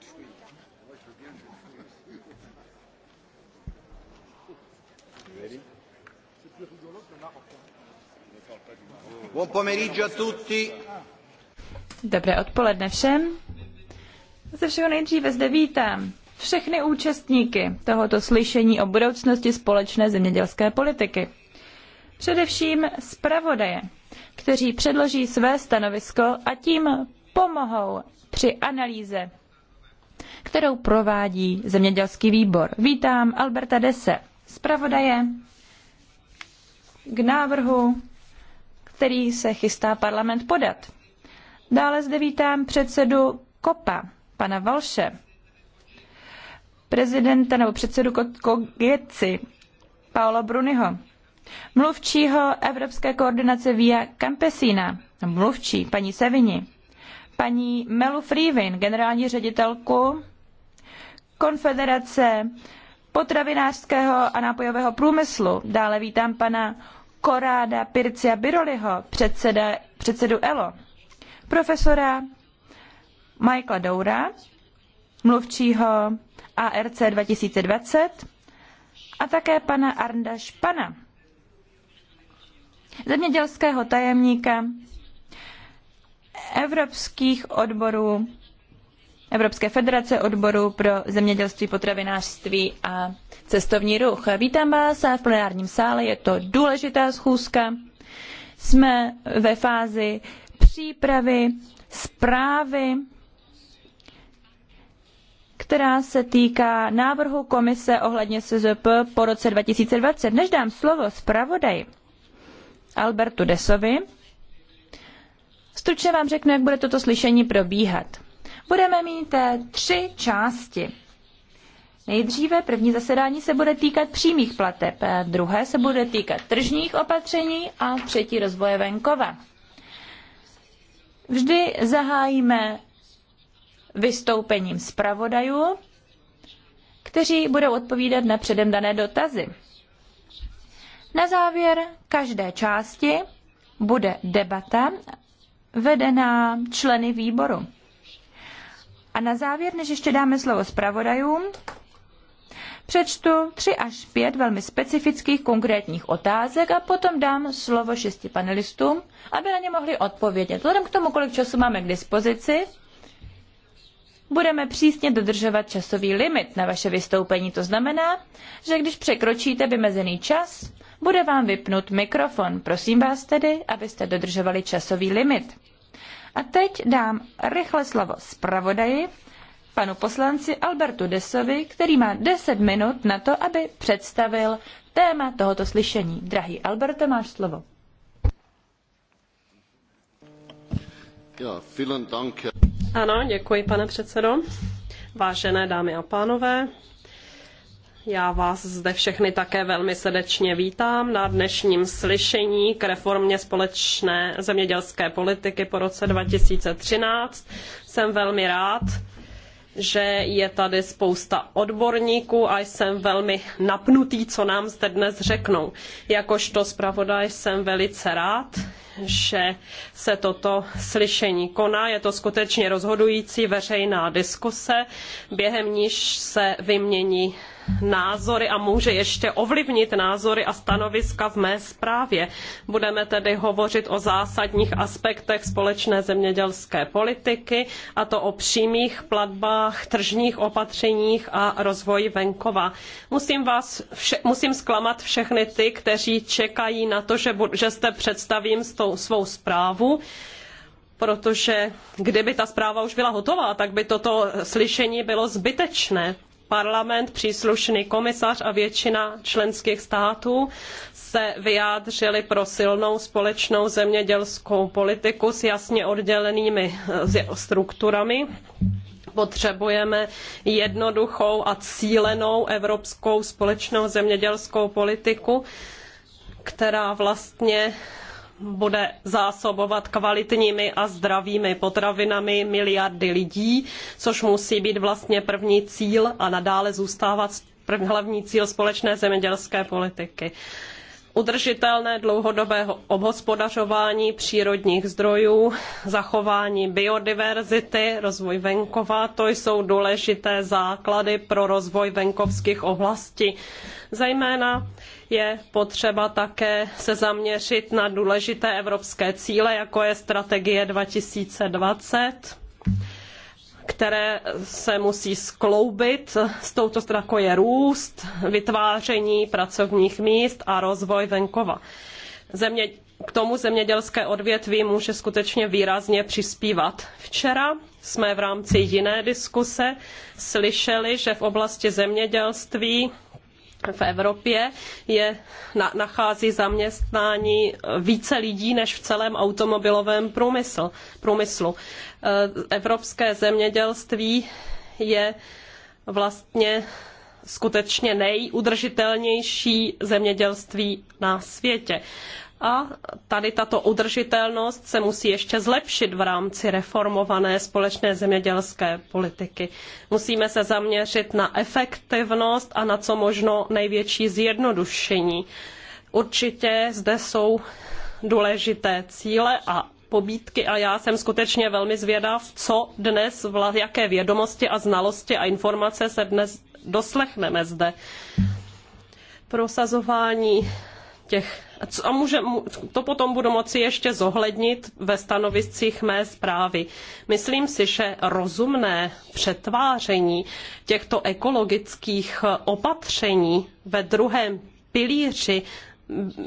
de fruits. Moi, je veux bien jus de fruits. C'est plus rigolo que le pomeriggio a tutti. Dobré odpoledne všem. Ze všeho nejdříve zde vítám všechny účastníky tohoto slyšení o budoucnosti společné zemědělské politiky. Především zpravodaje, kteří předloží své stanovisko a tím pomohou při analýze kterou provádí zemědělský výbor. Vítám Alberta Dese, zpravodaje k návrhu, který se chystá parlament podat. Dále zde vítám předsedu KOPA, pana Valše, prezidenta nebo předsedu Kogeci, Paolo Bruniho, mluvčího Evropské koordinace Via Campesina, mluvčí paní Sevini, paní Melu Freewin, generální ředitelku Konfederace potravinářského a nápojového průmyslu. Dále vítám pana Koráda Pircia Biroliho, předseda, předsedu ELO, profesora Michaela Doura, mluvčího ARC 2020 a také pana Arnda Špana, zemědělského tajemníka evropských odborů, Evropské federace odborů pro zemědělství, potravinářství a cestovní ruch. Vítám vás v plenárním sále, je to důležitá schůzka. Jsme ve fázi přípravy zprávy, která se týká návrhu komise ohledně SZP po roce 2020. Než dám slovo zpravodaji Albertu Desovi, Stručně vám řeknu, jak bude toto slyšení probíhat. Budeme mít eh, tři části. Nejdříve první zasedání se bude týkat přímých plateb, eh, druhé se bude týkat tržních opatření a třetí rozvoje venkova. Vždy zahájíme vystoupením zpravodajů, kteří budou odpovídat na předem dané dotazy. Na závěr každé části bude debata vedená členy výboru. A na závěr, než ještě dáme slovo zpravodajům, přečtu tři až pět velmi specifických konkrétních otázek a potom dám slovo šesti panelistům, aby na ně mohli odpovědět. Vzhledem k tomu, kolik času máme k dispozici, budeme přísně dodržovat časový limit na vaše vystoupení. To znamená, že když překročíte vymezený čas, bude vám vypnut mikrofon. Prosím vás tedy, abyste dodržovali časový limit. A teď dám rychle slovo zpravodaji, panu poslanci Albertu Desovi, který má 10 minut na to, aby představil téma tohoto slyšení. Drahý Alberte, máš slovo. Ano, děkuji, pane předsedo. Vážené dámy a pánové, já vás zde všechny také velmi srdečně vítám na dnešním slyšení k reformě společné zemědělské politiky po roce 2013. Jsem velmi rád, že je tady spousta odborníků a jsem velmi napnutý, co nám zde dnes řeknou. Jakožto zpravodaj jsem velice rád, že se toto slyšení koná. Je to skutečně rozhodující veřejná diskuse, během níž se vymění názory a může ještě ovlivnit názory a stanoviska v mé zprávě. Budeme tedy hovořit o zásadních aspektech společné zemědělské politiky, a to o přímých platbách, tržních opatřeních a rozvoji venkova. Musím, vás vše, musím zklamat všechny ty, kteří čekají na to, že, že jste představím tou, svou zprávu protože kdyby ta zpráva už byla hotová, tak by toto slyšení bylo zbytečné parlament, příslušný komisař a většina členských států se vyjádřili pro silnou společnou zemědělskou politiku s jasně oddělenými strukturami potřebujeme jednoduchou a cílenou evropskou společnou zemědělskou politiku, která vlastně bude zásobovat kvalitními a zdravými potravinami miliardy lidí, což musí být vlastně první cíl a nadále zůstávat hlavní cíl společné zemědělské politiky udržitelné dlouhodobé obhospodařování přírodních zdrojů, zachování biodiverzity, rozvoj venkova, to jsou důležité základy pro rozvoj venkovských oblastí. Zejména je potřeba také se zaměřit na důležité evropské cíle, jako je strategie 2020 které se musí skloubit s touto strakou jako je růst, vytváření pracovních míst a rozvoj venkova. Země, k tomu zemědělské odvětví může skutečně výrazně přispívat. Včera jsme v rámci jiné diskuse slyšeli, že v oblasti zemědělství v Evropě je, na, nachází zaměstnání více lidí než v celém automobilovém průmysl, průmyslu. Eh, evropské zemědělství je vlastně skutečně nejudržitelnější zemědělství na světě. A tady tato udržitelnost se musí ještě zlepšit v rámci reformované společné zemědělské politiky. Musíme se zaměřit na efektivnost a na co možno největší zjednodušení. Určitě zde jsou důležité cíle a pobídky a já jsem skutečně velmi zvědav, co dnes, jaké vědomosti a znalosti a informace se dnes doslechneme zde. Prosazování těch a může, to potom budu moci ještě zohlednit ve stanoviscích mé zprávy. Myslím si, že rozumné přetváření těchto ekologických opatření ve druhém pilíři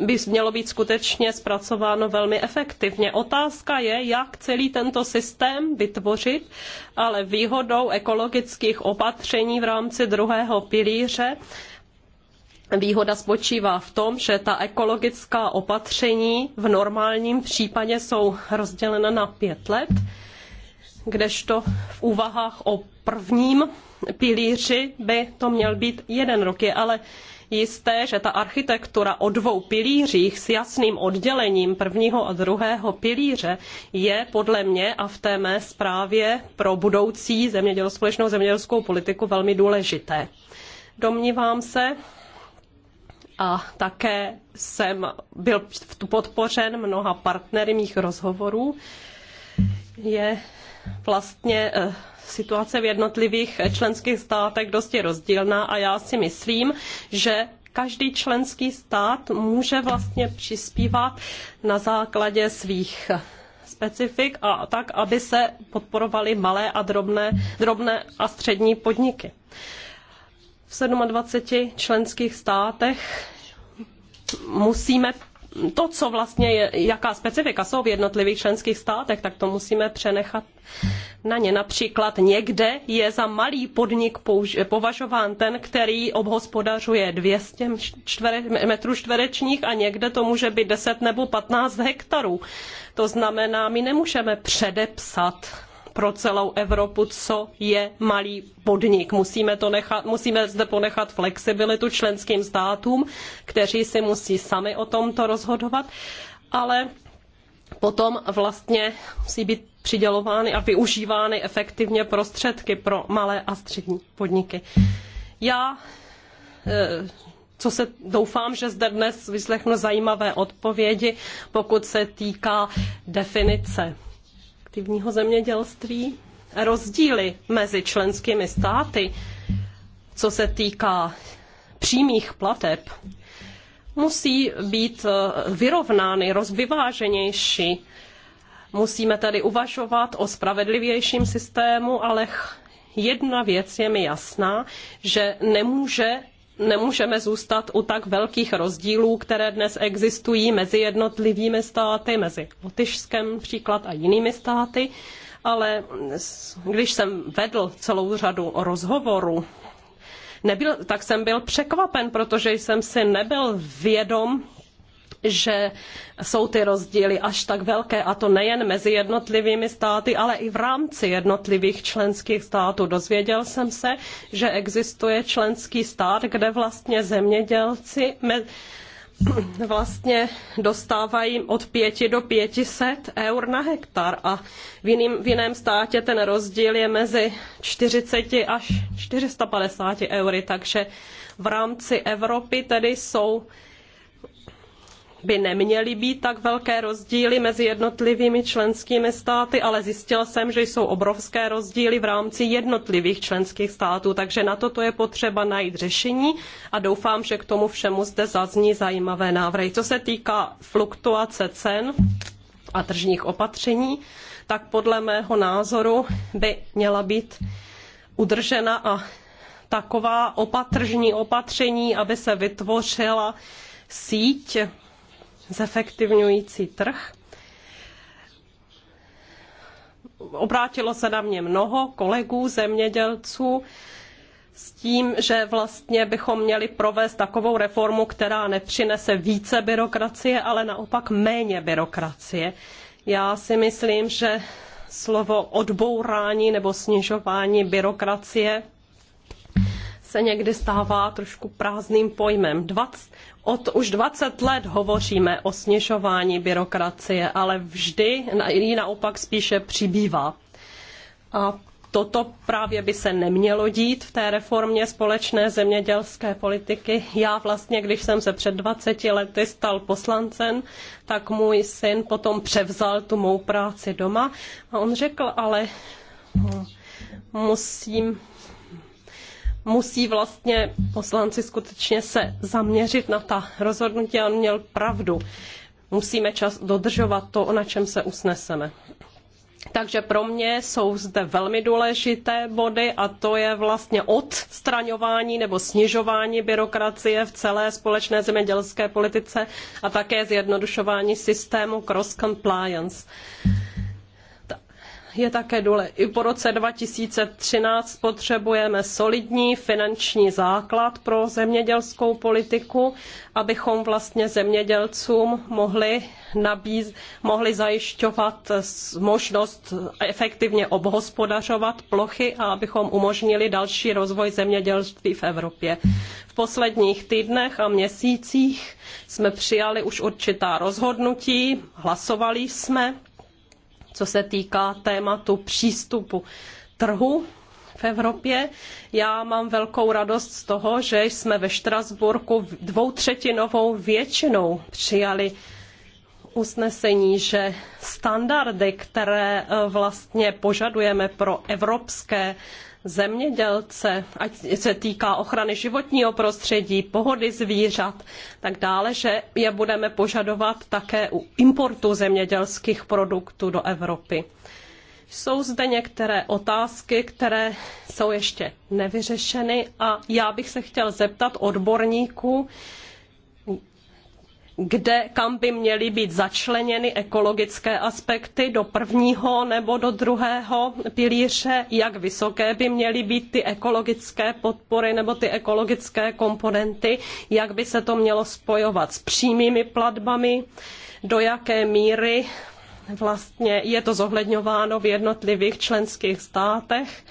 by mělo být skutečně zpracováno velmi efektivně. Otázka je, jak celý tento systém vytvořit, ale výhodou ekologických opatření v rámci druhého pilíře Výhoda spočívá v tom, že ta ekologická opatření v normálním případě jsou rozdělena na pět let, kdežto v úvahách o prvním pilíři by to měl být jeden rok. Je ale jisté, že ta architektura o dvou pilířích s jasným oddělením prvního a druhého pilíře je podle mě a v té mé zprávě pro budoucí společnou zemědělskou politiku velmi důležité. Domnívám se, a také jsem byl podpořen mnoha partnery mých rozhovorů, je vlastně eh, situace v jednotlivých členských státech dosti rozdílná a já si myslím, že každý členský stát může vlastně přispívat na základě svých specifik a tak, aby se podporovaly malé a drobné, drobné a střední podniky. V 27 členských státech musíme to, co vlastně je, jaká specifika jsou v jednotlivých členských státech, tak to musíme přenechat na ně. Například někde je za malý podnik považován ten, který obhospodařuje 200 čtvere, metrů čtverečních a někde to může být 10 nebo 15 hektarů. To znamená, my nemůžeme předepsat pro celou Evropu, co je malý podnik. Musíme, to nechat, musíme zde ponechat flexibilitu členským státům, kteří si musí sami o tomto rozhodovat, ale potom vlastně musí být přidělovány a využívány efektivně prostředky pro malé a střední podniky. Já e, co se doufám, že zde dnes vyslechnu zajímavé odpovědi, pokud se týká definice aktivního zemědělství, rozdíly mezi členskými státy, co se týká přímých plateb, musí být eh, vyrovnány, rozvyváženější. Musíme tedy uvažovat o spravedlivějším systému, ale jedna věc je mi jasná, že nemůže nemůžeme zůstat u tak velkých rozdílů, které dnes existují mezi jednotlivými státy, mezi Lotyšskem příklad a jinými státy, ale když jsem vedl celou řadu rozhovorů, nebyl, tak jsem byl překvapen, protože jsem si nebyl vědom že jsou ty rozdíly až tak velké, a to nejen mezi jednotlivými státy, ale i v rámci jednotlivých členských států. Dozvěděl jsem se, že existuje členský stát, kde vlastně zemědělci vlastně dostávají od pěti do 500 eur na hektar a v, jiným, v jiném státě ten rozdíl je mezi 40 až 450 eury, takže v rámci Evropy tedy jsou by neměly být tak velké rozdíly mezi jednotlivými členskými státy, ale zjistila jsem, že jsou obrovské rozdíly v rámci jednotlivých členských států, takže na toto je potřeba najít řešení a doufám, že k tomu všemu zde zazní zajímavé návrhy. Co se týká fluktuace cen a tržních opatření, tak podle mého názoru by měla být udržena a taková opatržní opatření, aby se vytvořila síť zefektivňující trh. Obrátilo se na mě mnoho kolegů, zemědělců, s tím, že vlastně bychom měli provést takovou reformu, která nepřinese více byrokracie, ale naopak méně byrokracie. Já si myslím, že slovo odbourání nebo snižování byrokracie se někdy stává trošku prázdným pojmem. 20, od už 20 let hovoříme o snižování byrokracie, ale vždy ji naopak spíše přibývá. A toto právě by se nemělo dít v té reformě společné zemědělské politiky. Já vlastně, když jsem se před 20 lety stal poslancem, tak můj syn potom převzal tu mou práci doma a on řekl, ale hm, musím musí vlastně poslanci skutečně se zaměřit na ta rozhodnutí a on měl pravdu. Musíme čas dodržovat to, na čem se usneseme. Takže pro mě jsou zde velmi důležité body a to je vlastně odstraňování nebo snižování byrokracie v celé společné zemědělské politice a také zjednodušování systému cross compliance. Uh, je také důležité. I po roce 2013 potřebujeme solidní finanční základ pro zemědělskou politiku, abychom vlastně zemědělcům mohli, nabíz, mohli zajišťovat možnost efektivně obhospodařovat plochy a abychom umožnili další rozvoj zemědělství v Evropě. V posledních týdnech a měsících jsme přijali už určitá rozhodnutí, hlasovali jsme co se týká tématu přístupu trhu v Evropě. Já mám velkou radost z toho, že jsme ve Štrasburku dvoutřetinovou většinou přijali usnesení, že standardy, které eh, vlastně požadujeme pro evropské zemědělce, ať se týká ochrany životního prostředí, pohody zvířat, tak dále, že je budeme požadovat také u importu zemědělských produktů do Evropy. Jsou zde některé otázky, které jsou ještě nevyřešeny a já bych se chtěl zeptat odborníků, kde, kam by měly být začleněny ekologické aspekty do prvního nebo do druhého pilíře, jak vysoké by měly být ty ekologické podpory nebo ty ekologické komponenty, jak by se to mělo spojovat s přímými platbami, do jaké míry vlastně je to zohledňováno v jednotlivých členských státech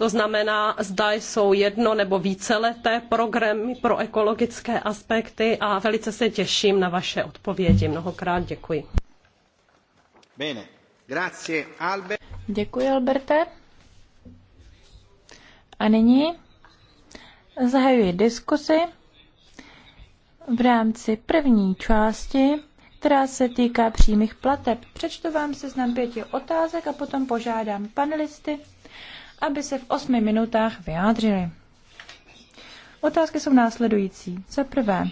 to znamená, zda jsou jedno nebo víceleté programy pro ekologické aspekty a velice se těším na vaše odpovědi. Mnohokrát děkuji. Bene. Grazie, Albert. Děkuji, Alberte. A nyní zahajuji diskusi v rámci první části, která se týká přímých plateb. Přečtu vám seznam pěti otázek a potom požádám panelisty, aby se v osmi minutách vyjádřili. Otázky jsou následující. Za prvé,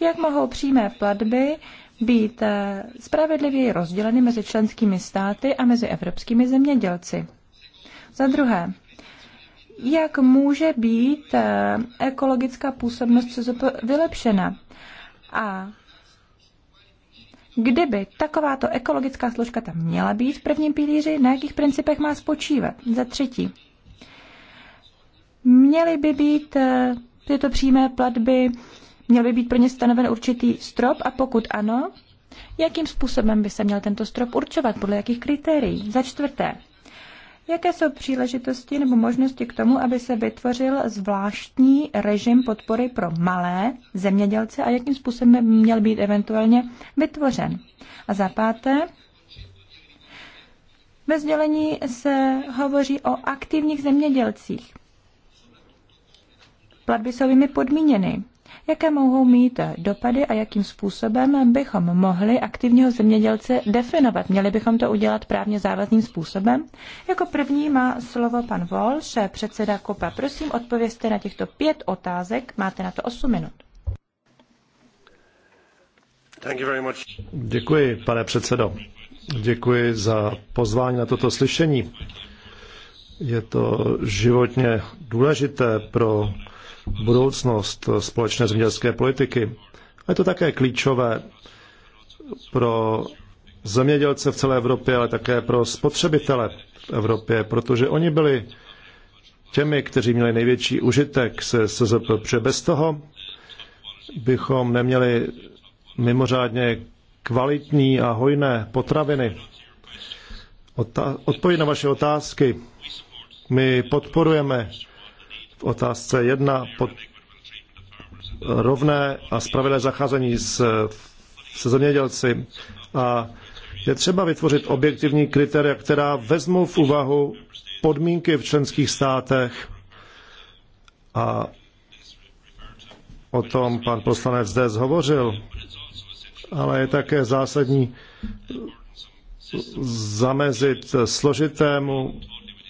jak mohou přímé platby být eh, spravedlivěji rozděleny mezi členskými státy a mezi evropskými zemědělci? Za druhé, jak může být eh, ekologická působnost vylepšena? A Kdyby takováto ekologická složka tam měla být v prvním pilíři, na jakých principech má spočívat? Za třetí, měly by být eh, tyto přímé platby, měl by být pro ně stanoven určitý strop a pokud ano, jakým způsobem by se měl tento strop určovat, podle jakých kritérií? Za čtvrté, Jaké jsou příležitosti nebo možnosti k tomu, aby se vytvořil zvláštní režim podpory pro malé zemědělce a jakým způsobem měl být eventuálně vytvořen? A za páté, ve sdělení se hovoří o aktivních zemědělcích. Platby jsou jimi podmíněny jaké mohou mít dopady a jakým způsobem bychom mohli aktivního zemědělce definovat. Měli bychom to udělat právně závazným způsobem. Jako první má slovo pan Volš, předseda KOPA. Prosím, odpovězte na těchto pět otázek. Máte na to 8 minut. Děkuji, pane předsedo. Děkuji za pozvání na toto slyšení. Je to životně důležité pro budoucnost společné zemědělské politiky. A je to také klíčové pro zemědělce v celé Evropě, ale také pro spotřebitele v Evropě, protože oni byli těmi, kteří měli největší užitek se SZP, protože bez toho bychom neměli mimořádně kvalitní a hojné potraviny. Odpověď na vaše otázky. My podporujeme v otázce jedna pod rovné a spravedlivé zacházení s, se zemědělci. A je třeba vytvořit objektivní kritéria, která vezmou v úvahu podmínky v členských státech. A o tom pan poslanec zde zhovořil, ale je také zásadní zamezit složitému,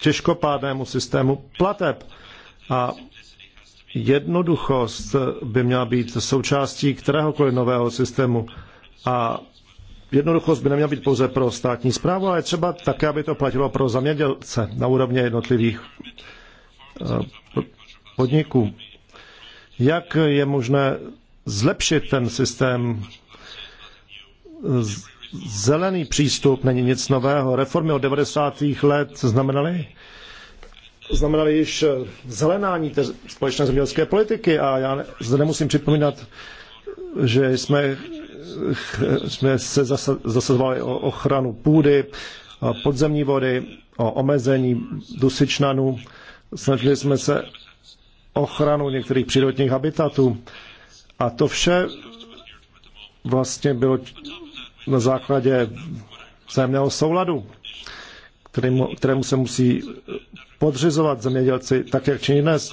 těžkopádnému systému plateb. A jednoduchost by měla být součástí kteréhokoliv nového systému. A jednoduchost by neměla být pouze pro státní zprávu, ale třeba také, aby to platilo pro zamědělce na úrovni jednotlivých eh, podniků. Jak je možné zlepšit ten systém? Zelený přístup není nic nového. Reformy od 90. let znamenaly, Znamenaly již eh, zelenání té společné zemědělské politiky a já zde nemusím připomínat, že jsme, eh, jsme se zasazovali o ochranu půdy, podzemní vody, o omezení dusičnanů. Snažili jsme se ochranu některých přírodních habitatů. A to vše vlastně bylo na základě vzájemného souladu, kterému, kterému se musí podřizovat zemědělci, tak jak činí dnes.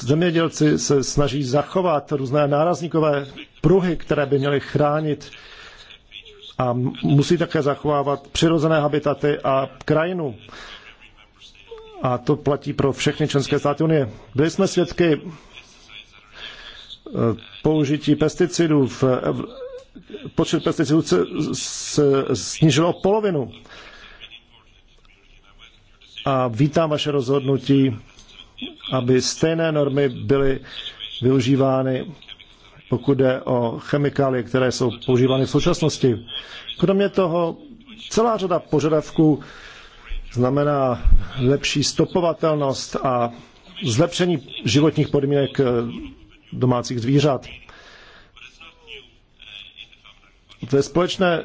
Zemědělci se snaží zachovat různé nárazníkové pruhy, které by měly chránit a musí také zachovávat přirozené habitaty a krajinu. A to platí pro všechny členské státy Unie. Byli jsme svědky eh, použití pesticidů v počet pesticidů se, se snížil o polovinu. A vítám vaše rozhodnutí, aby stejné normy byly využívány, pokud jde o chemikálie, které jsou používány v současnosti. Kromě toho, celá řada požadavků znamená lepší stopovatelnost a zlepšení životních podmínek domácích zvířat. Ve společné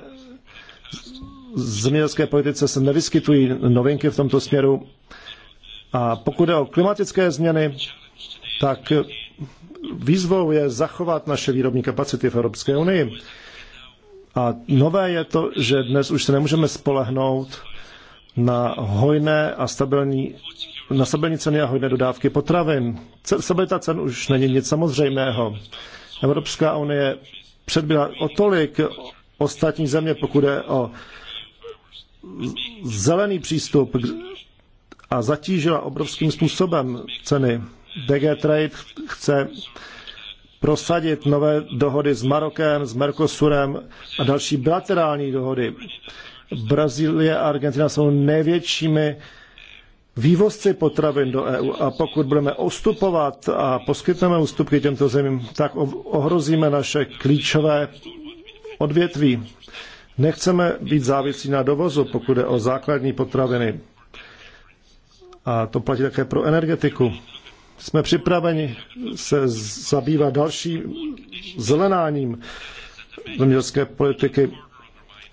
zemědělské politice se nevyskytují novinky v tomto směru. A pokud jde o klimatické změny, tak výzvou je zachovat naše výrobní kapacity v Evropské unii. A nové je to, že dnes už se nemůžeme spolehnout na hojné a stabilní, na stabilní ceny a hojné dodávky potravin. Stabilita cen už není nic samozřejmého. Evropská unie předběhla o tolik ostatní země, pokud je o zelený přístup a zatížila obrovským způsobem ceny. DG Trade chce prosadit nové dohody s Marokem, s Mercosurem a další bilaterální dohody. Brazílie a Argentina jsou největšími vývozci potravin do EU a pokud budeme ostupovat a poskytneme ústupky těmto zemím, tak ohrozíme naše klíčové odvětví. Nechceme být závislí na dovozu, pokud je o základní potraviny. A to platí také pro energetiku. Jsme připraveni se zabývat další zelenáním zemědělské politiky,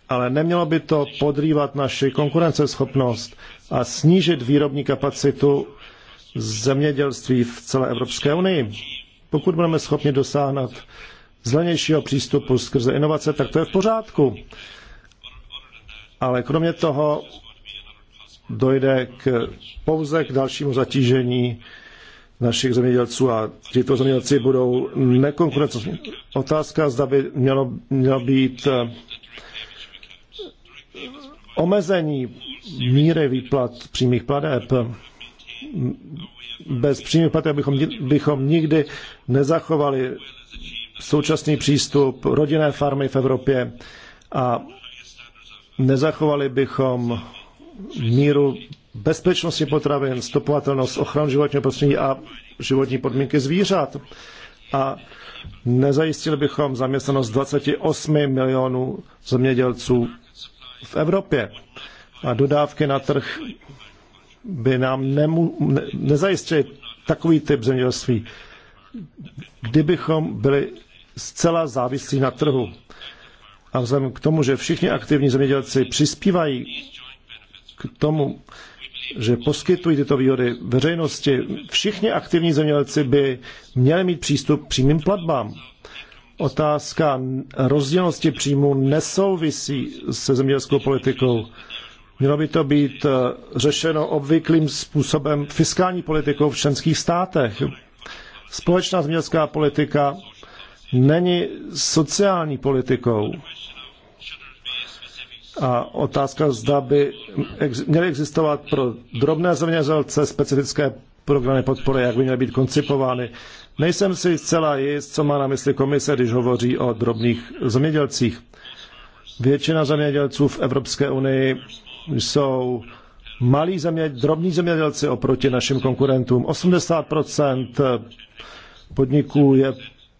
ale nemělo by to podrývat naši konkurenceschopnost a snížit výrobní kapacitu zemědělství v celé Evropské unii. Pokud budeme schopni dosáhnout zlenějšího přístupu skrze inovace, tak to je v pořádku. Ale kromě toho dojde k, pouze k dalšímu zatížení našich zemědělců a tyto zemědělci budou nekonkurenceschopní. Otázka, zda by mělo, mělo být eh, omezení míry výplat přímých pladeb. Bez přímých plateb bychom, bychom nikdy nezachovali současný přístup rodinné farmy v Evropě a nezachovali bychom míru bezpečnosti potravin, stopovatelnost, ochranu životního prostředí a životní podmínky zvířat. A nezajistili bychom zaměstnanost 28 milionů zemědělců v Evropě a dodávky na trh by nám nemu, ne, nezajistili takový typ zemědělství, kdybychom byli zcela závislí na trhu. A vzhledem k tomu, že všichni aktivní zemědělci přispívají k tomu, že poskytují tyto výhody veřejnosti, všichni aktivní zemědělci by měli mít přístup k přímým platbám. Otázka rozdělnosti příjmu nesouvisí se zemědělskou politikou. Mělo by to být eh, řešeno obvyklým způsobem fiskální politikou v členských státech. Společná zemědělská politika není sociální politikou. A otázka, zda by měly existovat pro drobné zemědělce specifické programy podpory, jak by měly být koncipovány. Nejsem si zcela jist, co má na mysli komise, když hovoří o drobných zemědělcích. Většina zemědělců v Evropské unii jsou malí země, drobní zemědělci oproti našim konkurentům. 80% podniků je,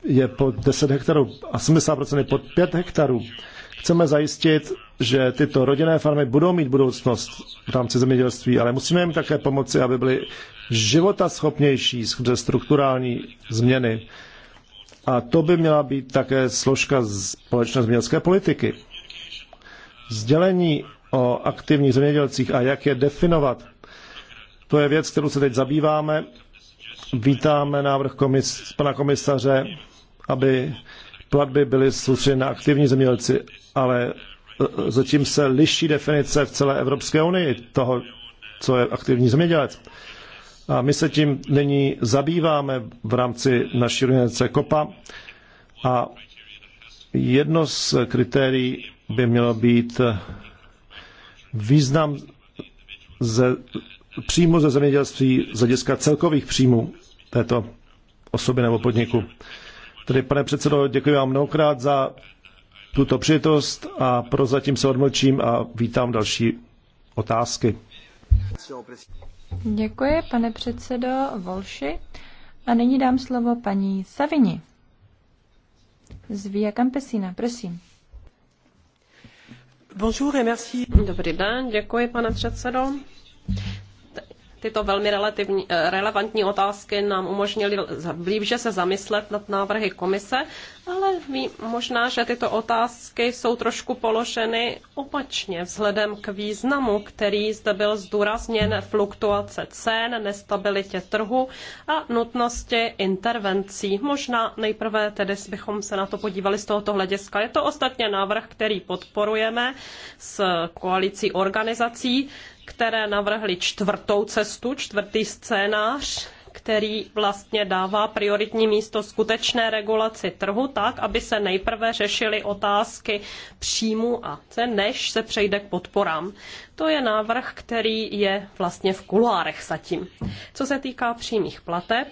je pod 10 hektarů a 70% je pod 5 hektarů. Chceme zajistit, že tyto rodinné farmy budou mít budoucnost v rámci zemědělství, ale musíme jim také pomoci, aby byly životaschopnější skrze strukturální změny. A to by měla být také složka společné zemědělské politiky. Sdělení o aktivních zemědělcích a jak je definovat. To je věc, kterou se teď zabýváme. Vítáme návrh komis, pana komisaře, aby platby byly soustředěny na aktivní zemědělci, ale e, zatím se liší definice v celé Evropské unii toho, co je aktivní zemědělec. A my se tím nyní zabýváme v rámci naší organizace COPA a jedno z kritérií by mělo být význam ze, přímo ze zemědělství z hlediska celkových příjmů této osoby nebo podniku. Tedy, pane předsedo, děkuji vám mnohokrát za tuto přijetost a prozatím se odmlčím a vítám další otázky. Děkuji, pane předsedo Volši. A nyní dám slovo paní Savini z Via Campesina. Prosím. Dobrý den, děkuji, pane předsedo. Tyto velmi relativní, eh, relevantní otázky nám umožnily blíže se zamyslet nad návrhy komise, ale ví, možná, že tyto otázky jsou trošku položeny opačně vzhledem k významu, který zde byl zdůrazněn fluktuace cen, nestabilitě trhu a nutnosti intervencí. Možná nejprve tedy bychom se na to podívali z tohoto hlediska. Je to ostatně návrh, který podporujeme s koalicí organizací, které navrhly čtvrtou cestu, čtvrtý scénář, který vlastně dává prioritní místo skutečné regulaci trhu tak, aby se nejprve řešily otázky příjmu a cen, než se přejde k podporám. To je návrh, který je vlastně v kulárech zatím. Co se týká přímých plateb,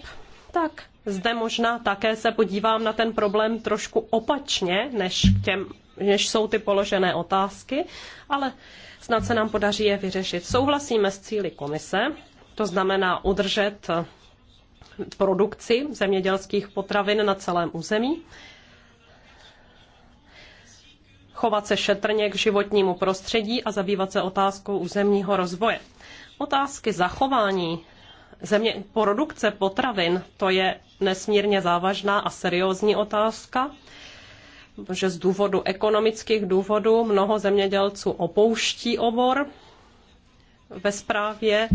tak zde možná také se podívám na ten problém trošku opačně, než, k těm, než jsou ty položené otázky, ale Snad se nám podaří je vyřešit. Souhlasíme s cíly komise, to znamená udržet produkci zemědělských potravin na celém území, chovat se šetrně k životnímu prostředí a zabývat se otázkou územního rozvoje. Otázky zachování země, produkce potravin, to je nesmírně závažná a seriózní otázka, že z důvodu ekonomických důvodů mnoho zemědělců opouští obor ve správě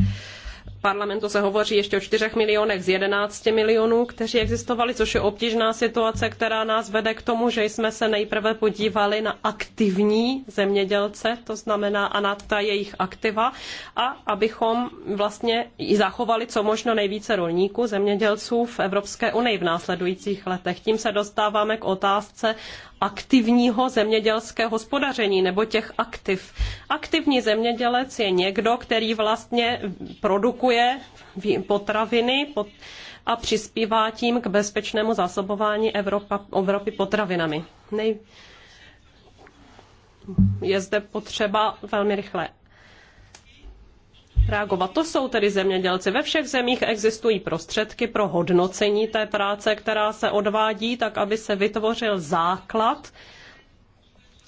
parlamentu se hovoří ještě o 4 milionech z 11 milionů, kteří existovali, což je obtížná situace, která nás vede k tomu, že jsme se nejprve podívali na aktivní zemědělce, to znamená a na ta jejich aktiva, a abychom vlastně i zachovali co možno nejvíce rolníků, zemědělců v Evropské unii v následujících letech. Tím se dostáváme k otázce aktivního zemědělského hospodaření nebo těch aktiv. Aktivní zemědělec je někdo, který vlastně produkuje potraviny a přispívá tím k bezpečnému zásobování Evropa, Evropy potravinami. Nej... Je zde potřeba velmi rychlé reagovat. To jsou tedy zemědělci. Ve všech zemích existují prostředky pro hodnocení té práce, která se odvádí, tak aby se vytvořil základ,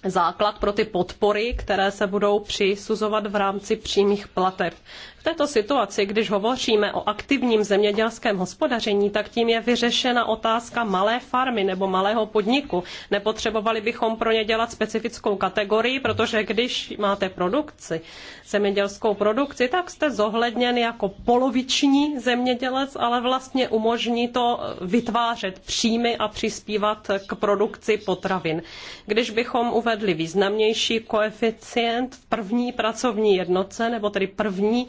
základ pro ty podpory, které se budou přisuzovat v rámci přímých plateb této situaci, když hovoříme o aktivním zemědělském hospodaření, tak tím je vyřešena otázka malé farmy nebo malého podniku. Nepotřebovali bychom pro ně dělat specifickou kategorii, protože když máte produkci, zemědělskou produkci, tak jste zohledněn jako poloviční zemědělec, ale vlastně umožní to vytvářet příjmy a přispívat k produkci potravin. Když bychom uvedli významnější koeficient v první pracovní jednotce, nebo tedy první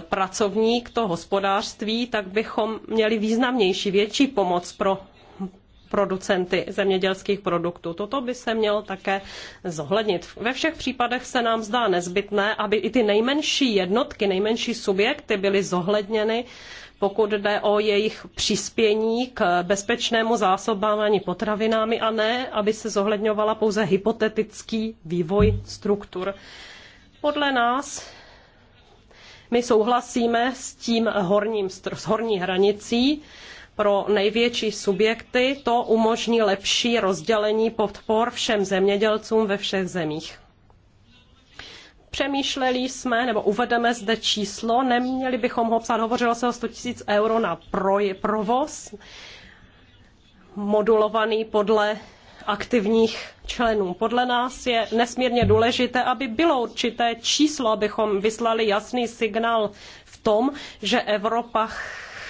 pracovník to hospodářství, tak bychom měli významnější, větší pomoc pro producenty zemědělských produktů. Toto by se mělo také zohlednit. Ve všech případech se nám zdá nezbytné, aby i ty nejmenší jednotky, nejmenší subjekty byly zohledněny, pokud jde o jejich přispění k bezpečnému zásobování potravinami a ne, aby se zohledňovala pouze hypotetický vývoj struktur. Podle nás my souhlasíme s tím horním, s horní hranicí, pro největší subjekty to umožní lepší rozdělení podpor všem zemědělcům ve všech zemích. Přemýšleli jsme, nebo uvedeme zde číslo, neměli bychom ho psát, hovořilo se o 100 000 euro na provoz, modulovaný podle aktivních členů. Podle nás je nesmírně důležité, aby bylo určité číslo, abychom vyslali jasný signál v tom, že Evropa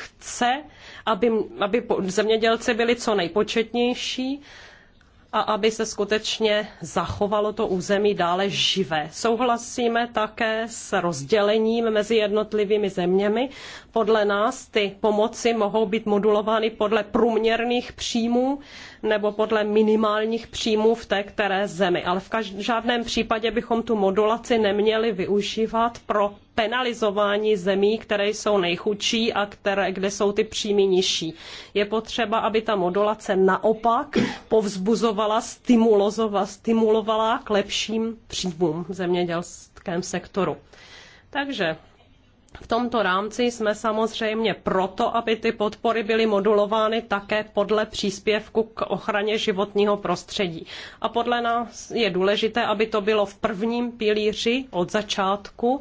chce, aby, aby zemědělci byli co nejpočetnější a aby se skutečně zachovalo to území dále živé. Souhlasíme také s rozdělením mezi jednotlivými zeměmi. Podle nás ty pomoci mohou být modulovány podle průměrných příjmů nebo podle minimálních příjmů v té které zemi. Ale v každ- žádném případě bychom tu modulaci neměli využívat pro penalizování zemí, které jsou nejchudší a které, kde jsou ty příjmy nižší. Je potřeba, aby ta modulace naopak povzbuzovala, stimulozovala, stimulovala k lepším příjmům v zemědělském sektoru. Takže v tomto rámci jsme samozřejmě proto, aby ty podpory byly modulovány také podle příspěvku k ochraně životního prostředí. A podle nás je důležité, aby to bylo v prvním pilíři od začátku,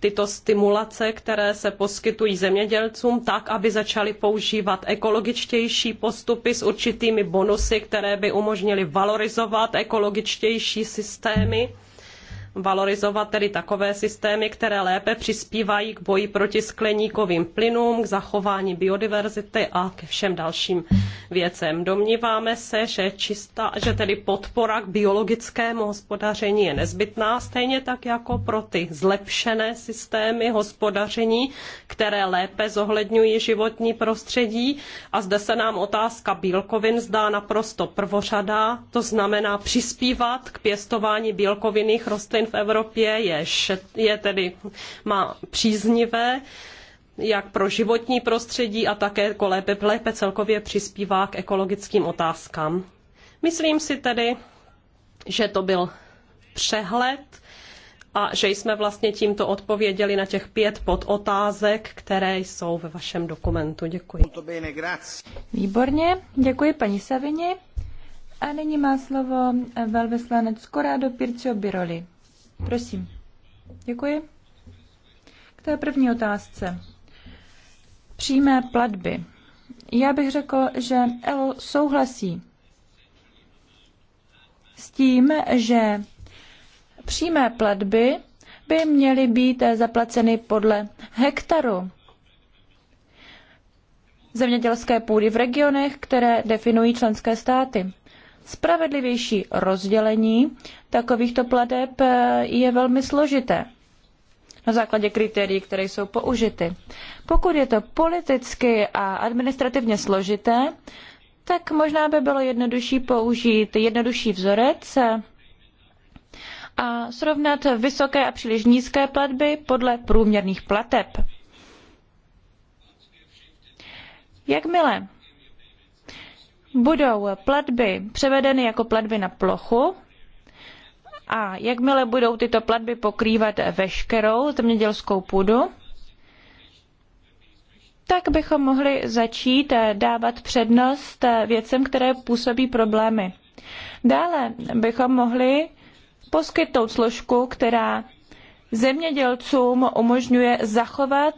tyto stimulace, které se poskytují zemědělcům, tak, aby začali používat ekologičtější postupy s určitými bonusy, které by umožnily valorizovat ekologičtější systémy valorizovat tedy takové systémy, které lépe přispívají k boji proti skleníkovým plynům, k zachování biodiverzity a ke všem dalším věcem. Domníváme se, že, čistá, že tedy podpora k biologickému hospodaření je nezbytná, stejně tak jako pro ty zlepšené systémy hospodaření, které lépe zohledňují životní prostředí. A zde se nám otázka bílkovin zdá naprosto prvořadá, to znamená přispívat k pěstování bílkovinných rostlin potravin v Evropě je, šet, je tedy má příznivé jak pro životní prostředí a také jako lépe, lépe celkově přispívá k ekologickým otázkám. Myslím si tedy, že to byl přehled a že jsme vlastně tímto odpověděli na těch pět podotázek, které jsou ve vašem dokumentu. Děkuji. Výborně, děkuji paní Savini. A nyní má slovo velvyslanec Corrado Pircio Biroli. Prosím. Děkuji. K té první otázce. Přímé platby. Já bych řekl, že El souhlasí s tím, že přímé platby by měly být zaplaceny podle hektaru zemědělské půdy v regionech, které definují členské státy. Spravedlivější rozdělení takovýchto plateb eh, je velmi složité na základě kritérií, které jsou použity. Pokud je to politicky a administrativně složité, tak možná by bylo jednodušší použít jednodušší vzorec a srovnat vysoké a příliš nízké platby podle průměrných plateb. Jakmile budou platby převedeny jako platby na plochu a jakmile budou tyto platby pokrývat veškerou zemědělskou půdu, tak bychom mohli začít dávat přednost věcem, které působí problémy. Dále bychom mohli poskytnout složku, která zemědělcům umožňuje zachovat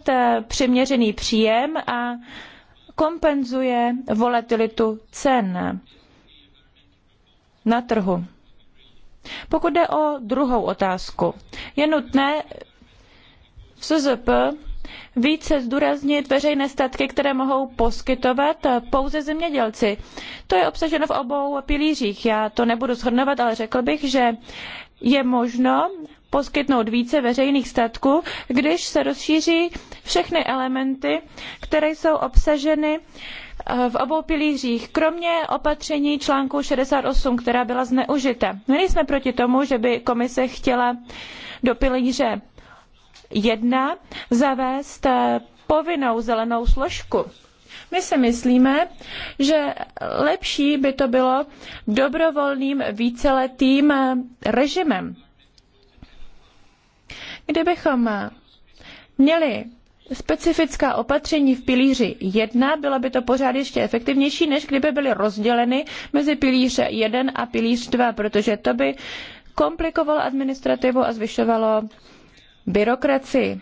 přiměřený příjem a kompenzuje volatilitu cen na trhu. Pokud jde o druhou otázku, je nutné v SZP více zdůraznit veřejné statky, které mohou poskytovat pouze zemědělci. To je obsaženo v obou pilířích. Já to nebudu shrnovat, ale řekl bych, že je možno poskytnout více veřejných statků, když se rozšíří všechny elementy, které jsou obsaženy eh, v obou pilířích, kromě opatření článku 68, která byla zneužita. My nejsme proti tomu, že by komise chtěla do pilíře 1 zavést eh, povinnou zelenou složku. My si myslíme, že lepší by to bylo dobrovolným víceletým eh, režimem. Kdybychom měli specifická opatření v pilíři 1, bylo by to pořád ještě efektivnější, než kdyby byly rozděleny mezi pilíře 1 a pilíř 2, protože to by komplikovalo administrativu a zvyšovalo byrokracii.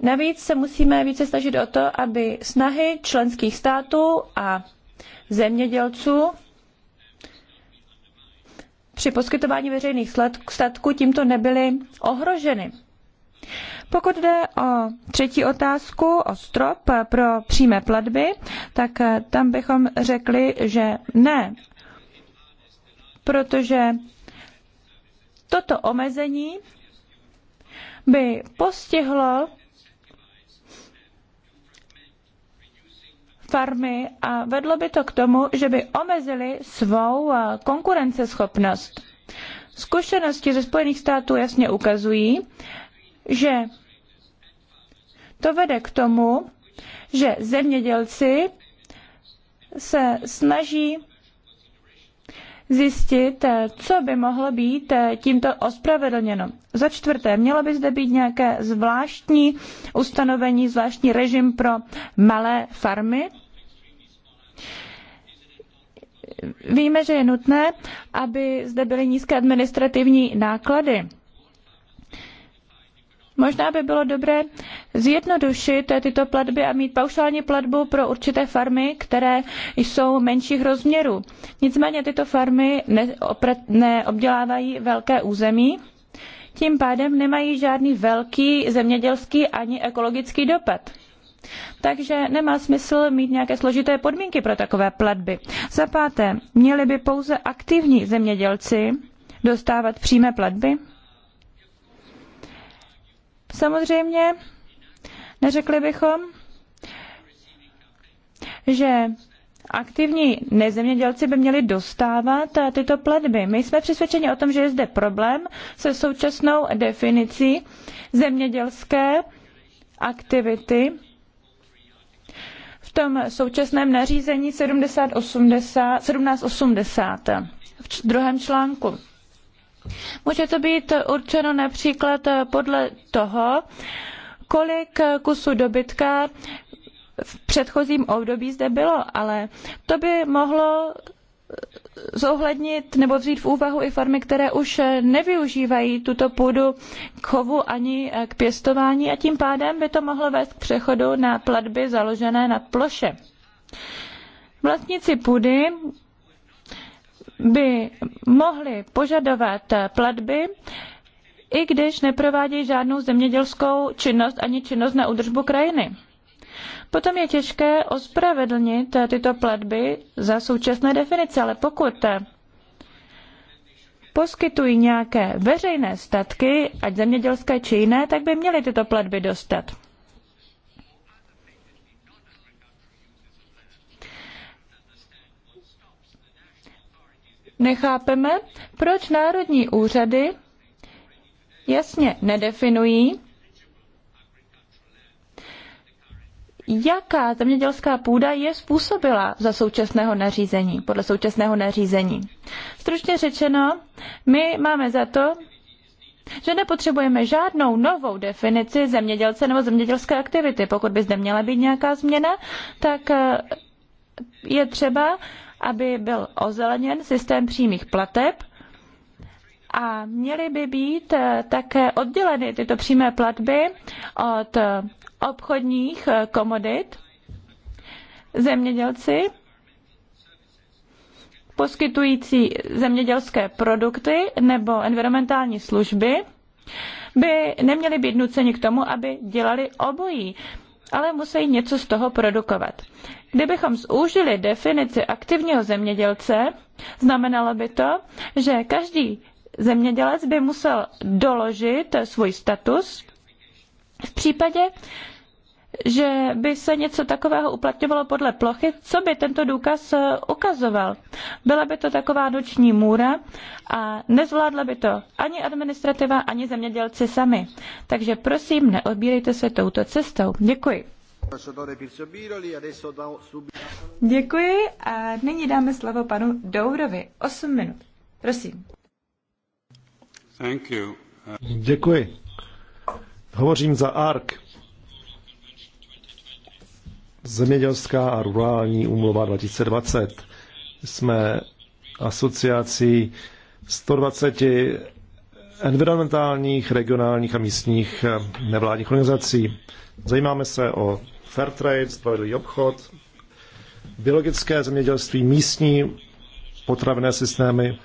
Navíc se musíme více snažit o to, aby snahy členských států a zemědělců při poskytování veřejných statků tímto nebyly ohroženy. Pokud jde o třetí otázku, o strop pro přímé platby, tak eh, tam bychom řekli, že ne, protože toto omezení by postihlo farmy a vedlo by to k tomu, že by omezili svou eh, konkurenceschopnost. Zkušenosti ze Spojených států jasně ukazují, že to vede k tomu, že zemědělci se snaží zjistit, co by mohlo být tímto ospravedlněno. Za čtvrté, mělo by zde být nějaké zvláštní ustanovení, zvláštní režim pro malé farmy. Víme, že je nutné, aby zde byly nízké administrativní náklady Možná by bylo dobré zjednodušit tyto platby a mít paušální platbu pro určité farmy, které jsou menších rozměrů. Nicméně tyto farmy neobdělávají velké území, tím pádem nemají žádný velký zemědělský ani ekologický dopad. Takže nemá smysl mít nějaké složité podmínky pro takové platby. Za páté, měli by pouze aktivní zemědělci dostávat přímé platby? Samozřejmě neřekli bychom, že aktivní nezemědělci by měli dostávat eh, tyto platby. My jsme přesvědčeni o tom, že je zde problém se současnou definicí zemědělské aktivity. V tom současném nařízení 7080, 1780 v druhém článku. Může to být určeno například podle toho, kolik kusů dobytka v předchozím období zde bylo, ale to by mohlo zohlednit nebo vzít v úvahu i farmy, které už nevyužívají tuto půdu k chovu ani k pěstování a tím pádem by to mohlo vést k přechodu na platby založené na ploše. Vlastníci půdy by mohli požadovat platby, i když neprovádějí žádnou zemědělskou činnost ani činnost na údržbu krajiny. Potom je těžké ospravedlnit tyto platby za současné definice, ale pokud poskytují nějaké veřejné statky, ať zemědělské či jiné, tak by měly tyto platby dostat. nechápeme, proč národní úřady jasně nedefinují, jaká zemědělská půda je způsobila za současného nařízení, podle současného nařízení. Stručně řečeno, my máme za to, že nepotřebujeme žádnou novou definici zemědělce nebo zemědělské aktivity. Pokud by zde měla být nějaká změna, tak eh, je třeba, aby byl ozeleněn systém přímých plateb a měly by být eh, také odděleny tyto přímé platby od eh, obchodních eh, komodit. Zemědělci poskytující zemědělské produkty nebo environmentální služby by neměli být nuceni k tomu, aby dělali obojí ale musí něco z toho produkovat. Kdybychom zúžili definici aktivního zemědělce, znamenalo by to, že každý zemědělec by musel doložit svůj status v případě, že by se něco takového uplatňovalo podle plochy, co by tento důkaz eh, ukazoval. Byla by to taková noční můra a nezvládla by to ani administrativa, ani zemědělci sami. Takže prosím, neodbírejte se touto cestou. Děkuji. Děkuji a nyní dáme slovo panu Dourovi. 8 minut. Prosím. Děkuji. Hovořím za ARK Zemědělská a rurální úmluva 2020. Jsme asociací 120 environmentálních, regionálních a místních nevládních organizací. Zajímáme se o fair trade, spravedlivý obchod, biologické zemědělství, místní potravné systémy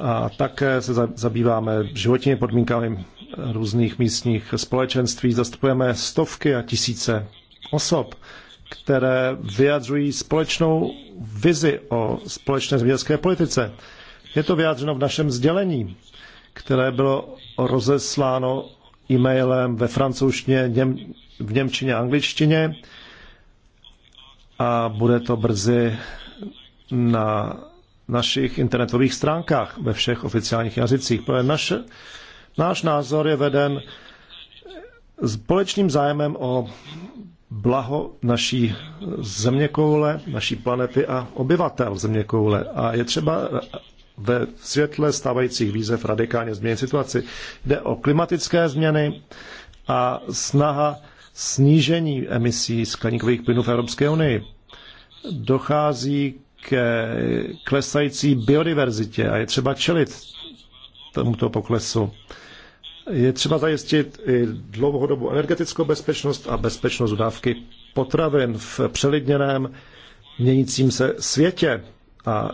a také se zabýváme životními podmínkami různých místních společenství. Zastupujeme stovky a tisíce osob, které vyjadřují společnou vizi o společné zemědělské politice. Je to vyjádřeno v našem sdělení, které bylo rozesláno e-mailem ve francouzštině, něm, v němčině a angličtině a bude to brzy na našich internetových stránkách ve všech oficiálních jazycích. Protože naš, náš názor je veden společným zájmem o blaho naší zeměkoule, naší planety a obyvatel zeměkoule. A je třeba ve světle stávajících výzev radikálně změnit situaci. Jde o klimatické změny a snaha snížení emisí skleníkových plynů v Evropské unii. Dochází k klesající biodiverzitě a je třeba čelit tomuto poklesu. Je třeba zajistit i dlouhodobou energetickou bezpečnost a bezpečnost dodávky potravin v přelidněném měnícím se světě a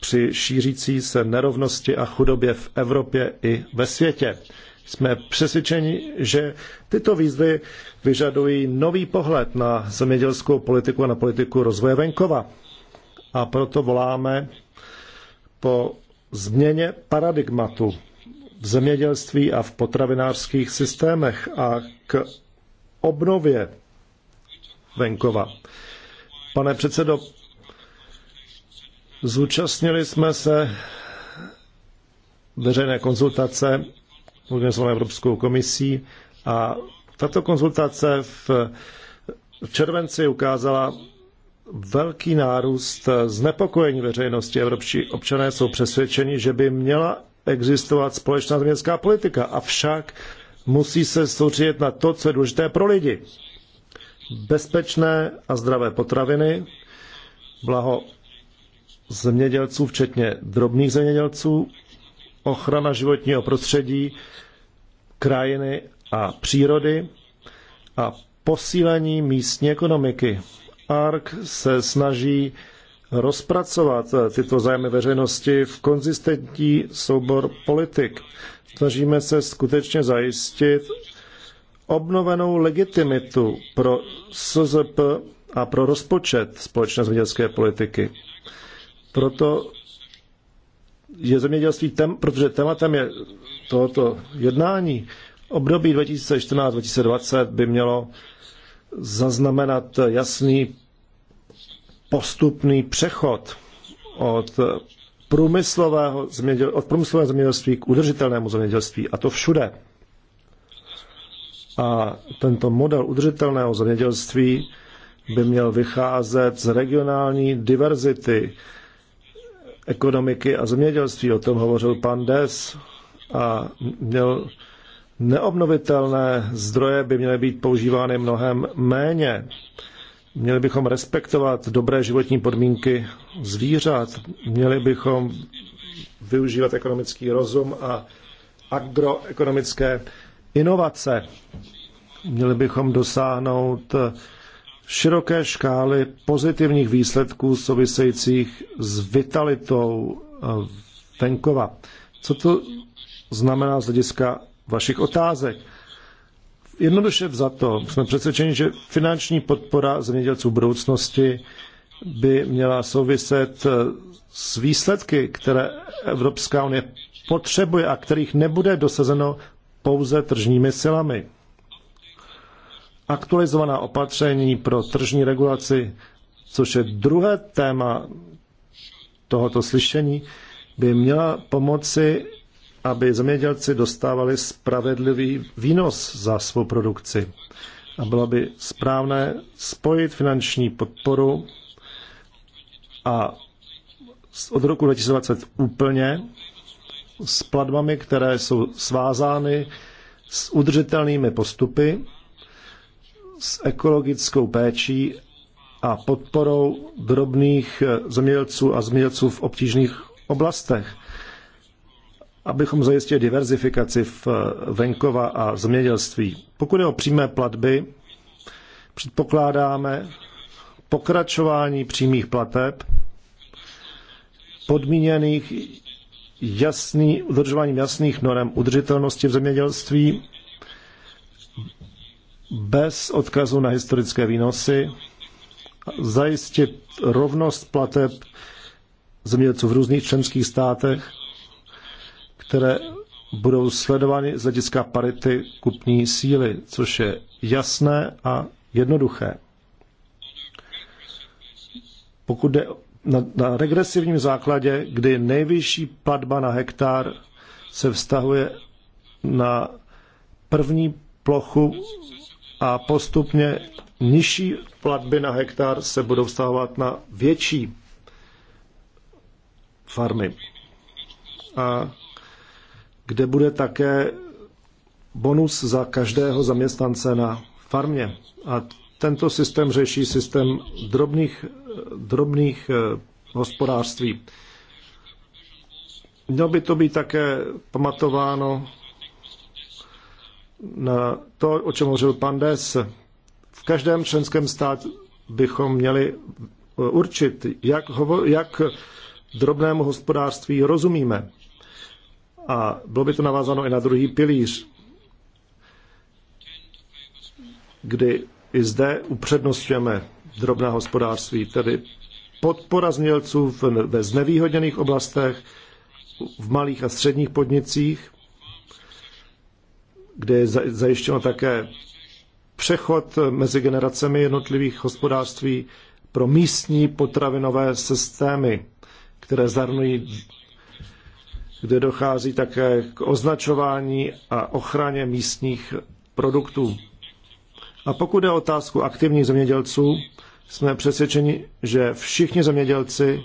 při šířící se nerovnosti a chudobě v Evropě i ve světě. Jsme přesvědčeni, že tyto výzvy vyžadují nový pohled na zemědělskou politiku a na politiku rozvoje venkova. A proto voláme po změně paradigmatu v zemědělství a v potravinářských systémech a k obnově venkova. Pane předsedo, zúčastnili jsme se veřejné konzultace organizované Evropskou komisí a tato konzultace v červenci ukázala velký nárůst znepokojení veřejnosti. Evropští občané jsou přesvědčeni, že by měla existovat společná zemědělská politika, avšak musí se soustředit na to, co je důležité pro lidi. Bezpečné a zdravé potraviny, blaho zemědělců, včetně drobných zemědělců, ochrana životního prostředí, krajiny a přírody a posílení místní ekonomiky. ARC se snaží rozpracovat eh, tyto zájmy veřejnosti v konzistentní soubor politik. Snažíme se skutečně zajistit obnovenou legitimitu pro SZP a pro rozpočet společné zemědělské politiky. Proto je zemědělství, tem, protože tématem je tohoto jednání, období 2014-2020 by mělo zaznamenat jasný postupný přechod od průmyslového, zeměděl, od průmyslového zemědělství k udržitelnému zemědělství a to všude. A tento model udržitelného zemědělství by měl vycházet z regionální diverzity ekonomiky a zemědělství. O tom hovořil pan Des a měl neobnovitelné zdroje by měly být používány mnohem méně Měli bychom respektovat dobré životní podmínky zvířat, měli bychom využívat ekonomický rozum a agroekonomické inovace. Měli bychom dosáhnout široké škály pozitivních výsledků souvisejících s vitalitou eh, venkova. Co to znamená z hlediska vašich otázek? Jednoduše za to jsme přesvědčeni, že finanční podpora zemědělců budoucnosti by měla souviset eh, s výsledky, které Evropská unie potřebuje a kterých nebude dosazeno pouze tržními silami. Aktualizovaná opatření pro tržní regulaci, což je druhé téma tohoto slyšení, by měla pomoci aby zemědělci dostávali spravedlivý výnos za svou produkci. A bylo by správné spojit finanční podporu a od roku 2020 úplně s platbami, které jsou svázány s udržitelnými postupy, s ekologickou péčí a podporou drobných zemědělců a zemědělců v obtížných oblastech abychom zajistili diverzifikaci v venkova a zemědělství. Pokud je o přímé platby, předpokládáme pokračování přímých plateb podmíněných jasný, udržováním jasných norem udržitelnosti v zemědělství bez odkazu na historické výnosy, zajistit rovnost plateb zemědělců v různých členských státech které budou sledovány z hlediska parity kupní síly, což je jasné a jednoduché. Pokud jde na, na regresivním základě, kdy nejvyšší platba na hektar se vztahuje na první plochu a postupně nižší platby na hektar se budou vztahovat na větší farmy. A kde bude také bonus za každého zaměstnance na farmě. A tento systém řeší systém drobných, drobných eh, hospodářství. Mělo by to být také pamatováno na to, o čem hovořil pan Des. V každém členském stát bychom měli eh, určit, jak, hovo, jak drobnému hospodářství rozumíme. A bylo by to navázáno i na druhý pilíř, kdy i zde upřednostňujeme drobná hospodářství, tedy podpora znělců ve znevýhodněných oblastech, v malých a středních podnicích, kde je zajištěno také přechod mezi generacemi jednotlivých hospodářství pro místní potravinové systémy, které zahrnují kde dochází také k označování a ochraně místních produktů. A pokud je otázku aktivních zemědělců, jsme přesvědčeni, že všichni zemědělci,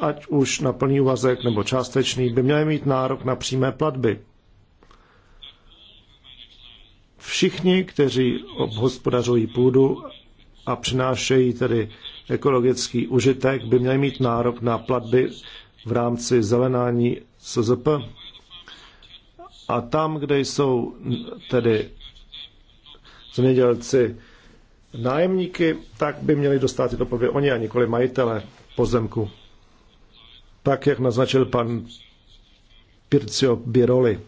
ať už na plný úvazek nebo částečný, by měli mít nárok na přímé platby. Všichni, kteří obhospodařují půdu a přinášejí tedy ekologický užitek, by měli mít nárok na platby v rámci zelenání SZP. A tam, kde jsou tedy zemědělci nájemníky, tak by měli dostat tyto plody oni a nikoli majitele pozemku. Tak, jak naznačil pan Pircio Biroli.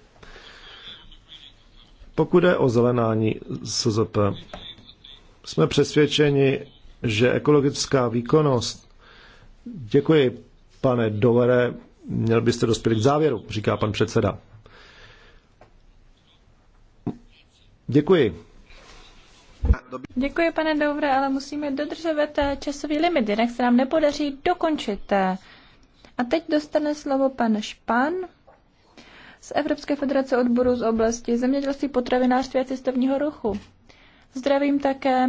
Pokud je o zelenání SZP, jsme přesvědčeni, že ekologická výkonnost, děkuji Pane Dolere, měl byste dospět k závěru, říká pan předseda. Děkuji. Děkuji, pane Douvre, ale musíme dodržovat eh, časový limit, jinak se nám nepodaří dokončit. Eh. A teď dostane slovo pan Špan z Evropské federace odborů z oblasti zemědělství, potravinářství a cestovního ruchu. Zdravím také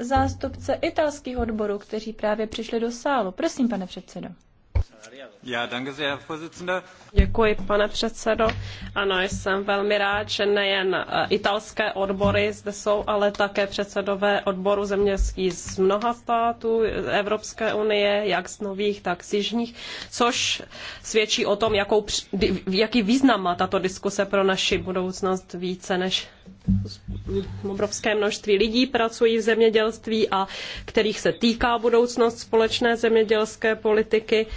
zástupce italských odborů, kteří právě přišli do sálu. Prosím, pane předsedo asalariados. Děkuji, pane předsedo. Ano, jsem velmi rád, že nejen eh, italské odbory zde jsou, ale také předsedové odboru zemědělských z mnoha států Evropské unie, jak z nových, tak z jižních, což svědčí o tom, jakou, jaký význam má tato diskuse pro naši budoucnost více než obrovské množství lidí pracují v zemědělství a kterých se týká budoucnost společné zemědělské politiky. Uh,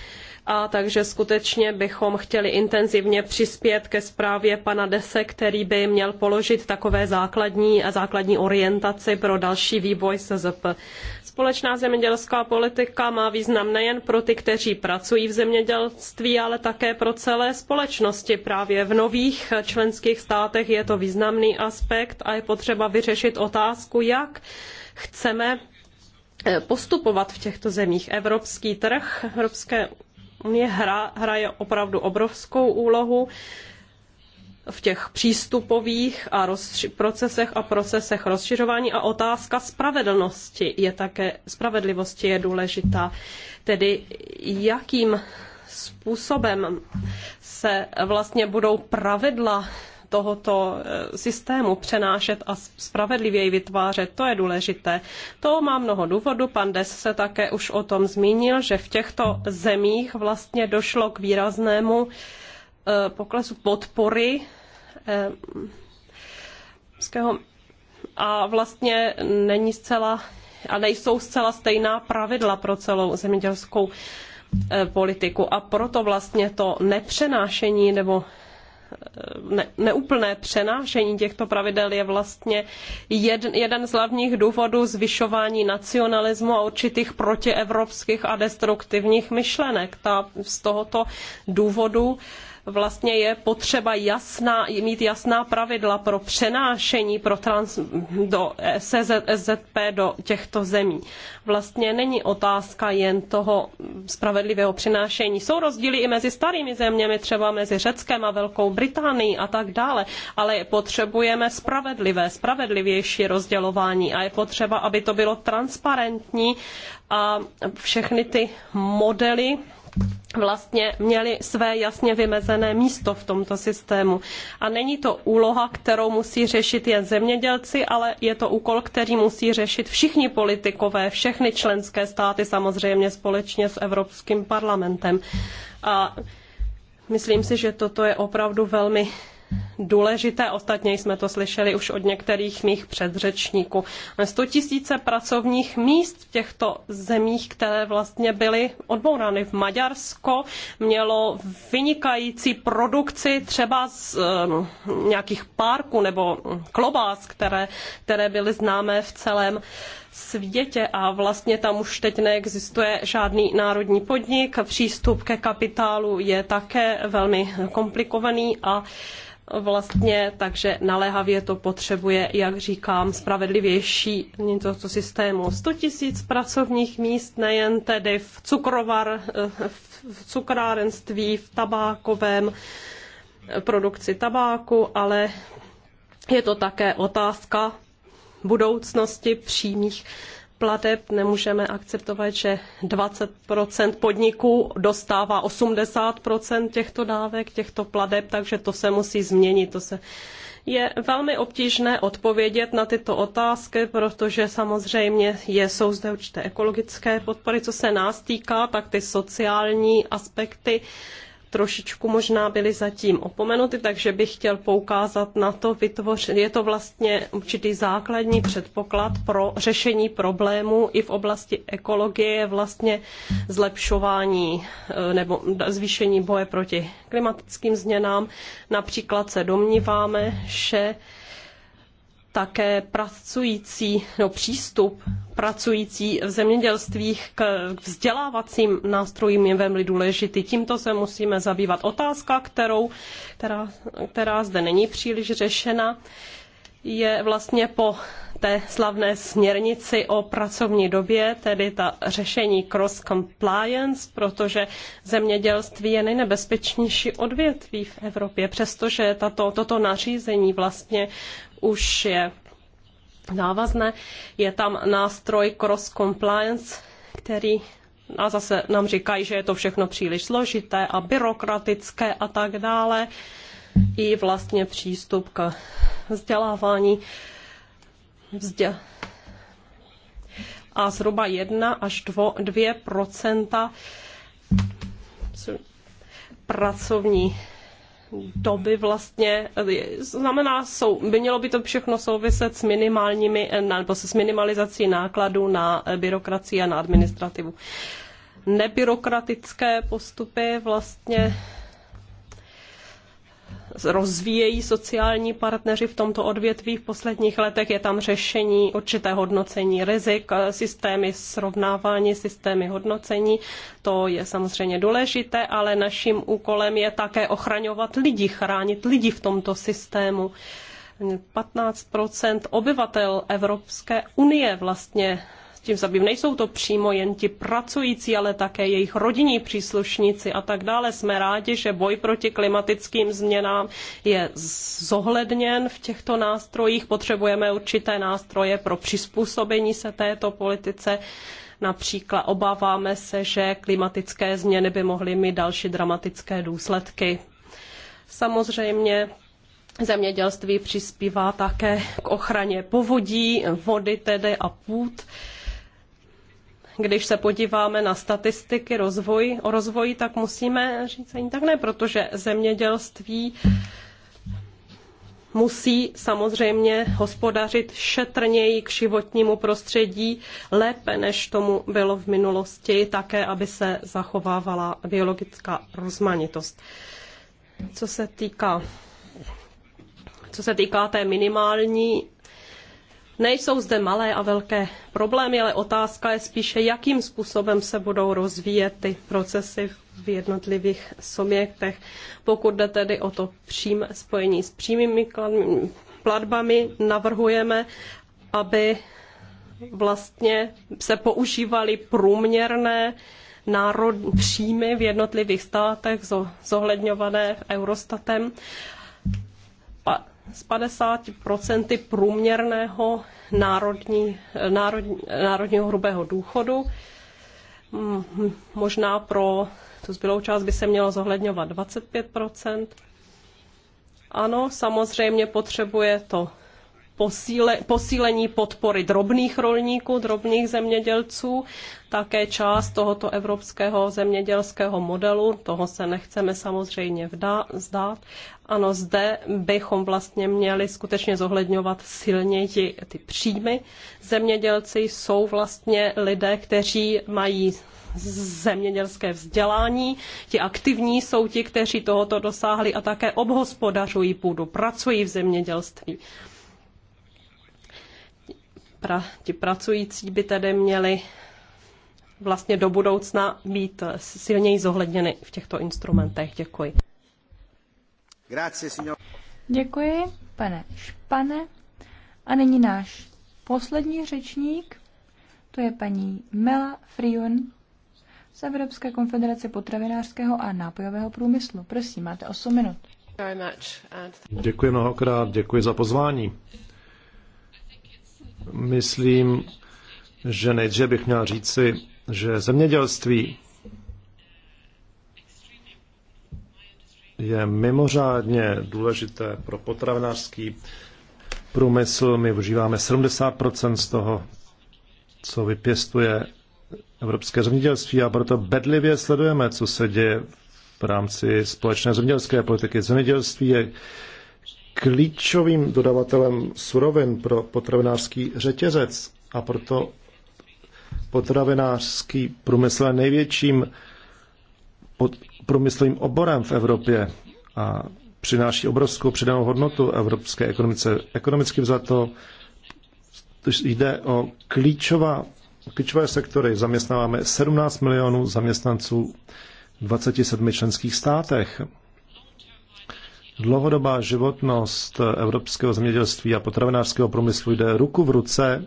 a takže skutečně bychom chtěli intenzivně přispět ke zprávě pana Dese, který by měl položit takové základní a základní orientaci pro další vývoj SZP. Společná zemědělská politika má význam nejen pro ty, kteří pracují v zemědělství, ale také pro celé společnosti. Právě v nových členských státech je to významný aspekt a je potřeba vyřešit otázku, jak chceme postupovat v těchto zemích. Evropský trh, Evropské unie hra, hraje opravdu obrovskou úlohu v těch přístupových a rozši- procesech a procesech rozšiřování a otázka spravedlnosti je také, spravedlivosti je důležitá. Tedy jakým způsobem se vlastně budou pravidla tohoto eh, systému přenášet a spravedlivěji vytvářet, to je důležité. To má mnoho důvodů. Pan Des se také už o tom zmínil, že v těchto zemích vlastně došlo k výraznému eh, poklesu podpory eh, a vlastně není zcela a nejsou zcela stejná pravidla pro celou zemědělskou politiku a proto vlastně to nepřenášení nebo ne, neúplné přenášení těchto pravidel je vlastně jed, jeden z hlavních důvodů zvyšování nacionalismu a určitých protievropských a destruktivních myšlenek. Ta, z tohoto důvodu vlastně je potřeba jasná, mít jasná pravidla pro přenášení pro trans, do SZP do těchto zemí. Vlastně není otázka jen toho spravedlivého přenášení. Jsou rozdíly i mezi starými zeměmi, třeba mezi Řeckem a Velkou Británií a tak dále, ale potřebujeme spravedlivé, spravedlivější rozdělování a je potřeba, aby to bylo transparentní a všechny ty modely, vlastně měli své jasně vymezené místo v tomto systému. A není to úloha, kterou musí řešit jen zemědělci, ale je to úkol, který musí řešit všichni politikové, všechny členské státy, samozřejmě společně s Evropským parlamentem. A myslím si, že toto je opravdu velmi důležité. Ostatně jsme to slyšeli už od některých mých předřečníků. 100 tisíce pracovních míst v těchto zemích, které vlastně byly odbourány v Maďarsko, mělo vynikající produkci třeba z um, nějakých párků nebo klobás, které, které byly známé v celém světě a vlastně tam už teď neexistuje žádný národní podnik. Přístup ke kapitálu je také velmi komplikovaný a vlastně, takže naléhavě to potřebuje, jak říkám, spravedlivější tohoto systému. 100 tisíc pracovních míst nejen tedy v, cukrovar, v cukrárenství, v tabákovém produkci tabáku, ale je to také otázka budoucnosti přímých plateb nemůžeme akceptovat, že 20 podniků dostává 80 těchto dávek, těchto plateb, takže to se musí změnit. To se je velmi obtížné odpovědět na tyto otázky, protože samozřejmě je, jsou zde určité ekologické podpory, co se nás týká, tak ty sociální aspekty trošičku možná byly zatím opomenuty, takže bych chtěl poukázat na to, vytvořit, je to vlastně určitý základní předpoklad pro řešení problémů i v oblasti ekologie, vlastně zlepšování eh, nebo zvýšení boje proti klimatickým změnám. Například se domníváme, že také pracující, no, přístup pracující v zemědělství k vzdělávacím nástrojům je velmi důležitý. Tímto se musíme zabývat. Otázka, kterou, která, která zde není příliš řešena, je vlastně po té slavné směrnici o pracovní době, tedy ta řešení cross-compliance, protože zemědělství je nejnebezpečnější odvětví v Evropě, přestože tato, toto nařízení vlastně už je návazné. Je tam nástroj cross compliance, který a zase nám říkají, že je to všechno příliš složité a byrokratické a tak dále. I vlastně přístup k vzdělávání. Vzdě... A zhruba 1 až 2, procenta pracovní doby vlastně, eh, znamená, jsou, by mělo by to všechno souviset s minimálními, eh, nebo s minimalizací nákladů na eh, byrokracii a na administrativu. Nebyrokratické postupy vlastně rozvíjejí sociální partneři v tomto odvětví v posledních letech. Je tam řešení určité hodnocení rizik, systémy srovnávání, systémy hodnocení. To je samozřejmě důležité, ale naším úkolem je také ochraňovat lidi, chránit lidi v tomto systému. 15 obyvatel Evropské unie vlastně tím zabývá. Nejsou to přímo jen ti pracující, ale také jejich rodinní příslušníci a tak dále. Jsme rádi, že boj proti klimatickým změnám je zohledněn v těchto nástrojích. Potřebujeme určité nástroje pro přizpůsobení se této politice. Například obáváme se, že klimatické změny by mohly mít další dramatické důsledky. Samozřejmě Zemědělství přispívá také k ochraně povodí, vody tedy a půd když se podíváme na statistiky rozvoj, o rozvoji, tak musíme říct ani tak ne, protože zemědělství musí samozřejmě hospodařit šetrněji k životnímu prostředí, lépe než tomu bylo v minulosti, také aby se zachovávala biologická rozmanitost. Co se týká, co se týká té minimální Nejsou zde malé a velké problémy, ale otázka je spíše, jakým způsobem se budou rozvíjet ty procesy v jednotlivých subjektech. Pokud jde tedy o to přím, spojení s přímými platbami, navrhujeme, aby vlastně se používaly průměrné národ, příjmy v jednotlivých státech zohledňované Eurostatem s 50% průměrného národní, národního hrubého důchodu. Mm, možná pro tu zbylou část by se mělo zohledňovat 25%. Ano, samozřejmě potřebuje to posíle, posílení podpory drobných rolníků, drobných zemědělců, také část tohoto evropského zemědělského modelu, toho se nechceme samozřejmě vdá, zdát. Ano, zde bychom vlastně měli skutečně zohledňovat silněji ty příjmy. Zemědělci jsou vlastně lidé, kteří mají zemědělské vzdělání. Ti aktivní jsou ti, kteří tohoto dosáhli a také obhospodařují půdu, pracují v zemědělství pra, ti pracující by tedy měli vlastně do budoucna být silněji zohledněny v těchto instrumentech. Děkuji. Děkuji, pane Špane. A nyní náš poslední řečník, to je paní Mela Frion z Evropské konfederace potravinářského a nápojového průmyslu. Prosím, máte 8 minut. Děkuji mnohokrát, děkuji za pozvání myslím, že nejdříve bych měl říci, že zemědělství je mimořádně důležité pro potravinářský průmysl. My užíváme 70% z toho, co vypěstuje evropské zemědělství a proto bedlivě sledujeme, co se děje v rámci společné zemědělské politiky. Zemědělství je klíčovým dodavatelem surovin pro potravinářský řetězec a proto potravinářský průmysl je největším pod průmyslovým oborem v Evropě a přináší obrovskou přidanou hodnotu evropské ekonomice. Ekonomicky vzato jde o klíčová, klíčové sektory. Zaměstnáváme 17 milionů zaměstnanců v 27 členských státech. Dlouhodobá životnost evropského zemědělství a potravinářského průmyslu jde ruku v ruce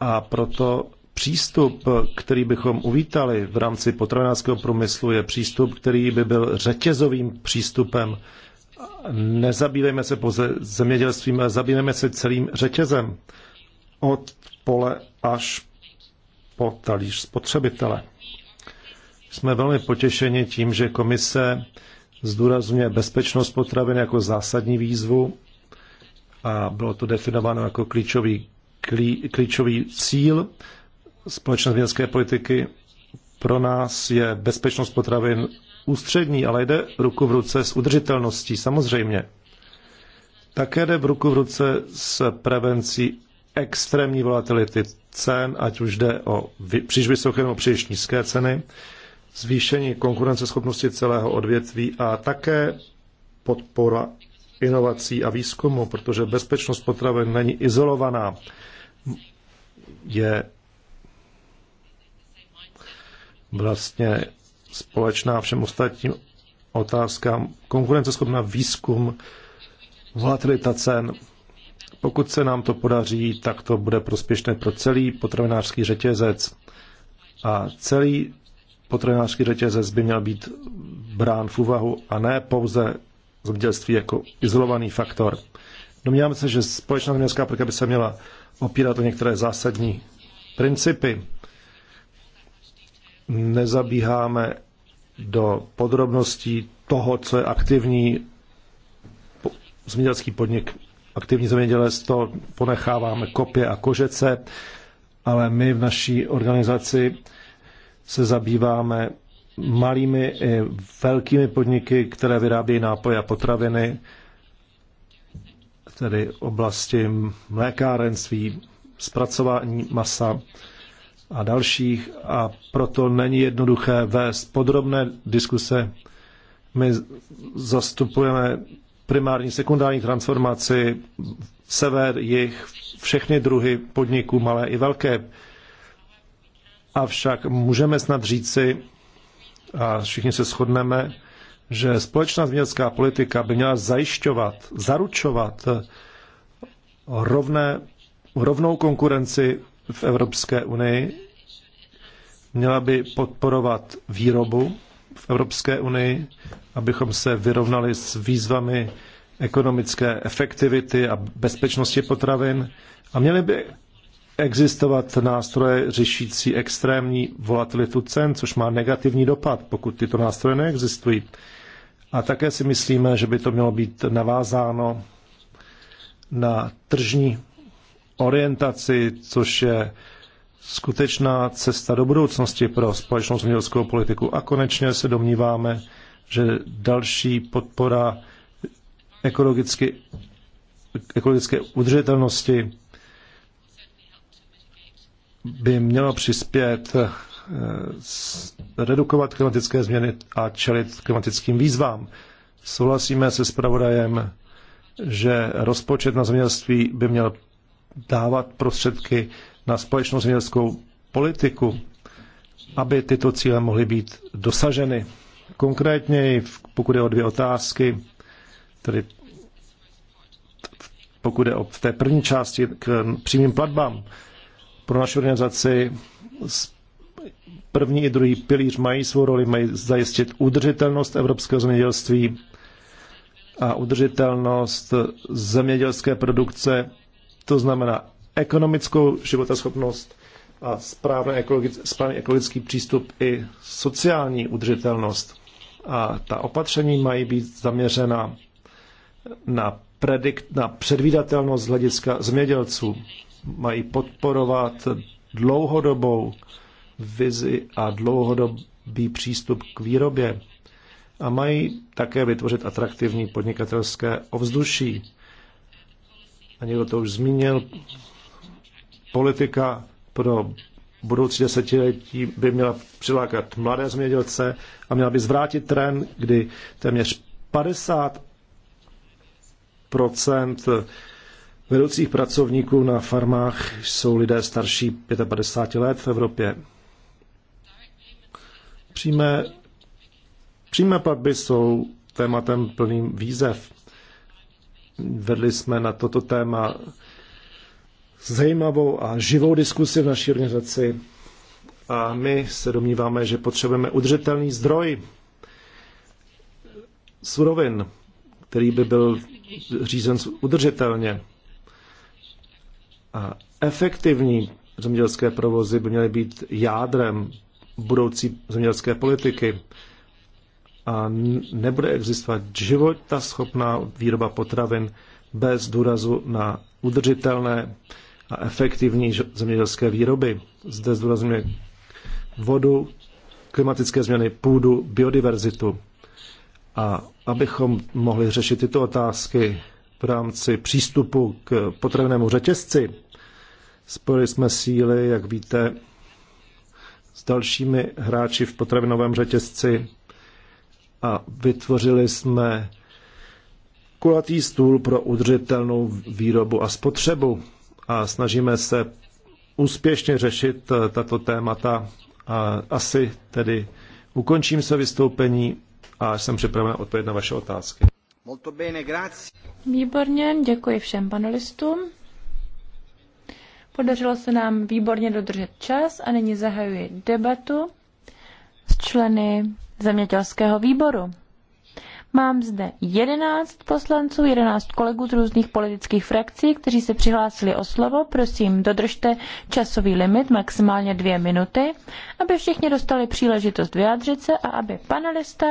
a proto přístup, který bychom uvítali v rámci potravinářského průmyslu, je přístup, který by byl řetězovým přístupem. Nezabývejme se pouze zemědělstvím, ale zabývejme se celým řetězem. Od pole až po talíř spotřebitele. Jsme velmi potěšeni tím, že komise zdůrazňuje bezpečnost potravin jako zásadní výzvu a bylo to definováno jako klíčový, klí, klíčový cíl společné zemědělské politiky. Pro nás je bezpečnost potravin ústřední, ale jde ruku v ruce s udržitelností, samozřejmě. Také jde v ruku v ruce s prevencí extrémní volatility cen, ať už jde o příliš vysoké nebo příliš nízké ceny zvýšení konkurenceschopnosti celého odvětví a také podpora inovací a výzkumu, protože bezpečnost potravin není izolovaná. Je vlastně společná všem ostatním otázkám. Konkurenceschopná výzkum, volatilita cen. Pokud se nám to podaří, tak to bude prospěšné pro celý potravinářský řetězec a celý potravinářský řetězec by měl být brán v úvahu a ne pouze zemědělství jako izolovaný faktor. Domníváme se, že společná zemědělská politika by se měla opírat o některé zásadní principy. Nezabíháme do podrobností toho, co je aktivní zemědělský podnik, aktivní zemědělec, to ponecháváme kopě a kožece, ale my v naší organizaci se zabýváme malými i velkými podniky, které vyrábějí nápoje a potraviny, tedy oblasti mlékárenství, zpracování masa a dalších a proto není jednoduché vést podrobné diskuse. My zastupujeme primární, sekundární transformaci, sever, jich všechny druhy podniků, malé i velké, Avšak můžeme snad říci, a všichni se shodneme, že společná zemědělská politika by měla zajišťovat, zaručovat rovné, rovnou konkurenci v Evropské unii, měla by podporovat výrobu v Evropské unii, abychom se vyrovnali s výzvami ekonomické efektivity a bezpečnosti potravin a měli by existovat nástroje řešící extrémní volatilitu cen, což má negativní dopad, pokud tyto nástroje neexistují. A také si myslíme, že by to mělo být navázáno na tržní orientaci, což je skutečná cesta do budoucnosti pro společnou zemědělskou politiku. A konečně se domníváme, že další podpora ekologicky, ekologické udržitelnosti by mělo přispět eh, redukovat klimatické změny a čelit klimatickým výzvám. Souhlasíme se zpravodajem, že rozpočet na zemědělství by měl dávat prostředky na společnou zemědělskou politiku, aby tyto cíle mohly být dosaženy. Konkrétně, pokud je o dvě otázky, tedy pokud je o v té první části k přímým platbám, pro naši organizaci první i druhý pilíř mají svou roli, mají zajistit udržitelnost evropského zemědělství a udržitelnost zemědělské produkce, to znamená ekonomickou životaschopnost a správný ekologický, správný ekologický přístup i sociální udržitelnost. A ta opatření mají být zaměřena na, predikt, na předvídatelnost z hlediska zemědělců mají podporovat dlouhodobou vizi a dlouhodobý přístup k výrobě a mají také vytvořit atraktivní podnikatelské ovzduší. A někdo to už zmínil, politika pro budoucí desetiletí by měla přilákat mladé zemědělce a měla by zvrátit trend, kdy téměř 50 Vedoucích pracovníků na farmách jsou lidé starší 55 let v Evropě. Přímé, přímé platby jsou tématem plným výzev. Vedli jsme na toto téma zajímavou a živou diskusi v naší organizaci a my se domníváme, že potřebujeme udržitelný zdroj surovin, který by byl řízen udržitelně. A efektivní zemědělské provozy by měly být jádrem budoucí zemědělské politiky a nebude existovat života schopná výroba potravin bez důrazu na udržitelné a efektivní zemědělské výroby. Zde zdůrazňuje vodu, klimatické změny, půdu, biodiverzitu. A abychom mohli řešit tyto otázky, v rámci přístupu k potravnému řetězci. Spojili jsme síly, jak víte, s dalšími hráči v potravinovém řetězci a vytvořili jsme kulatý stůl pro udržitelnou výrobu a spotřebu a snažíme se úspěšně řešit eh, tato témata a asi tedy ukončím se vystoupení a jsem připraven odpovědět na vaše otázky. Výborně, děkuji všem panelistům. Podařilo se nám výborně dodržet čas a nyní zahajuji debatu s členy zemědělského výboru. Mám zde 11 poslanců, 11 kolegů z různých politických frakcí, kteří se přihlásili o slovo. Prosím, dodržte časový limit maximálně dvě minuty, aby všichni dostali příležitost vyjádřit se a aby panelisté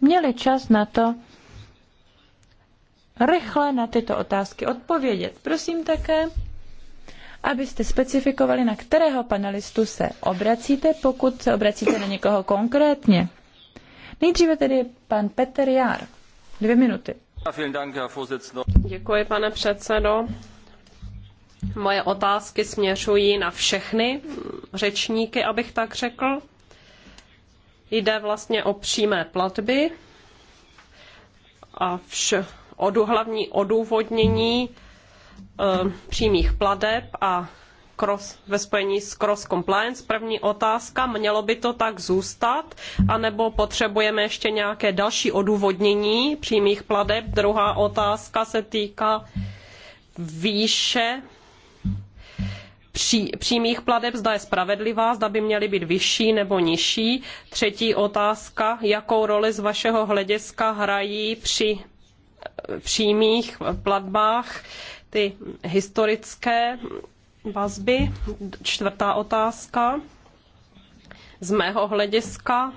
měli čas na to, rychle na tyto otázky odpovědět. Prosím také, abyste specifikovali, na kterého panelistu se obracíte, pokud se obracíte na někoho konkrétně. Nejdříve tedy pan Petr Jár. Dvě minuty. Děkuji, pane předsedo. Moje otázky směřují na všechny řečníky, abych tak řekl. Jde vlastně o přímé platby a vše, hlavní odůvodnění eh, přímých plateb a cross, ve spojení s cross compliance. První otázka, mělo by to tak zůstat, anebo potřebujeme ještě nějaké další odůvodnění přímých plateb? Druhá otázka se týká výše pří, přímých plateb, zda je spravedlivá, zda by měly být vyšší nebo nižší. Třetí otázka, jakou roli z vašeho hlediska hrají při přímých platbách, ty historické vazby. Čtvrtá otázka. Z mého hlediska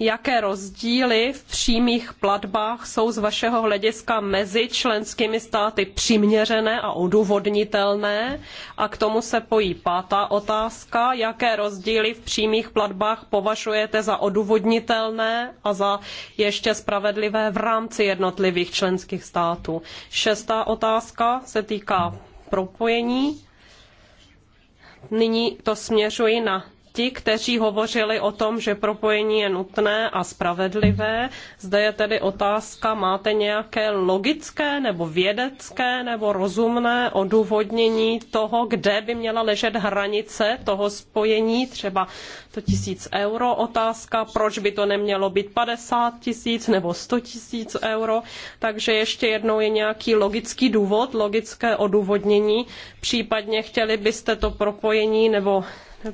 jaké rozdíly v přímých platbách jsou z vašeho hlediska mezi členskými státy přiměřené a odůvodnitelné. A k tomu se pojí pátá otázka, jaké rozdíly v přímých platbách považujete za odůvodnitelné a za ještě spravedlivé v rámci jednotlivých členských států. Šestá otázka se týká propojení nyní to směřuji na ti, kteří hovořili o tom, že propojení je nutné a spravedlivé. Zde je tedy otázka, máte nějaké logické nebo vědecké nebo rozumné odůvodnění toho, kde by měla ležet hranice toho spojení, třeba to tisíc euro otázka, proč by to nemělo být 50 tisíc nebo 100 tisíc euro. Takže ještě jednou je nějaký logický důvod, logické odůvodnění. Případně chtěli byste to propojení nebo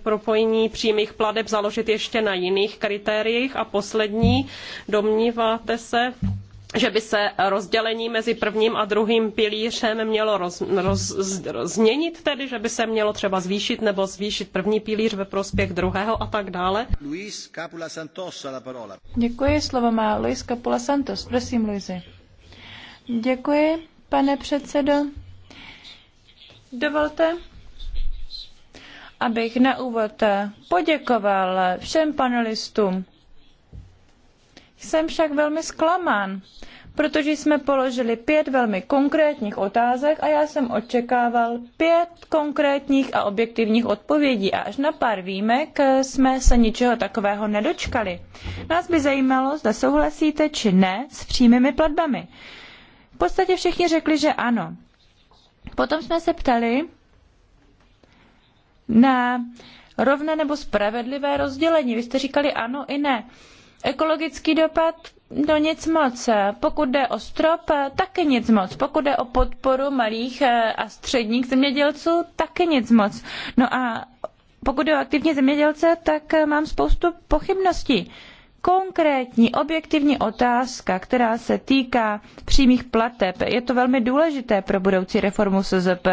propojení přímých pladeb založit ještě na jiných kritériích? A poslední, domníváte se, že by se rozdělení mezi prvním a druhým pilířem mělo roz, roz, změnit, tedy že by se mělo třeba zvýšit nebo zvýšit první pilíř ve prospěch druhého a tak dále. Luis Capula Santos, la parola. Děkuji, slovo má Luis Capula Santos. Prosím, Luisi. Děkuji, pane předsedo. Dovolte, abych na úvod poděkoval všem panelistům. Jsem však velmi zklamán, protože jsme položili pět velmi konkrétních otázek a já jsem očekával pět konkrétních a objektivních odpovědí a až na pár výjimek jsme se ničeho takového nedočkali. Nás by zajímalo, zda souhlasíte či ne s přímými platbami. V podstatě všichni řekli, že ano. Potom jsme se ptali, na rovné nebo spravedlivé rozdělení. Vy jste říkali ano i ne. Ekologický dopad, no nic moc. Pokud jde o strop, taky nic moc. Pokud jde o podporu malých eh, a středních zemědělců, taky nic moc. No a pokud jde o aktivní zemědělce, tak eh, mám spoustu pochybností. Konkrétní, objektivní otázka, která se týká přímých plateb, je to velmi důležité pro budoucí reformu SZP.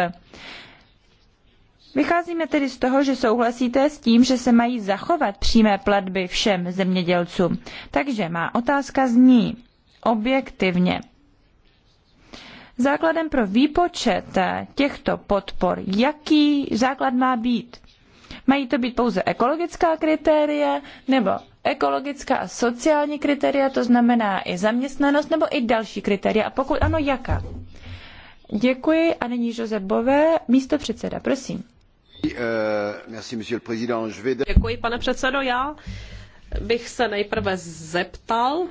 Vycházíme tedy z toho, že souhlasíte s tím, že se mají zachovat přímé platby všem zemědělcům. Takže má otázka zní objektivně. Základem pro výpočet těchto podpor, jaký základ má být? Mají to být pouze ekologická kritéria nebo ekologická a sociální kritéria, to znamená i zaměstnanost nebo i další kritéria? A pokud ano, jaká? Děkuji a nyní Josef Bové, místo předseda, prosím. Eh, pane předsedo. Já bych se nejprve zeptal eh,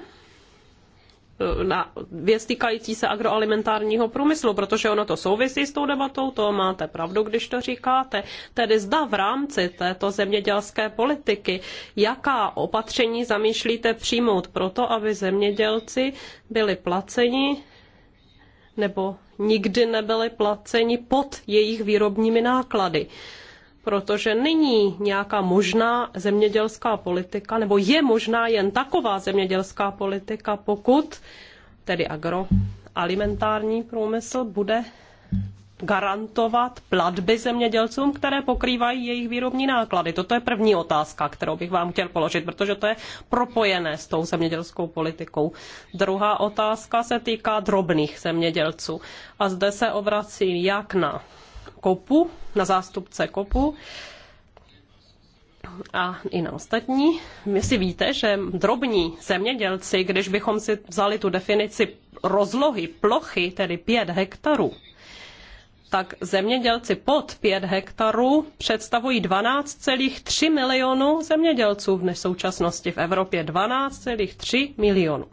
na věc týkající se agroalimentárního průmyslu, protože ono to souvisí s tou debatou, to máte pravdu, když to říkáte. Tedy zda v rámci této zemědělské politiky, jaká opatření zamýšlíte přijmout proto, aby zemědělci byli placeni nebo nikdy nebyly placeni pod jejich výrobními náklady. Protože není nějaká možná zemědělská politika, nebo je možná jen taková zemědělská politika, pokud tedy agroalimentární průmysl bude garantovat platby zemědělcům, které pokrývají jejich výrobní náklady? Toto je první otázka, kterou bych vám chtěl položit, protože to je propojené s tou zemědělskou politikou. Druhá otázka se týká drobných zemědělců. A zde se obracím jak na kopu, na zástupce kopu, a i na ostatní. My si víte, že drobní zemědělci, když bychom si vzali tu definici rozlohy, plochy, tedy 5 hektarů, tak zemědělci pod 5 hektarů představují 12,3 milionu zemědělců v současnosti v Evropě. 12,3 milionu.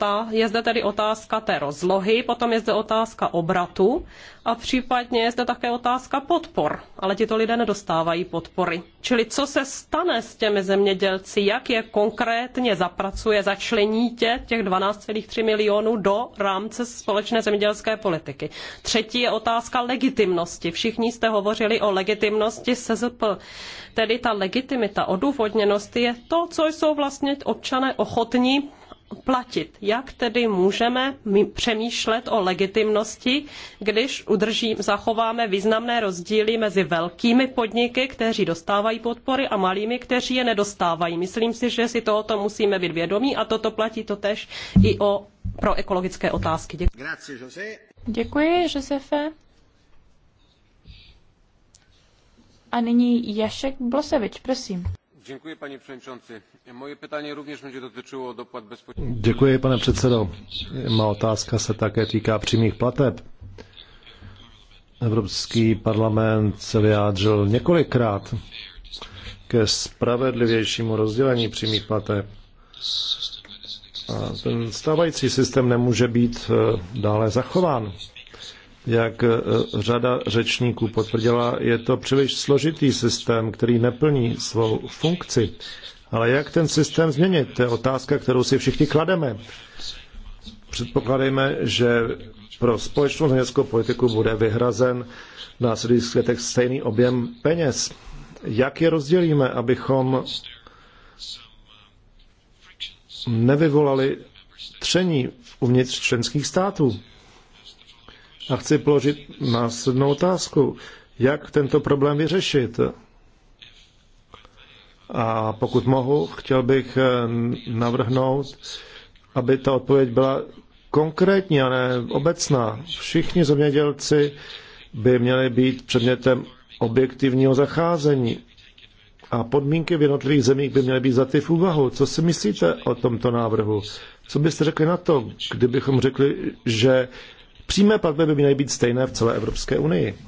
A je zde tedy otázka té rozlohy, potom je zde otázka obratu a případně je zde také otázka podpor. Ale tito lidé nedostávají podpory. Čili co se stane s těmi zemědělci, jak je konkrétně zapracuje, začlení tě těch 12,3 milionů do rámce společné zemědělské politiky. Třetí je otázka legitimnosti. Všichni jste hovořili o legitimnosti SZP. Tedy ta legitimita, odůvodněnost je to, co jsou vlastně občané ochotní platit. Jak tedy můžeme přemýšlet o legitimnosti, když udržím, zachováme významné rozdíly mezi velkými podniky, kteří dostávají podpory, a malými, kteří je nedostávají. Myslím si, že si tohoto musíme být vědomí a toto platí totež i o, pro ekologické otázky. Děkuji. Děkuji, Josefe. A nyní Jašek Blosevič, prosím. Děkuji, pane předsedající. Moje Má otázka se také týká přímých plateb. Evropský parlament se vyjádřil několikrát ke spravedlivějšímu rozdělení přímých plateb. A ten stávající systém nemůže být eh, dále zachován jak e, řada řečníků potvrdila, je to příliš složitý systém, který neplní svou funkci. Ale jak ten systém změnit? To je otázka, kterou si všichni klademe. Předpokladejme, že pro společnou zemědělskou politiku bude vyhrazen v následujících letech stejný objem peněz. Jak je rozdělíme, abychom nevyvolali tření uvnitř členských států? A chci položit následnou otázku. Jak tento problém vyřešit? A pokud mohu, chtěl bych eh, navrhnout, aby ta odpověď byla konkrétní a ne obecná. Všichni zemědělci by měli být předmětem objektivního zacházení a podmínky v jednotlivých zemích by měly být za ty v úvahu. Co si myslíte o tomto návrhu? Co byste řekli na to, kdybychom řekli, že Přímé platby by měly být stejné v celé Evropské unii.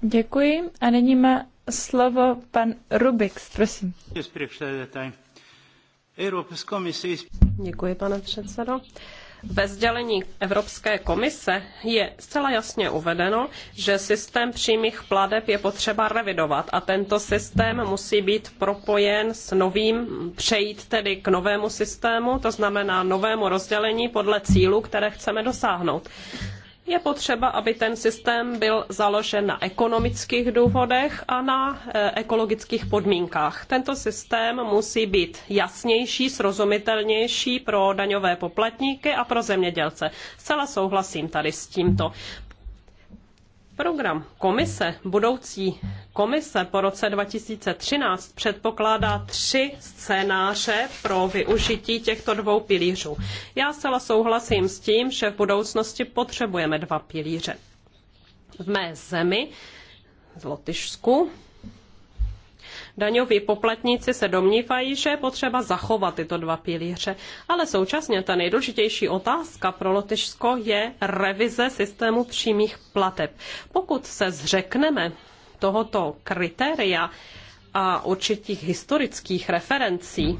Děkuji a nyní má slovo pan Rubix, prosím. Děkuji, pane předsedo. Ve sdělení Evropské komise je zcela jasně uvedeno, že systém přímých plateb je potřeba revidovat a tento systém musí být propojen s novým, přejít tedy k novému systému, to znamená novému rozdělení podle cílů, které chceme dosáhnout. Je potřeba, aby ten systém byl založen na ekonomických důvodech a na e, ekologických podmínkách. Tento systém musí být jasnější, srozumitelnější pro daňové poplatníky a pro zemědělce. Zcela souhlasím tady s tímto. Program komise, budoucí komise po roce 2013 předpokládá tři scénáře pro využití těchto dvou pilířů. Já zcela souhlasím s tím, že v budoucnosti potřebujeme dva pilíře. V mé zemi, v Lotyšsku, Daňoví poplatníci se domnívají, že je potřeba zachovat tyto dva pilíře. Ale současně ta nejdůležitější otázka pro Lotyšsko je revize systému přímých plateb. Pokud se zřekneme tohoto kritéria a určitých historických referencí,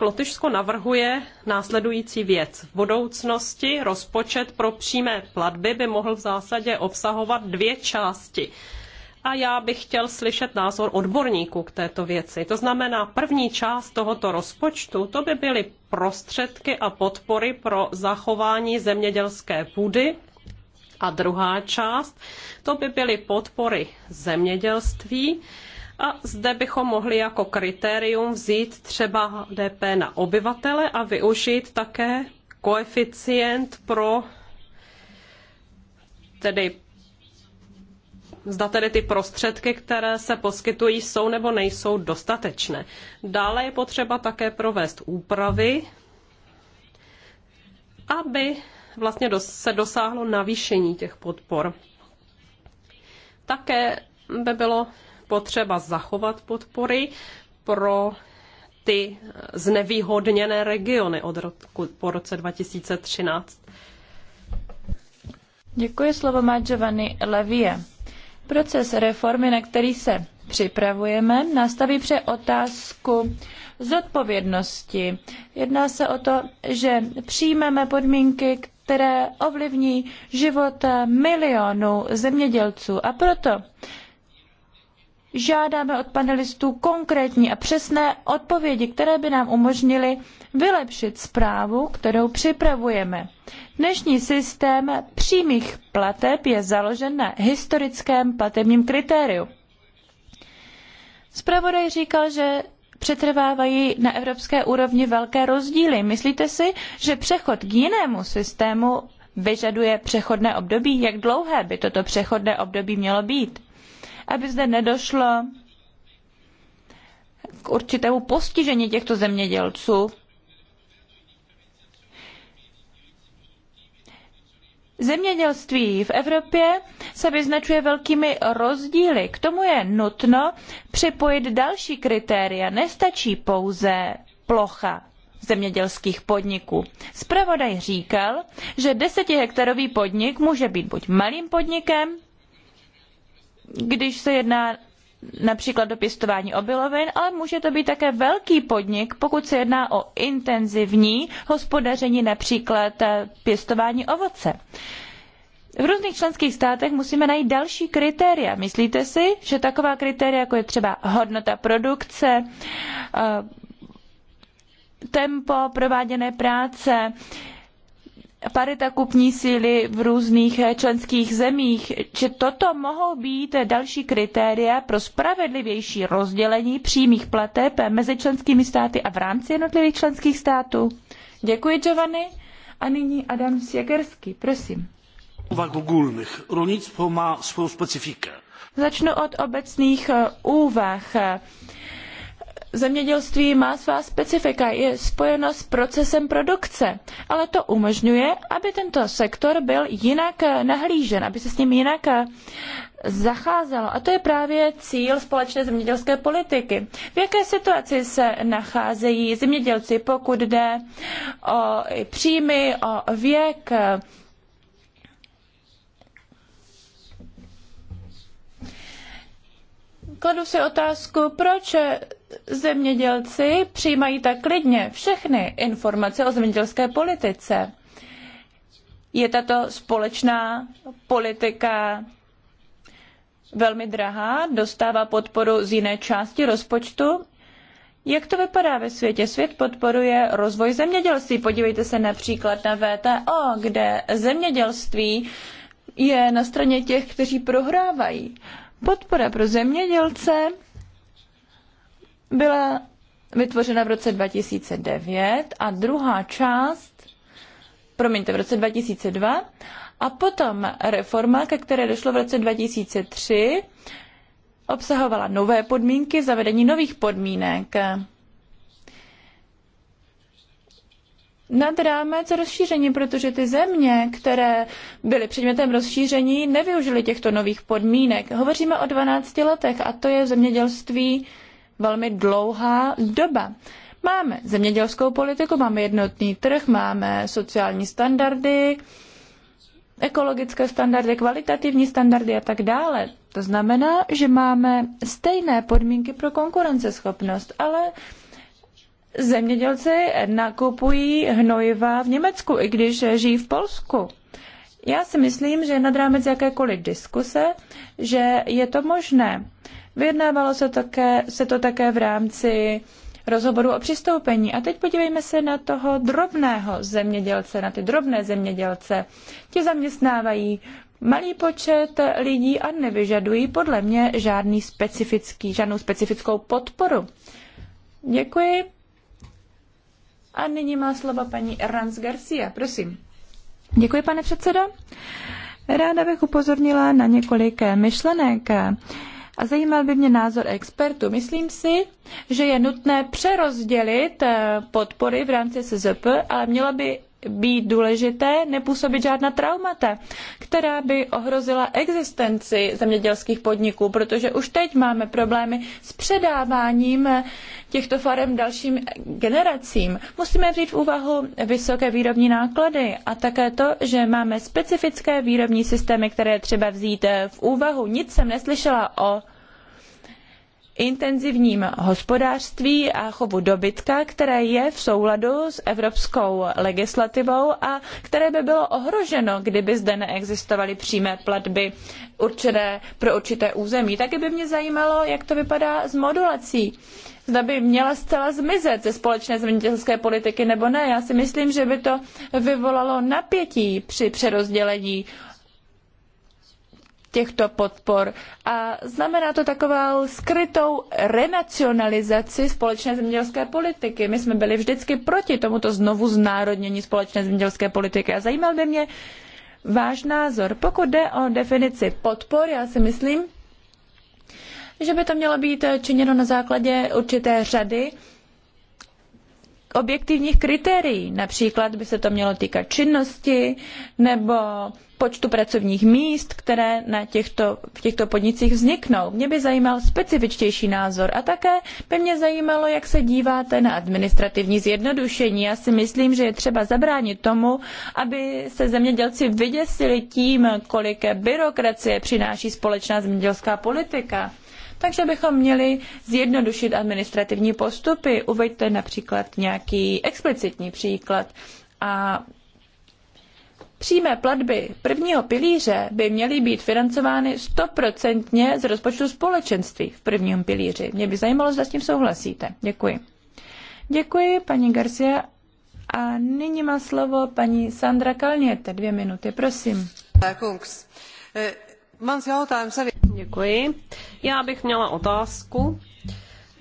Lotyšsko navrhuje následující věc. V budoucnosti rozpočet pro přímé platby by mohl v zásadě obsahovat dvě části a já bych chtěl slyšet názor odborníků k této věci. To znamená, první část tohoto rozpočtu, to by byly prostředky a podpory pro zachování zemědělské půdy a druhá část, to by byly podpory zemědělství. A zde bychom mohli jako kritérium vzít třeba DP na obyvatele a využít také koeficient pro tedy Zda tedy ty prostředky, které se poskytují, jsou nebo nejsou dostatečné. Dále je potřeba také provést úpravy, aby vlastně se dosáhlo navýšení těch podpor. Také by bylo potřeba zachovat podpory pro ty znevýhodněné regiony od roku, po roce 2013. Děkuji, slovo má Giovanni Levie. Proces reformy, na který se připravujeme, nastaví pře otázku zodpovědnosti. Jedná se o to, že přijmeme podmínky, které ovlivní život milionů zemědělců. A proto žádáme od panelistů konkrétní a přesné odpovědi, které by nám umožnily vylepšit zprávu, kterou připravujeme. Dnešní systém přímých plateb je založen na historickém platebním kritériu. Spravodaj říkal, že přetrvávají na evropské úrovni velké rozdíly. Myslíte si, že přechod k jinému systému vyžaduje přechodné období? Jak dlouhé by toto přechodné období mělo být? Aby zde nedošlo k určitému postižení těchto zemědělců, Zemědělství v Evropě se vyznačuje velkými rozdíly. K tomu je nutno připojit další kritéria. Nestačí pouze plocha zemědělských podniků. Spravodaj říkal, že desetihektarový podnik může být buď malým podnikem, když se jedná například do pěstování obilovin, ale může to být také velký podnik, pokud se jedná o intenzivní hospodaření, například eh, pěstování ovoce. V různých členských státech musíme najít další kritéria. Myslíte si, že taková kritéria, jako je třeba hodnota produkce, eh, tempo prováděné práce, parita kupní síly v různých eh, členských zemích, že toto mohou být eh, další kritéria pro spravedlivější rozdělení přímých plateb eh, mezi členskými státy a v rámci jednotlivých členských států. Děkuji, Giovanni. A nyní Adam Siegerský, prosím. Uwag ogólnych. Rolnictwo má svou specyfikę. Začnu od obecných úvah zemědělství má svá specifika, je spojeno s procesem produkce, ale to umožňuje, aby tento sektor byl jinak eh, nahlížen, aby se s ním jinak eh, zacházelo. A to je právě cíl společné zemědělské politiky. V jaké situaci se nacházejí zemědělci, pokud jde o příjmy, o věk, kladu si otázku, proč zemědělci přijímají tak klidně všechny informace o zemědělské politice. Je tato společná politika velmi drahá, dostává podporu z jiné části rozpočtu. Jak to vypadá ve světě? Svět podporuje rozvoj zemědělství. Podívejte se například na VTO, kde zemědělství je na straně těch, kteří prohrávají. Podpora pro zemědělce byla vytvořena v roce 2009 a druhá část, promiňte, v roce 2002 a potom reforma, ke které došlo v roce 2003, obsahovala nové podmínky, zavedení nových podmínek. nad rámec rozšíření, protože ty země, které byly předmětem rozšíření, nevyužily těchto nových podmínek. Hovoříme o 12 letech a to je v zemědělství velmi dlouhá doba. Máme zemědělskou politiku, máme jednotný trh, máme sociální standardy, ekologické standardy, kvalitativní standardy a tak dále. To znamená, že máme stejné podmínky pro konkurenceschopnost, ale zemědělci nakupují hnojiva v Německu, i když žijí v Polsku. Já si myslím, že nad rámec jakékoliv diskuse, že je to možné. Vyjednávalo se, také, se to také v rámci rozhovoru o přistoupení. A teď podívejme se na toho drobného zemědělce, na ty drobné zemědělce. Ti zaměstnávají malý počet lidí a nevyžadují podle mě žádný specifický, žádnou specifickou podporu. Děkuji. A nyní má slova paní Erans Garcia. Prosím. Děkuji, pane předsedo. Ráda bych upozornila na několik myšlenek. A zajímal by mě názor expertů. Myslím si, že je nutné přerozdělit eh, podpory v rámci SZP, ale mělo by být důležité nepůsobit žádná traumata, která by ohrozila existenci zemědělských podniků, protože už teď máme problémy s předáváním těchto farem dalším generacím. Musíme vzít v úvahu vysoké výrobní náklady a také to, že máme specifické výrobní systémy, které třeba vzít v úvahu. Nic jsem neslyšela o intenzivním hospodářství a chovu dobytka, které je v souladu s evropskou legislativou a které by bylo ohroženo, kdyby zde neexistovaly přímé platby určené pro určité území. Taky by mě zajímalo, jak to vypadá s modulací zda by měla zcela zmizet ze společné zemědělské politiky nebo ne. Já si myslím, že by to vyvolalo napětí při přerozdělení těchto podpor a znamená to takovou skrytou renacionalizaci společné zemědělské politiky. My jsme byli vždycky proti tomuto znovu znárodnění společné zemědělské politiky a zajímal by mě váš názor. Pokud jde o definici podpor, já si myslím, že by to mělo být činěno na základě určité řady objektivních kritérií. Například by se to mělo týkat činnosti nebo počtu pracovních míst, které na těchto, v těchto podnicích vzniknou. Mě by zajímal specifičtější názor a také by mě zajímalo, jak se díváte na administrativní zjednodušení. Já si myslím, že je třeba zabránit tomu, aby se zemědělci vyděsili tím, kolik byrokracie přináší společná zemědělská politika. Takže bychom měli zjednodušit administrativní postupy. Uveďte například nějaký explicitní příklad a Přímé platby prvního pilíře by měly být financovány stoprocentně z rozpočtu společenství v prvním pilíři. Mě by zajímalo, zda s tím souhlasíte. Děkuji. Děkuji, paní Garcia. A nyní má slovo paní Sandra Kalněte. Dvě minuty, prosím. Děkuji. Já bych měla otázku,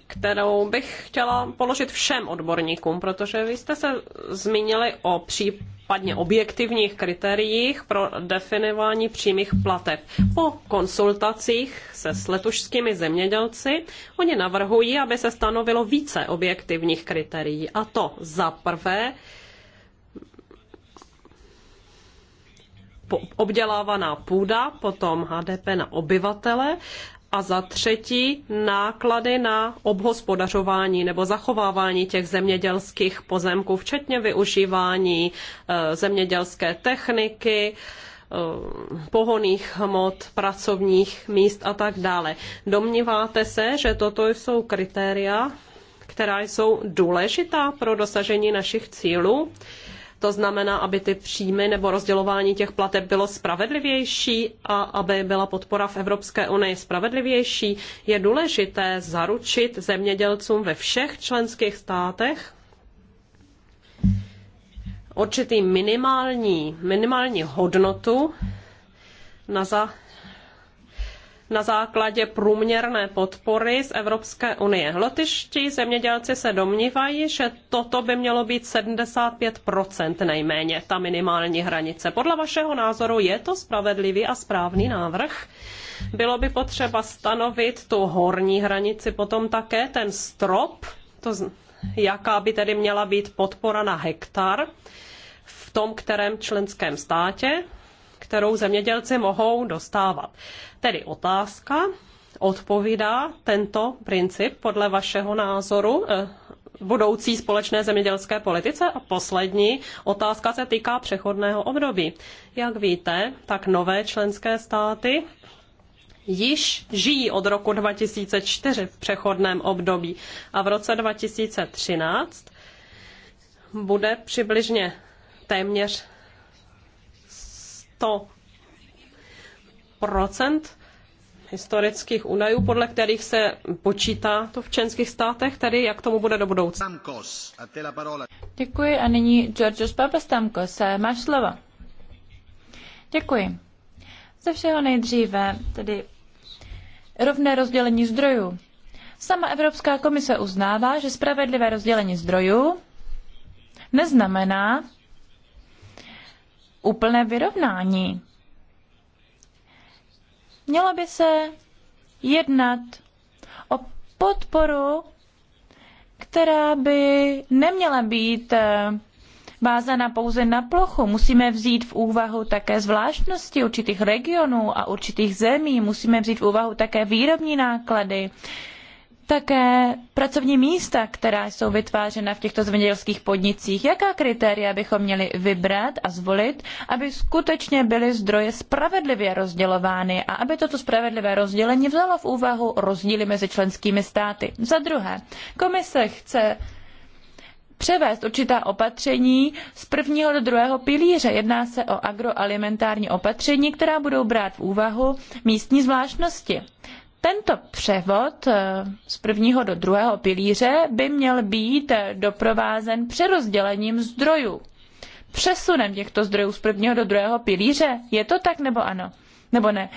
kterou bych chtěla položit všem odborníkům, protože vy jste se zmínili o případně objektivních kritériích pro definování přímých plateb. Po konsultacích se s letušskými zemědělci oni navrhují, aby se stanovilo více objektivních kritérií, a to za prvé obdělávaná půda, potom HDP na obyvatele a za třetí náklady na obhospodařování nebo zachovávání těch zemědělských pozemků, včetně využívání e, zemědělské techniky, e, pohoných hmot, pracovních míst a tak dále. Domníváte se, že toto jsou kritéria, která jsou důležitá pro dosažení našich cílů? To znamená, aby ty příjmy nebo rozdělování těch plateb bylo spravedlivější a aby byla podpora v Evropské unii spravedlivější. Je důležité zaručit zemědělcům ve všech členských státech určitý minimální, minimální hodnotu na za, na základě průměrné podpory z Evropské unie. Lotyští zemědělci se domnívají, že toto by mělo být 75% nejméně, ta minimální hranice. Podle vašeho názoru je to spravedlivý a správný návrh? Bylo by potřeba stanovit tu horní hranici, potom také ten strop, to jaká by tedy měla být podpora na hektar v tom kterém členském státě, kterou zemědělci mohou dostávat. Tedy otázka, odpovídá tento princip podle vašeho názoru eh, budoucí společné zemědělské politice? A poslední otázka se týká přechodného období. Jak víte, tak nové členské státy již žijí od roku 2004 v přechodném období a v roce 2013 bude přibližně téměř 100 Procent historických údajů, podle kterých se počítá to v členských státech, tedy jak tomu bude do budoucna. Děkuji a nyní Georgios Papastamkos, eh, máš slovo. Děkuji. Ze všeho nejdříve, tedy rovné rozdělení zdrojů. Sama Evropská komise uznává, že spravedlivé rozdělení zdrojů neznamená úplné vyrovnání Mělo by se jednat o podporu, která by neměla být eh, vázaná pouze na plochu. Musíme vzít v úvahu také zvláštnosti určitých regionů a určitých zemí. Musíme vzít v úvahu také výrobní náklady, také pracovní místa, která jsou vytvářena v těchto zemědělských podnicích. Jaká kritéria bychom měli vybrat a zvolit, aby skutečně byly zdroje spravedlivě rozdělovány a aby toto spravedlivé rozdělení vzalo v úvahu rozdíly mezi členskými státy. Za druhé, komise chce převést určitá opatření z prvního do druhého pilíře. Jedná se o agroalimentární opatření, která budou brát v úvahu místní zvláštnosti tento převod eh, z prvního do druhého pilíře by měl být eh, doprovázen přerozdělením zdrojů. Přesunem těchto zdrojů z prvního do druhého pilíře. Je to tak nebo ano? Nebo ne?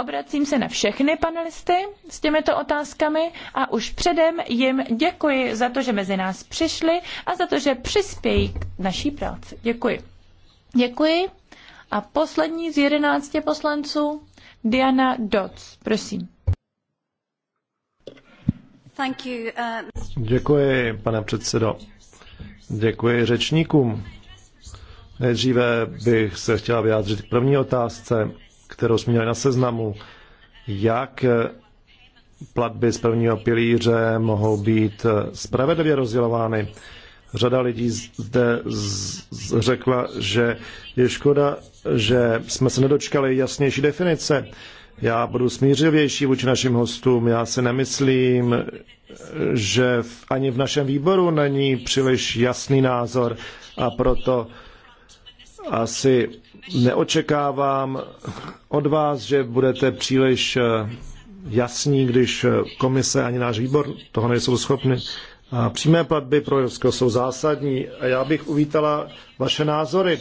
Obracím se na všechny panelisty s těmito otázkami a už předem jim děkuji za to, že mezi nás přišli a za to, že přispějí k naší práci. Děkuji. Děkuji. A poslední z jedenácti poslanců, Diana Dodds, prosím. Uh, Děkuji, pane předsedo. Děkuji řečníkům. Nejdříve bych se chtěla vyjádřit k první otázce, kterou jsme měli na seznamu. Jak platby z prvního pilíře mohou být spravedlivě rozdělovány? Řada lidí zde řekla, že je škoda, že jsme se nedočkali jasnější definice já budu smířivější vůči našim hostům. Já se nemyslím, že v, ani v našem výboru není příliš jasný názor a proto asi neočekávám od vás, že budete příliš eh, jasní, když eh, komise ani náš výbor toho nejsou schopni. A přímé platby pro Irsko jsou zásadní a já bych uvítala vaše názory.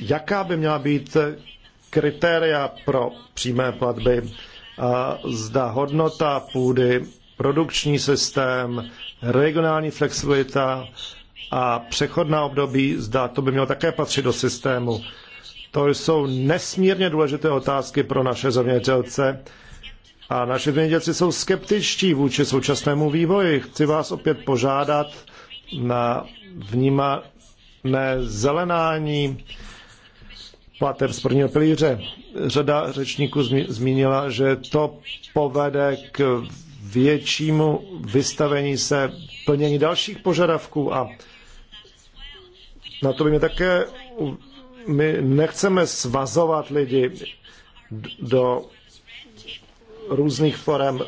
Jaká by měla být eh, kritéria pro přímé platby, a zda hodnota půdy, produkční systém, regionální flexibilita a přechodná období, zda to by mělo také patřit do systému. To jsou nesmírně důležité otázky pro naše zemědělce a naše zemědělci jsou skeptičtí vůči současnému vývoji. Chci vás opět požádat na vnímané zelenání pater z prvního pilíře. Řada řečníků zmínila, že to povede k většímu vystavení se plnění dalších požadavků a na to by mě také my nechceme svazovat lidi do různých forem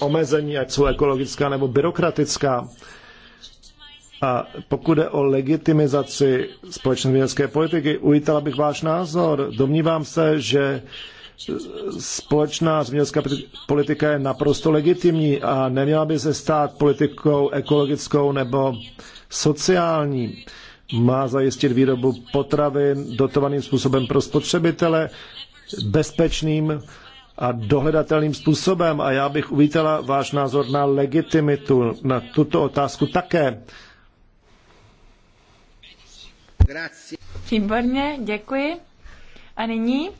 omezení, ať jsou ekologická nebo byrokratická. A pokud jde o legitimizaci společné zemědělské politiky, ujítala bych váš názor. Domnívám se, že společná zemědělská politika je naprosto legitimní a neměla by se stát politikou ekologickou nebo sociální. Má zajistit výrobu potravin dotovaným způsobem pro spotřebitele, bezpečným a dohledatelným způsobem. A já bych uvítala váš názor na legitimitu, na tuto otázku také. Výborně, děkuji. A nyní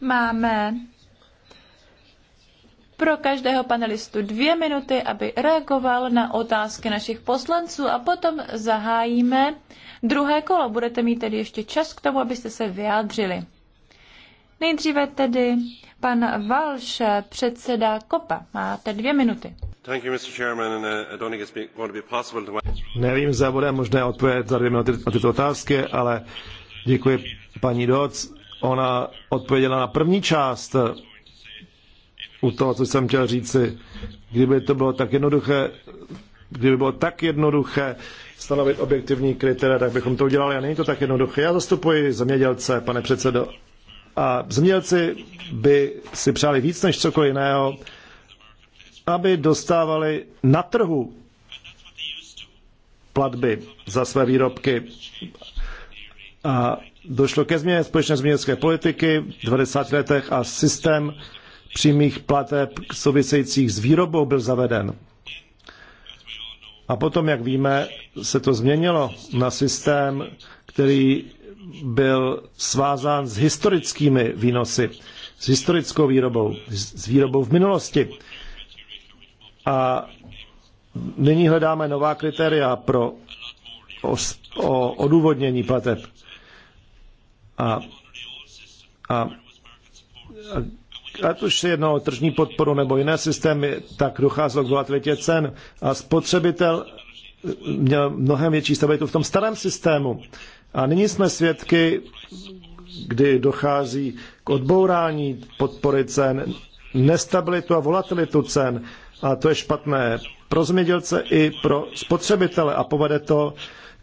máme pro každého panelistu dvě minuty, aby reagoval na otázky našich poslanců a potom zahájíme druhé kolo. Budete mít tedy ještě čas k tomu, abyste se vyjádřili. Nejdříve tedy Pan Valš, předseda COPA. Máte dvě minuty. Uh, Nevím, zda bude možné odpovědět za dvě minuty na tyto otázky, ale děkuji paní Doc. Ona odpověděla na první část uh, u toho, co jsem chtěl říci. Kdyby to bylo tak jednoduché, kdyby bylo tak jednoduché stanovit objektivní kritéria, tak bychom to udělali a není to tak jednoduché. Já zastupuji zemědělce, pane předsedo, a zemědělci by si přáli víc než cokoliv jiného, aby dostávali na trhu platby za své výrobky. A došlo ke změně společné zemědělské politiky v 90. letech a systém přímých plateb souvisejících s výrobou byl zaveden. A potom, jak víme, se to změnilo na systém, který byl svázán s historickými výnosy, s historickou výrobou, s výrobou v minulosti. A nyní hledáme nová kritéria pro o, o odůvodnění plateb. A, a, a ať už se jedná o tržní podporu nebo jiné systémy, tak docházelo k volatilitě cen a spotřebitel měl mnohem větší stabilitu v tom starém systému. A nyní jsme svědky, kdy dochází k odbourání podpory cen, nestabilitu a volatilitu cen. A to je špatné pro zemědělce i pro spotřebitele a povede to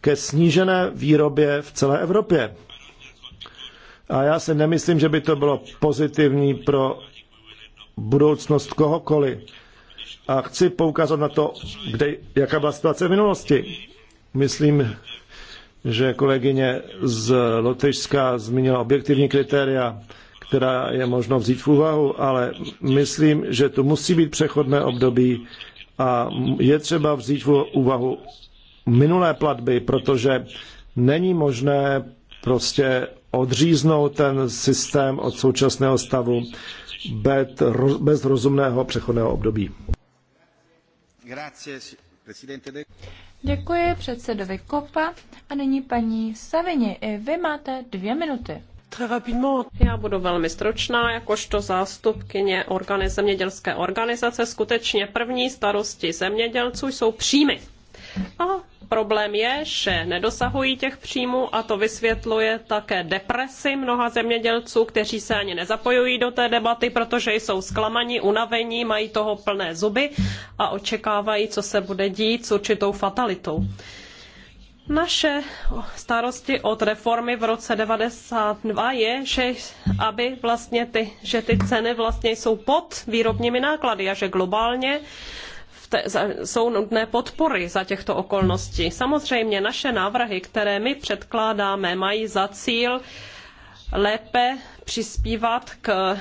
ke snížené výrobě v celé Evropě. A já si nemyslím, že by to bylo pozitivní pro budoucnost kohokoliv. A chci poukázat na to, kde, jaká byla situace v minulosti. Myslím, že kolegyně z Lotyšska zmínila objektivní kritéria, která je možno vzít v úvahu, ale myslím, že tu musí být přechodné období a je třeba vzít v úvahu minulé platby, protože není možné prostě odříznout ten systém od současného stavu bez rozumného přechodného období. Děkuji předsedovi Kopa a nyní paní Savini. I vy máte dvě minuty. Já budu velmi stručná, jakožto zástupkyně organiz, zemědělské organizace. Skutečně první starosti zemědělců jsou příjmy. A Problém je, že nedosahují těch příjmů a to vysvětluje také depresi mnoha zemědělců, kteří se ani nezapojují do té debaty, protože jsou zklamaní, unavení, mají toho plné zuby a očekávají, co se bude dít s určitou fatalitou. Naše starosti od reformy v roce 92 je, že aby vlastně ty, že ty ceny vlastně jsou pod výrobními náklady a že globálně te, za, jsou nutné podpory za těchto okolností. Samozřejmě naše návrhy, které my předkládáme, mají za cíl lépe přispívat k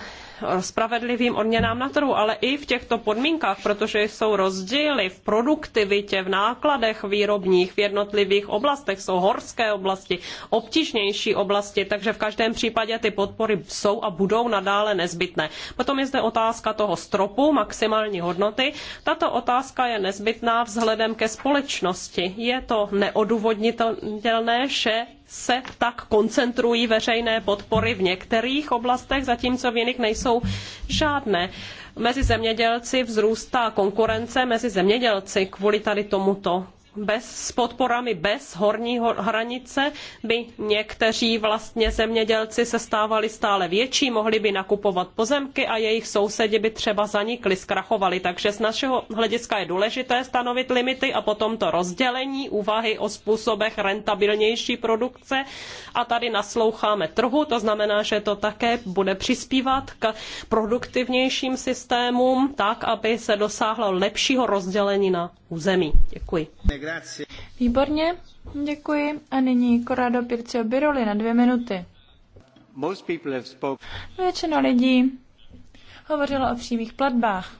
spravedlivým odměnám na trhu, ale i v těchto podmínkách, protože jsou rozdíly v produktivitě, v nákladech výrobních, v jednotlivých oblastech, jsou horské oblasti, obtížnější oblasti, takže v každém případě ty podpory jsou a budou nadále nezbytné. Potom je zde otázka toho stropu maximální hodnoty. Tato otázka je nezbytná vzhledem ke společnosti. Je to neodůvodnitelné, že se tak koncentrují veřejné podpory v některých oblastech, zatímco v jiných nejsou žádné. Mezi zemědělci vzrůstá konkurence mezi zemědělci kvůli tady tomuto bez, s podporami bez horní hranice by někteří vlastně zemědělci se stávali stále větší, mohli by nakupovat pozemky a jejich sousedi by třeba zanikli, zkrachovali. Takže z našeho hlediska je důležité stanovit limity a potom to rozdělení, úvahy o způsobech rentabilnější produkce a tady nasloucháme trhu, to znamená, že to také bude přispívat k produktivnějším systémům tak, aby se dosáhlo lepšího rozdělení na území. Děkuji. Výborně, děkuji. A nyní Corrado Pircio Biroli na dvě minuty. Většina lidí hovořila o přímých platbách.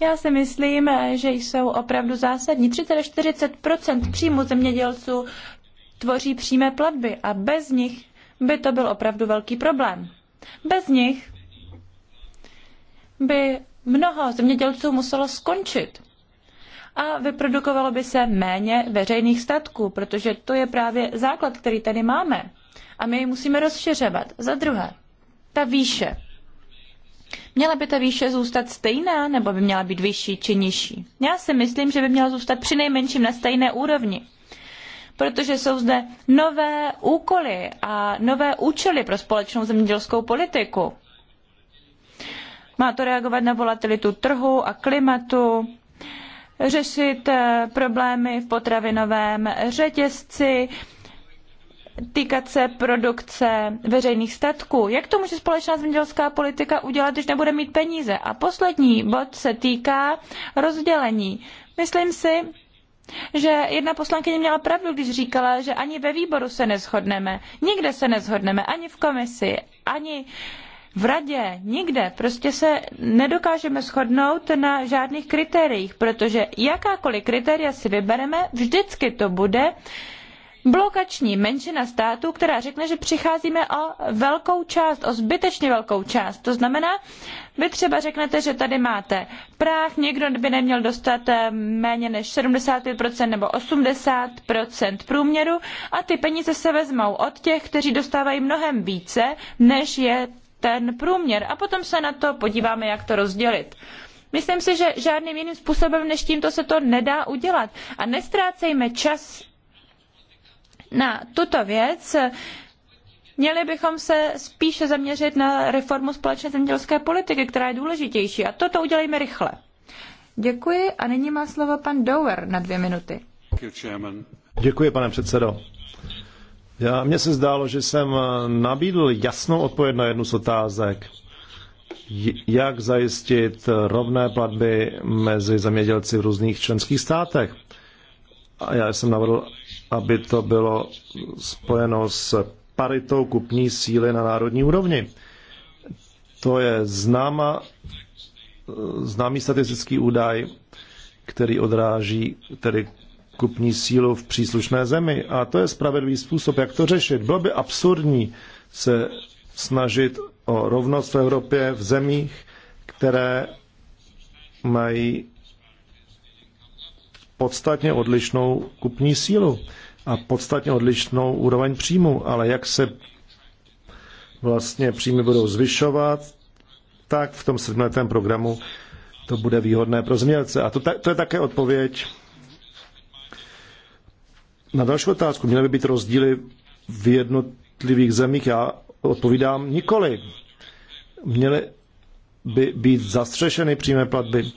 Já si myslím, že jsou opravdu zásadní. 30-40 příjmu zemědělců tvoří přímé platby a bez nich by to byl opravdu velký problém. Bez nich by mnoho zemědělců muselo skončit a vyprodukovalo by se méně veřejných statků, protože to je právě základ, který tady máme. A my ji musíme rozšiřovat. Za druhé, ta výše. Měla by ta výše zůstat stejná, nebo by měla být vyšší či nižší? Já si myslím, že by měla zůstat přinejmenším na stejné úrovni protože jsou zde nové úkoly a nové účely pro společnou zemědělskou politiku. Má to reagovat na volatilitu trhu a klimatu, řešit eh, problémy v potravinovém řetězci, týkat se produkce veřejných statků. Jak to může společná zemědělská politika udělat, když nebude mít peníze? A poslední bod se týká rozdělení. Myslím si, že jedna poslankyně měla pravdu, když říkala, že ani ve výboru se neshodneme. Nikde se neshodneme, ani v komisi, ani uh, v radě, nikde, prostě se nedokážeme shodnout na žádných kritériích, protože jakákoliv kritéria si vybereme, vždycky to bude blokační menšina států, která řekne, že přicházíme o velkou část, o zbytečně velkou část. To znamená, vy třeba řeknete, že tady máte práh, někdo by neměl dostat eh, méně než 75% nebo 80% průměru a ty peníze se vezmou od těch, kteří dostávají mnohem více, než je ten průměr a potom se na to podíváme, jak to rozdělit. Myslím si, že žádným jiným způsobem než tímto se to nedá udělat. A nestrácejme čas na tuto věc. Měli bychom se spíše zaměřit na reformu společné zemědělské politiky, která je důležitější. A toto udělejme rychle. Děkuji a nyní má slovo pan Dower na dvě minuty. Děkuji, pane předsedo. Já, mně se zdálo, že jsem eh, nabídl jasnou odpověď na jednu z otázek. Jak zajistit eh, rovné platby mezi zemědělci v různých členských státech? A já jsem navrhl, aby to bylo spojeno s paritou kupní síly na národní úrovni. To je známa, eh, známý statistický údaj, který odráží tedy kupní sílu v příslušné zemi. A to je spravedlivý způsob, jak to řešit. Bylo by absurdní se snažit o rovnost v Evropě v zemích, které mají podstatně odlišnou kupní sílu a podstatně odlišnou úroveň příjmu, ale jak se vlastně příjmy budou zvyšovat, tak v tom sedmletém programu to bude výhodné pro zemědělce. A to, to je také odpověď na další otázku, měly by být rozdíly v jednotlivých zemích? Já odpovídám nikoli. Měly by být zastřešeny přímé platby.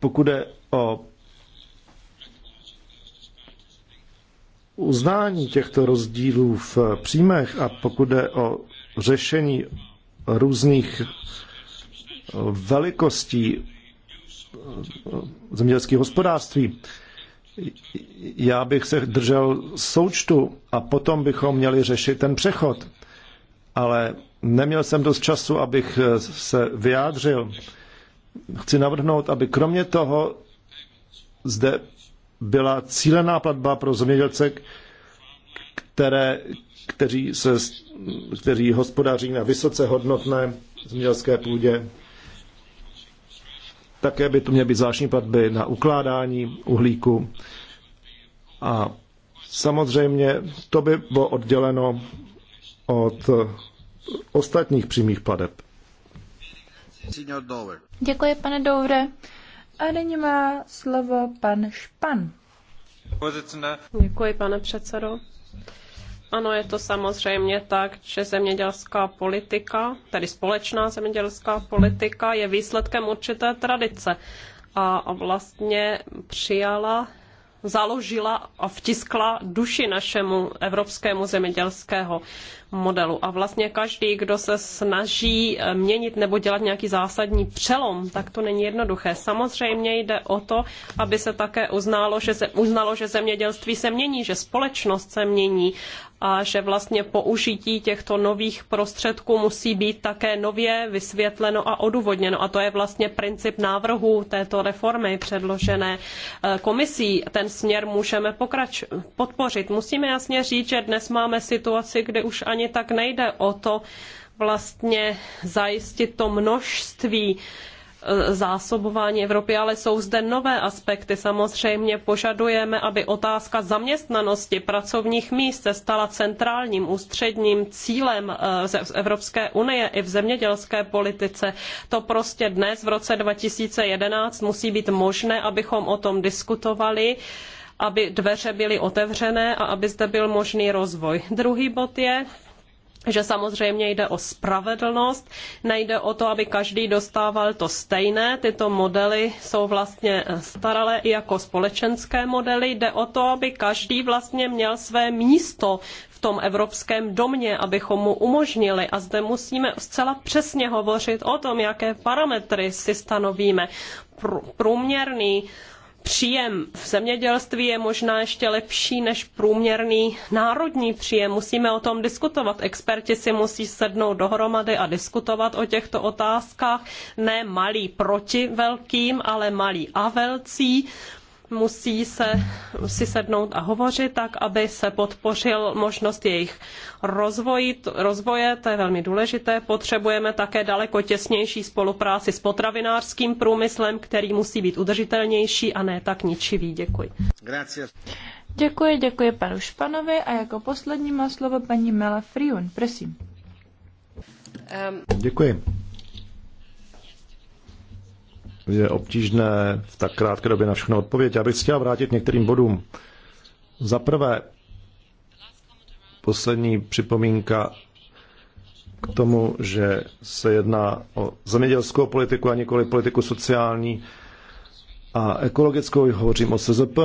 Pokud je o uznání těchto rozdílů v příjmech a pokud je o řešení různých velikostí zemědělských hospodářství, já bych se držel součtu a potom bychom měli řešit ten přechod. Ale neměl jsem dost času, abych se vyjádřil. Chci navrhnout, aby kromě toho zde byla cílená platba pro zemědělce, které, kteří, se, kteří hospodaří na vysoce hodnotné zemědělské půdě také by to měly být zvláštní platby na ukládání uhlíku. A samozřejmě to by bylo odděleno od ostatních přímých pladeb. Děkuji, pane Douvre. A nyní má slovo pan Špan. Děkuji, pane předsedo. Ano, je to samozřejmě tak, že zemědělská politika, tedy společná zemědělská politika, je výsledkem určité tradice a vlastně přijala založila a vtiskla duši našemu evropskému zemědělského modelu. A vlastně každý, kdo se snaží eh, měnit nebo dělat nějaký zásadní přelom, tak to není jednoduché. Samozřejmě jde o to, aby se také uználo, že, se, uznalo, že zemědělství se mění, že společnost se mění a že vlastně použití těchto nových prostředků musí být také nově vysvětleno a odůvodněno. A to je vlastně princip návrhu této reformy předložené eh, komisí. Ten směr můžeme pokrač- podpořit. Musíme jasně říct, že dnes máme situaci, kdy už ani ani tak nejde o to vlastně zajistit to množství e, zásobování Evropy, ale jsou zde nové aspekty. Samozřejmě požadujeme, aby otázka zaměstnanosti pracovních míst se stala centrálním ústředním cílem e, Evropské unie i v zemědělské politice. To prostě dnes v roce 2011 musí být možné, abychom o tom diskutovali aby dveře byly otevřené a aby zde byl možný rozvoj. Druhý bod je že samozřejmě jde o spravedlnost, nejde o to, aby každý dostával to stejné. Tyto modely jsou vlastně eh, staralé i jako společenské modely. Jde o to, aby každý vlastně měl své místo v tom evropském domě, abychom mu umožnili. A zde musíme zcela přesně hovořit o tom, jaké parametry si stanovíme. Průměrný příjem v zemědělství je možná ještě lepší než průměrný národní příjem. Musíme o tom diskutovat. Experti si musí sednout dohromady a diskutovat o těchto otázkách. Ne malí proti velkým, ale malí a velcí musí se, si sednout a hovořit tak, aby se podpořil možnost jejich rozvoji, rozvoje, to je velmi důležité. Potřebujeme také daleko těsnější spolupráci s potravinářským průmyslem, který musí být udržitelnější a ne tak ničivý. Děkuji. Gracias. Děkuji, děkuji panu Španovi a jako poslední má slovo paní Mela Friun. Prosím. Um. Děkuji je obtížné v tak krátké době na všechno odpověď. Já bych chtěl vrátit některým bodům. Za prvé, poslední připomínka k tomu, že se jedná o zemědělskou politiku a nikoli politiku sociální a ekologickou, hovořím o SZP.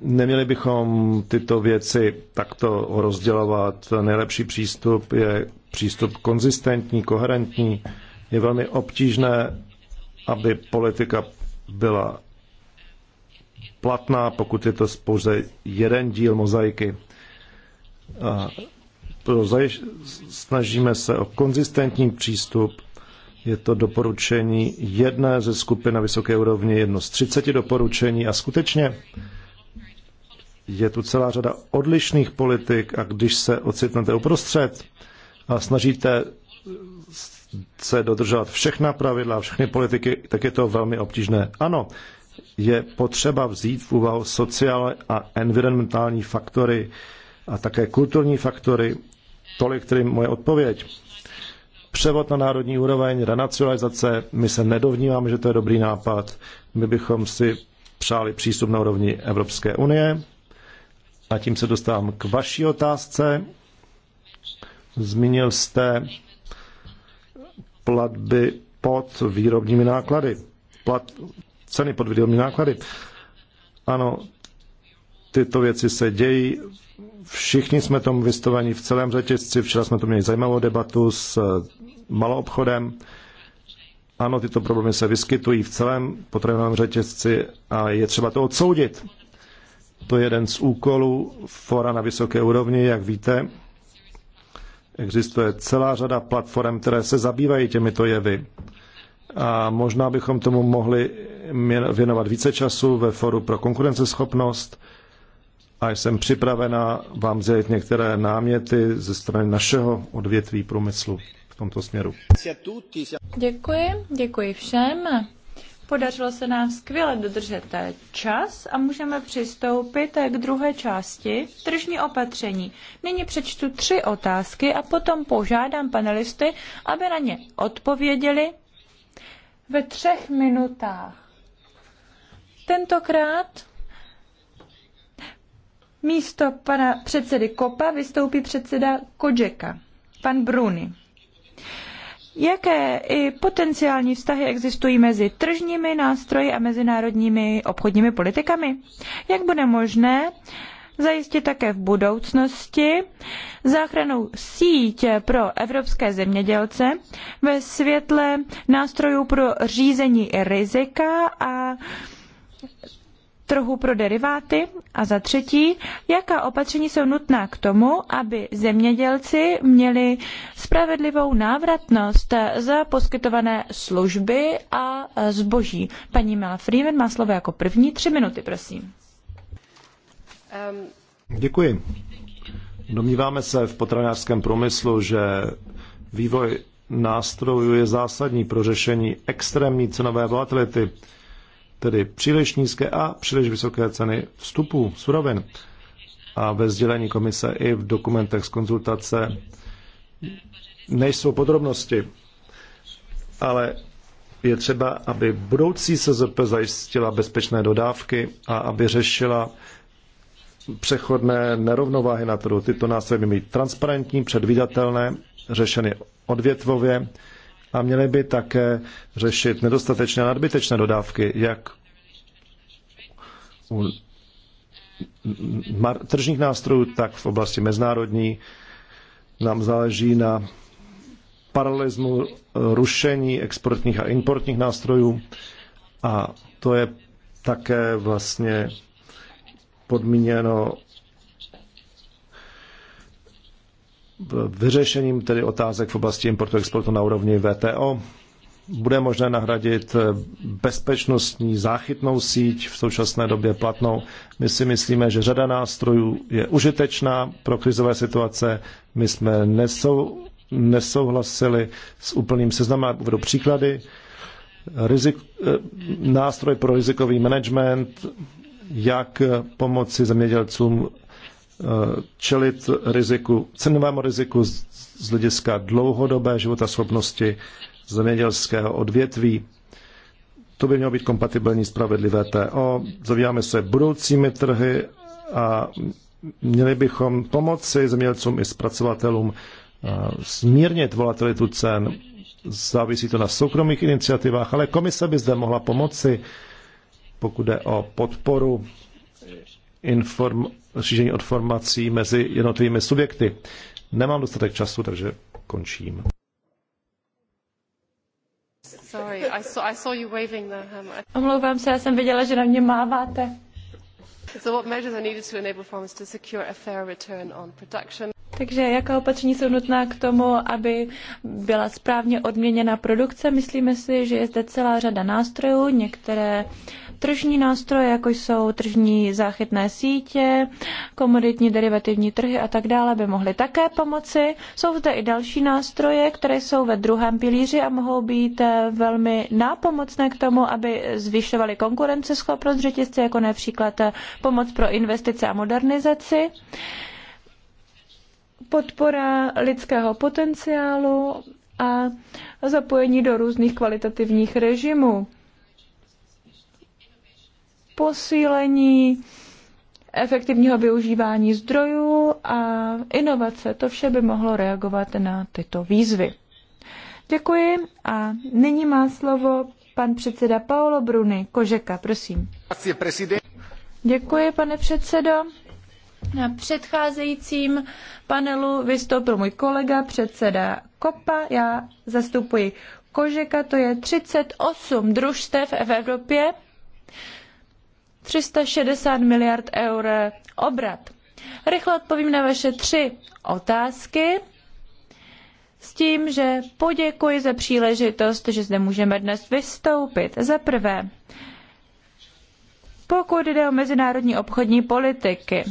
Neměli bychom tyto věci takto rozdělovat. Nejlepší přístup je přístup konzistentní, koherentní. Je velmi obtížné aby politika byla platná, pokud je to pouze jeden díl mozaiky. A snažíme se o konzistentní přístup. Je to doporučení jedné ze skupin na vysoké úrovni, jedno z 30 doporučení a skutečně je tu celá řada odlišných politik a když se ocitnete uprostřed a snažíte chce dodržovat všechna pravidla, všechny politiky, tak je to velmi obtížné. Ano, je potřeba vzít v úvahu sociální a environmentální faktory a také kulturní faktory. Tolik je moje odpověď. Převod na národní úroveň, renacionalizace, my se nedovníváme, že to je dobrý nápad. My bychom si přáli přístup na úrovni Evropské unie. A tím se dostávám k vaší otázce. Zmínil jste platby pod výrobními náklady. Plat, ceny pod výrobními náklady. Ano, tyto věci se dějí. Všichni jsme tomu vystovaní v celém řetězci. Včera jsme to měli zajímavou debatu s maloobchodem. Ano, tyto problémy se vyskytují v celém potravinovém řetězci a je třeba to odsoudit. To je jeden z úkolů fora na vysoké úrovni, jak víte. Existuje celá řada platform, které se zabývají těmito jevy. A možná bychom tomu mohli věnovat více času ve foru pro konkurenceschopnost a jsem připravena vám zjevit některé náměty ze strany našeho odvětví průmyslu v tomto směru. Děkuji, děkuji všem. Podařilo se nám skvěle dodržet eh, čas a můžeme přistoupit eh, k druhé části tržní opatření. Nyní přečtu tři otázky a potom požádám panelisty, aby na ně odpověděli ve třech minutách. Tentokrát místo pana předsedy Kopa vystoupí předseda Kodžeka, pan Bruni. Jaké i potenciální vztahy existují mezi tržními nástroji a mezinárodními obchodními politikami? Jak bude možné zajistit také v budoucnosti záchranou sítě pro evropské zemědělce ve světle nástrojů pro řízení rizika a trhu pro deriváty? A za třetí, jaká opatření jsou nutná k tomu, aby zemědělci měli spravedlivou návratnost za poskytované služby a zboží? Paní Mela Freeman má slovo jako první. Tři minuty, prosím. Um. Děkuji. Domníváme se v potravinářském průmyslu, že vývoj nástrojů je zásadní pro řešení extrémní cenové volatility tedy příliš nízké a příliš vysoké ceny vstupů surovin. A ve sdělení komise i v dokumentech z konzultace nejsou podrobnosti, ale je třeba, aby budoucí SZP zajistila bezpečné dodávky a aby řešila přechodné nerovnováhy na trhu. Tyto nástroje by mít transparentní, předvídatelné, řešeny odvětvově a měly by také řešit nedostatečné a nadbytečné dodávky, jak u tržních nástrojů, tak v oblasti mezinárodní. Nám záleží na paralelismu rušení exportních a importních nástrojů a to je také vlastně podmíněno vyřešením tedy otázek v oblasti importu exportu na úrovni VTO bude možné nahradit bezpečnostní záchytnou síť v současné době platnou. My si myslíme, že řada nástrojů je užitečná pro krizové situace. My jsme nesou, nesouhlasili s úplným seznamem. Uvedu příklady. Rizik, eh, nástroj pro rizikový management, jak pomoci zemědělcům čelit riziku, cenovému riziku z hlediska dlouhodobé životaschopnosti zemědělského odvětví. To by mělo být kompatibilní spravedlivé TO. Zavíjáme se budoucími trhy a měli bychom pomoci zemědělcům i zpracovatelům smírnit volatilitu cen. Závisí to na soukromých iniciativách, ale komise by zde mohla pomoci, pokud jde o podporu inform, informací mezi jednotlivými subjekty. Nemám dostatek času, takže končím. Sorry, I saw, I saw you waving the hammer. Um, Omlouvám se, já jsem viděla, že na mě máváte. So what measures are needed to enable farmers to secure a fair return on production? Takže jaká opatření jsou nutná k tomu, aby byla správně odměněna produkce? Myslíme si, že je zde celá řada nástrojů, některé uh, Tržní nástroje, jako jsou tržní záchytné sítě, komoditní derivativní trhy a tak dále, by mohly také pomoci. Jsou zde i další nástroje, které jsou ve druhém pilíři a mohou být eh, velmi nápomocné k tomu, aby zvyšovaly konkurenceschopnost řetězce, jako například eh, pomoc pro investice a modernizaci podpora lidského potenciálu a zapojení do různých kvalitativních režimů posílení efektivního využívání zdrojů a inovace. To vše by mohlo reagovat na tyto výzvy. Děkuji a nyní má slovo pan předseda Paolo Bruni. Kožeka, prosím. Děkuji, pane předsedo. Na předcházejícím panelu vystoupil můj kolega, předseda Kopa. Já zastupuji Kožeka, to je 38 družstev v Evropě 360 miliard eur obrat. Rychle odpovím na vaše tři otázky s tím, že poděkuji za příležitost, že zde můžeme dnes vystoupit. Za prvé, pokud jde o mezinárodní obchodní politiky,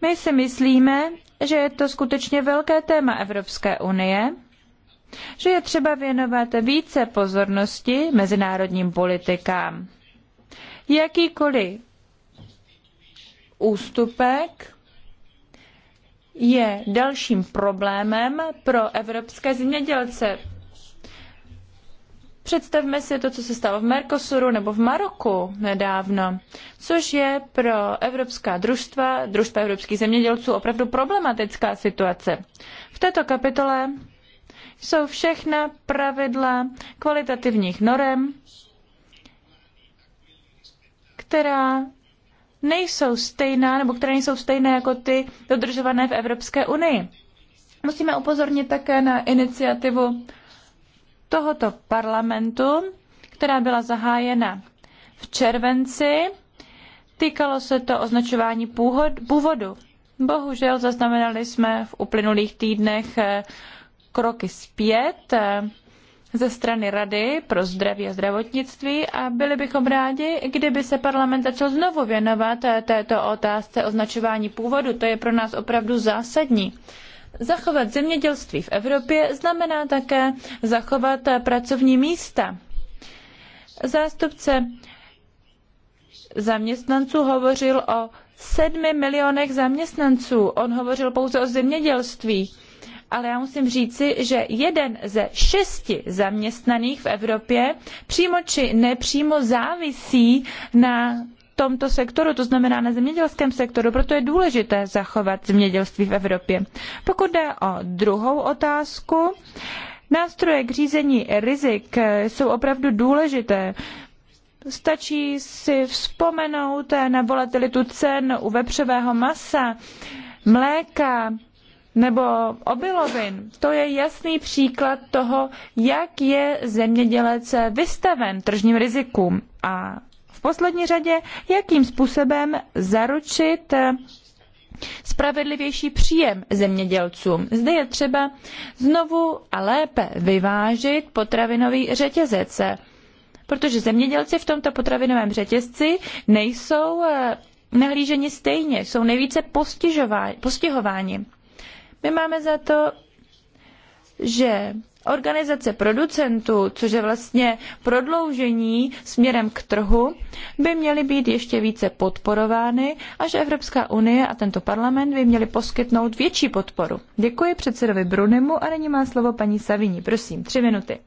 my si myslíme, že je to skutečně velké téma Evropské unie, že je třeba věnovat více pozornosti mezinárodním politikám. Jakýkoliv ústupek je dalším problémem pro evropské zemědělce. Představme si to, co se stalo v Mercosuru nebo v Maroku nedávno, což je pro evropská družstva, družstva evropských zemědělců opravdu problematická situace. V této kapitole jsou všechna pravidla kvalitativních norem, která nejsou stejná, nebo které nejsou stejné jako ty dodržované v Evropské unii. Musíme upozornit také na iniciativu tohoto parlamentu, která byla zahájena v červenci. Týkalo se to označování původu. Bohužel zaznamenali jsme v uplynulých týdnech eh, kroky zpět eh, ze strany Rady pro zdraví a zdravotnictví a byli bychom rádi, kdyby se parlament začal znovu věnovat eh, této otázce označování původu. To je pro nás opravdu zásadní. Zachovat zemědělství v Evropě znamená také zachovat eh, pracovní místa. Zástupce zaměstnanců hovořil o sedmi milionech zaměstnanců. On hovořil pouze o zemědělství ale já musím říci, že jeden ze šesti zaměstnaných v Evropě přímo či nepřímo závisí na tomto sektoru, to znamená na zemědělském sektoru, proto je důležité zachovat zemědělství v Evropě. Pokud jde o druhou otázku, nástroje k řízení rizik jsou opravdu důležité. Stačí si vzpomenout na volatilitu cen u vepřového masa, mléka, nebo obilovin, to je jasný příklad toho, jak je zemědělec vystaven tržním rizikům a v poslední řadě, jakým způsobem zaručit spravedlivější příjem zemědělcům. Zde je třeba znovu a lépe vyvážit potravinový řetězec, protože zemědělci v tomto potravinovém řetězci nejsou eh, nahlíženi stejně, jsou nejvíce postihováni. My máme za to, že organizace producentů, což je vlastně prodloužení směrem k trhu, by měly být ještě více podporovány a že Evropská unie a tento parlament by měly poskytnout větší podporu. Děkuji předsedovi Brunemu a nyní má slovo paní Savini. Prosím, tři minuty.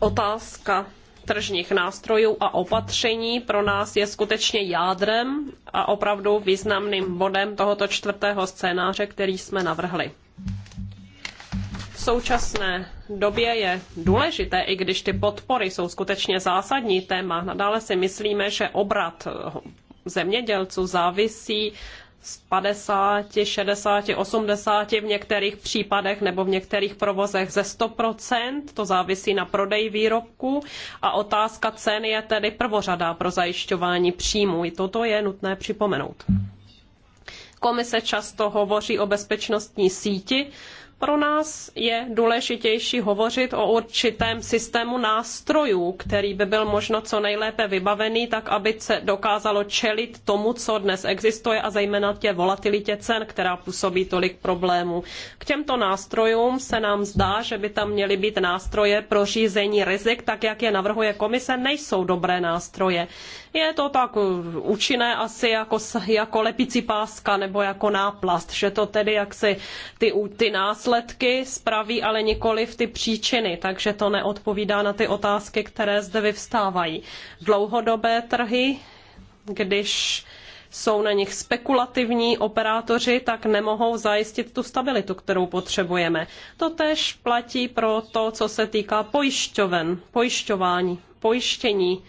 Otázka tržních nástrojů a opatření pro nás je skutečně jádrem a opravdu významným bodem tohoto čtvrtého scénáře, který jsme navrhli. V současné době je důležité, i když ty podpory jsou skutečně zásadní téma. Nadále si myslíme, že obrat zemědělců závisí z 50, 60, 80 v některých případech nebo v některých provozech ze 100%, to závisí na prodeji výrobku a otázka cen je tedy prvořadá pro zajišťování příjmu. I toto je nutné připomenout. Komise často hovoří o bezpečnostní síti, pro nás je důležitější hovořit o určitém systému nástrojů, který by byl možno co nejlépe vybavený, tak aby se dokázalo čelit tomu, co dnes existuje a zejména tě volatilitě cen, která působí tolik problémů. K těmto nástrojům se nám zdá, že by tam měly být nástroje pro řízení rizik, tak jak je navrhuje komise, nejsou dobré nástroje. Je to tak eh, účinné asi jako, jako lepicí páska nebo jako náplast, že to tedy jaksi ty, ty následky spraví, ale nikoli v ty příčiny, takže to neodpovídá na ty otázky, které zde vyvstávají. Dlouhodobé trhy, když jsou na nich spekulativní operátoři, tak nemohou zajistit tu stabilitu, kterou potřebujeme. To tež platí pro to, co se týká pojišťoven, pojišťování, pojištění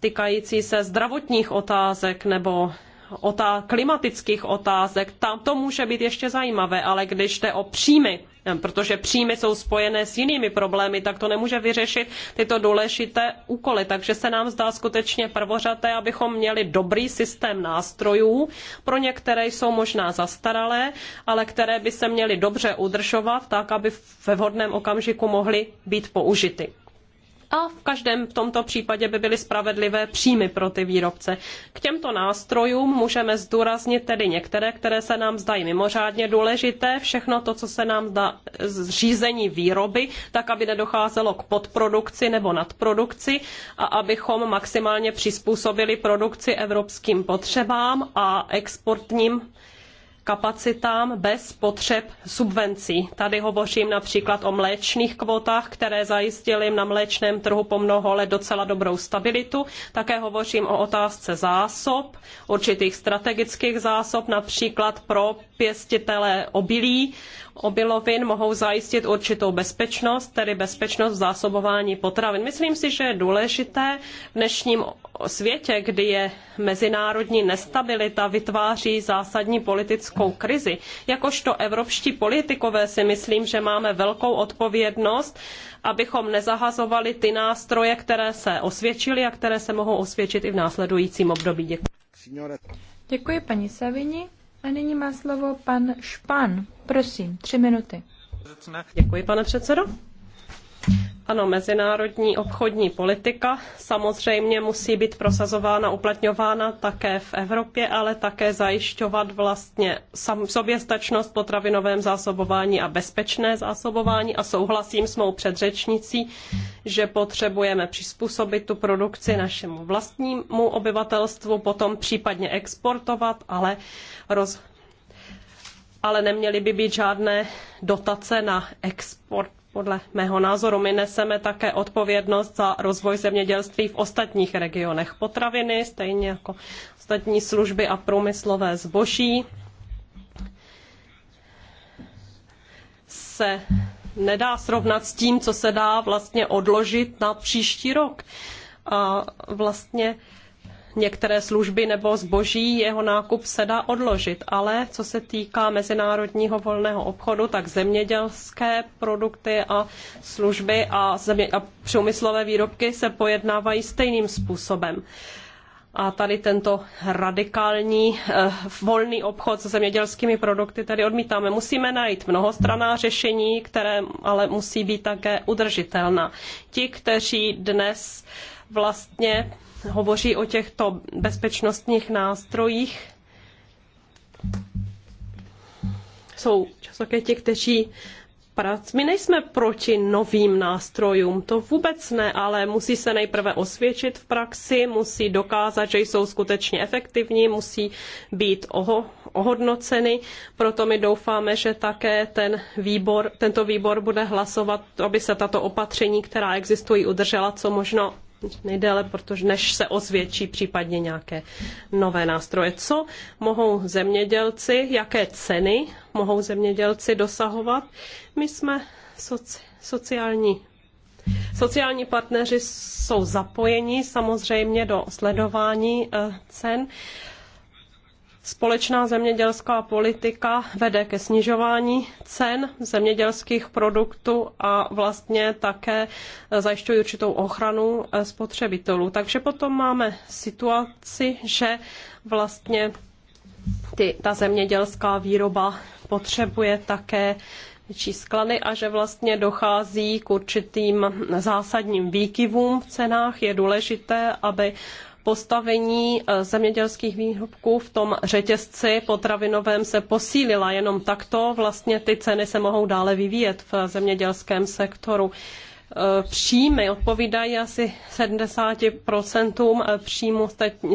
týkající se zdravotních otázek nebo otá- klimatických otázek, tam to může být ještě zajímavé, ale když jde o příjmy, eh, protože příjmy jsou spojené s jinými problémy, tak to nemůže vyřešit tyto důležité úkoly. Takže se nám zdá skutečně prvořaté, abychom měli dobrý systém nástrojů. Pro některé jsou možná zastaralé, ale které by se měly dobře udržovat, tak aby ve vhodném okamžiku mohly být použity a v každém tomto případě by byly spravedlivé příjmy pro ty výrobce. K těmto nástrojům můžeme zdůraznit tedy některé, které se nám zdají mimořádně důležité, všechno to, co se nám zdá zřízení výroby, tak aby nedocházelo k podprodukci nebo nadprodukci a abychom maximálně přizpůsobili produkci evropským potřebám a exportním kapacitám bez potřeb subvencí. Tady hovořím například o mléčných kvotách, které zajistily na mléčném trhu po mnoho let docela dobrou stabilitu. Také hovořím o otázce zásob, určitých strategických zásob, například pro pěstitele obilí, obilovin mohou zajistit určitou bezpečnost, tedy bezpečnost v zásobování potravin. Myslím si, že je důležité v dnešním světě, kdy je mezinárodní nestabilita, vytváří zásadní politickou krizi. Jakožto evropští politikové si myslím, že máme velkou odpovědnost, abychom nezahazovali ty nástroje, které se osvědčily a které se mohou osvědčit i v následujícím období. Děkuji. Děkuji paní Savini. A nyní má slovo pan Špan. Prosím, tři minuty. Děkuji, pane předsedo. Ano, mezinárodní obchodní politika samozřejmě musí být prosazována, uplatňována také v Evropě, ale také zajišťovat vlastně sam, soběstačnost potravinovém zásobování a bezpečné zásobování. A souhlasím s mou předřečnicí, že potřebujeme přizpůsobit tu produkci našemu vlastnímu obyvatelstvu, potom případně exportovat, ale roz, ale neměly by být žádné dotace na export podle mého názoru my neseme také odpovědnost za rozvoj zemědělství v ostatních regionech. Potraviny, stejně jako ostatní služby a průmyslové zboží, se nedá srovnat s tím, co se dá vlastně odložit na příští rok. A vlastně některé služby nebo zboží, jeho nákup se dá odložit. Ale co se týká mezinárodního volného obchodu, tak zemědělské produkty a služby a, země, a průmyslové výrobky se pojednávají stejným způsobem a tady tento radikální eh, volný obchod se zemědělskými produkty tady odmítáme. Musíme najít mnohostraná řešení, které ale musí být také udržitelná. Ti, kteří dnes vlastně hovoří o těchto bezpečnostních nástrojích. Jsou často ti, kteří prac. My nejsme proti novým nástrojům, to vůbec ne, ale musí se nejprve osvědčit v praxi, musí dokázat, že jsou skutečně efektivní, musí být oho, ohodnoceny. Proto my doufáme, že také ten výbor, tento výbor bude hlasovat, aby se tato opatření, která existují, udržela co možno nejdéle, protože než se osvědčí případně nějaké nové nástroje. Co mohou zemědělci, jaké ceny mohou zemědělci dosahovat? My jsme soci, sociální Sociální partneři jsou zapojeni samozřejmě do sledování eh, cen. Společná zemědělská politika vede ke snižování cen zemědělských produktů a vlastně také zajišťuje určitou ochranu eh, spotřebitelů. Takže potom máme situaci, že vlastně ty, ta zemědělská výroba potřebuje také větší sklady a že vlastně dochází k určitým zásadním výkyvům v cenách. Je důležité, aby postavení eh, zemědělských výrobků v tom řetězci potravinovém se posílila. Jenom takto vlastně ty ceny se mohou dále vyvíjet v zemědělském sektoru eh, příjmy odpovídají asi 70% eh, příjmu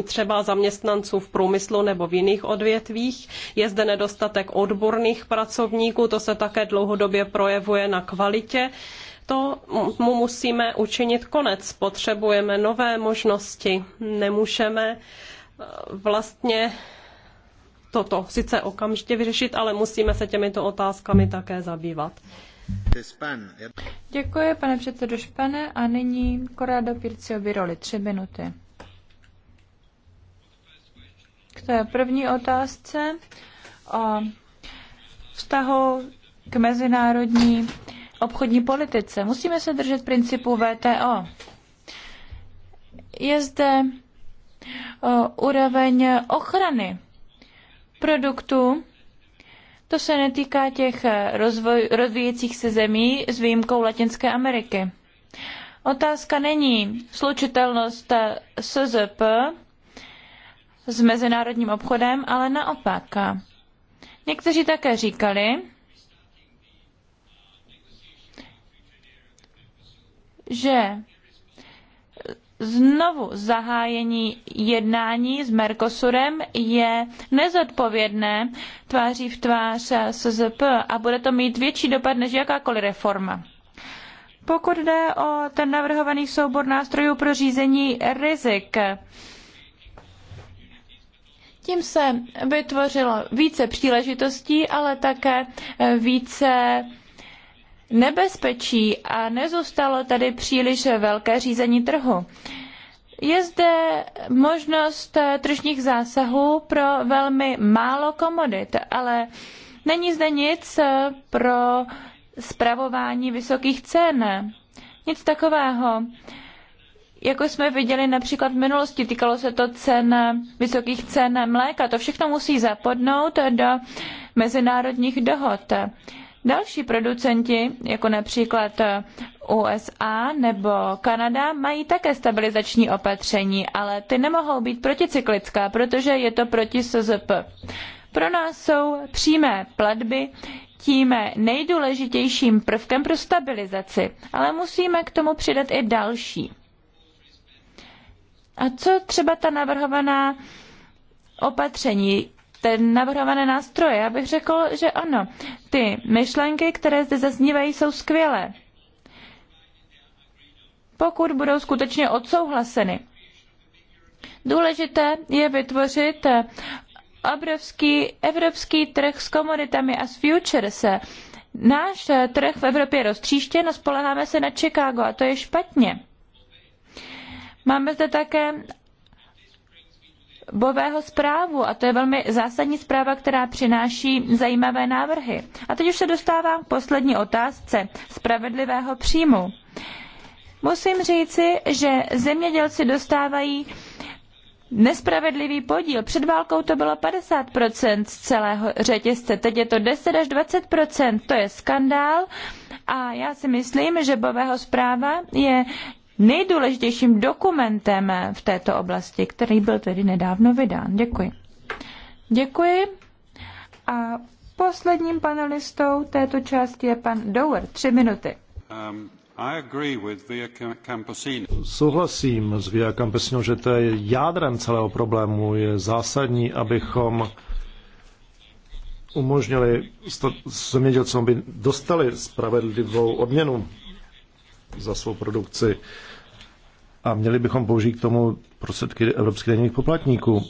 třeba zaměstnanců v průmyslu nebo v jiných odvětvích. Je zde nedostatek odborných pracovníků, to se také dlouhodobě projevuje na kvalitě to mu musíme učinit konec. Potřebujeme nové možnosti. Nemůžeme eh, vlastně toto sice okamžitě vyřešit, ale musíme se těmito otázkami také zabývat. Děkuji, pane předsedo Špane. A nyní korádo Pircio Biroli, tři minuty. K té první otázce o vztahu k mezinárodní obchodní politice. Musíme se držet principu VTO. Je zde úroveň ochrany produktů. To se netýká těch e, rozvoj, rozvíjecích se zemí s výjimkou Latinské Ameriky. Otázka není slučitelnost e, SZP s mezinárodním obchodem, ale naopak. Někteří také říkali, že znovu zahájení jednání s Mercosurem je nezodpovědné tváří v tvář SZP a bude to mít větší dopad než jakákoliv reforma. Pokud jde o ten navrhovaný soubor nástrojů pro řízení rizik, tím se vytvořilo více příležitostí, ale také více nebezpečí a nezůstalo tady příliš velké řízení trhu. Je zde možnost tržních zásahů pro velmi málo komodit, ale není zde nic pro spravování vysokých cen. Nic takového. Jako jsme viděli například v minulosti, týkalo se to cen, vysokých cen mléka. To všechno musí zapadnout do mezinárodních dohod. Další producenti, jako například eh, USA nebo Kanada, mají také stabilizační opatření, ale ty nemohou být proticyklická, protože je to proti SZP. Pro nás jsou přímé platby tím nejdůležitějším prvkem pro stabilizaci, ale musíme k tomu přidat i další. A co třeba ta navrhovaná opatření? ty navrhované nástroje. Já bych řekl, že ano, ty myšlenky, které zde zaznívají, jsou skvělé. Pokud budou skutečně odsouhlaseny. Důležité je vytvořit eh, obrovský evropský trh s komoditami a s futures. Náš eh, trh v Evropě je roztříštěn a spoleháme se na Chicago a to je špatně. Máme zde také bového zprávu a to je velmi zásadní zpráva, která přináší zajímavé návrhy. A teď už se dostávám k poslední otázce spravedlivého příjmu. Musím říci, že zemědělci dostávají nespravedlivý podíl. Před válkou to bylo 50% z celého řetězce, teď je to 10 až 20%, to je skandál. A já si myslím, že bového zpráva je nejdůležitějším dokumentem v této oblasti, který byl tedy nedávno vydán. Děkuji. Děkuji. A posledním panelistou této části je pan Dower. Tři minuty. Um. Souhlasím s Via Campesino, že to je jádrem celého problému. Je zásadní, abychom umožnili zemědělcům, aby dostali spravedlivou odměnu za svou produkci a měli bychom použít k tomu prostředky evropských daňových poplatníků.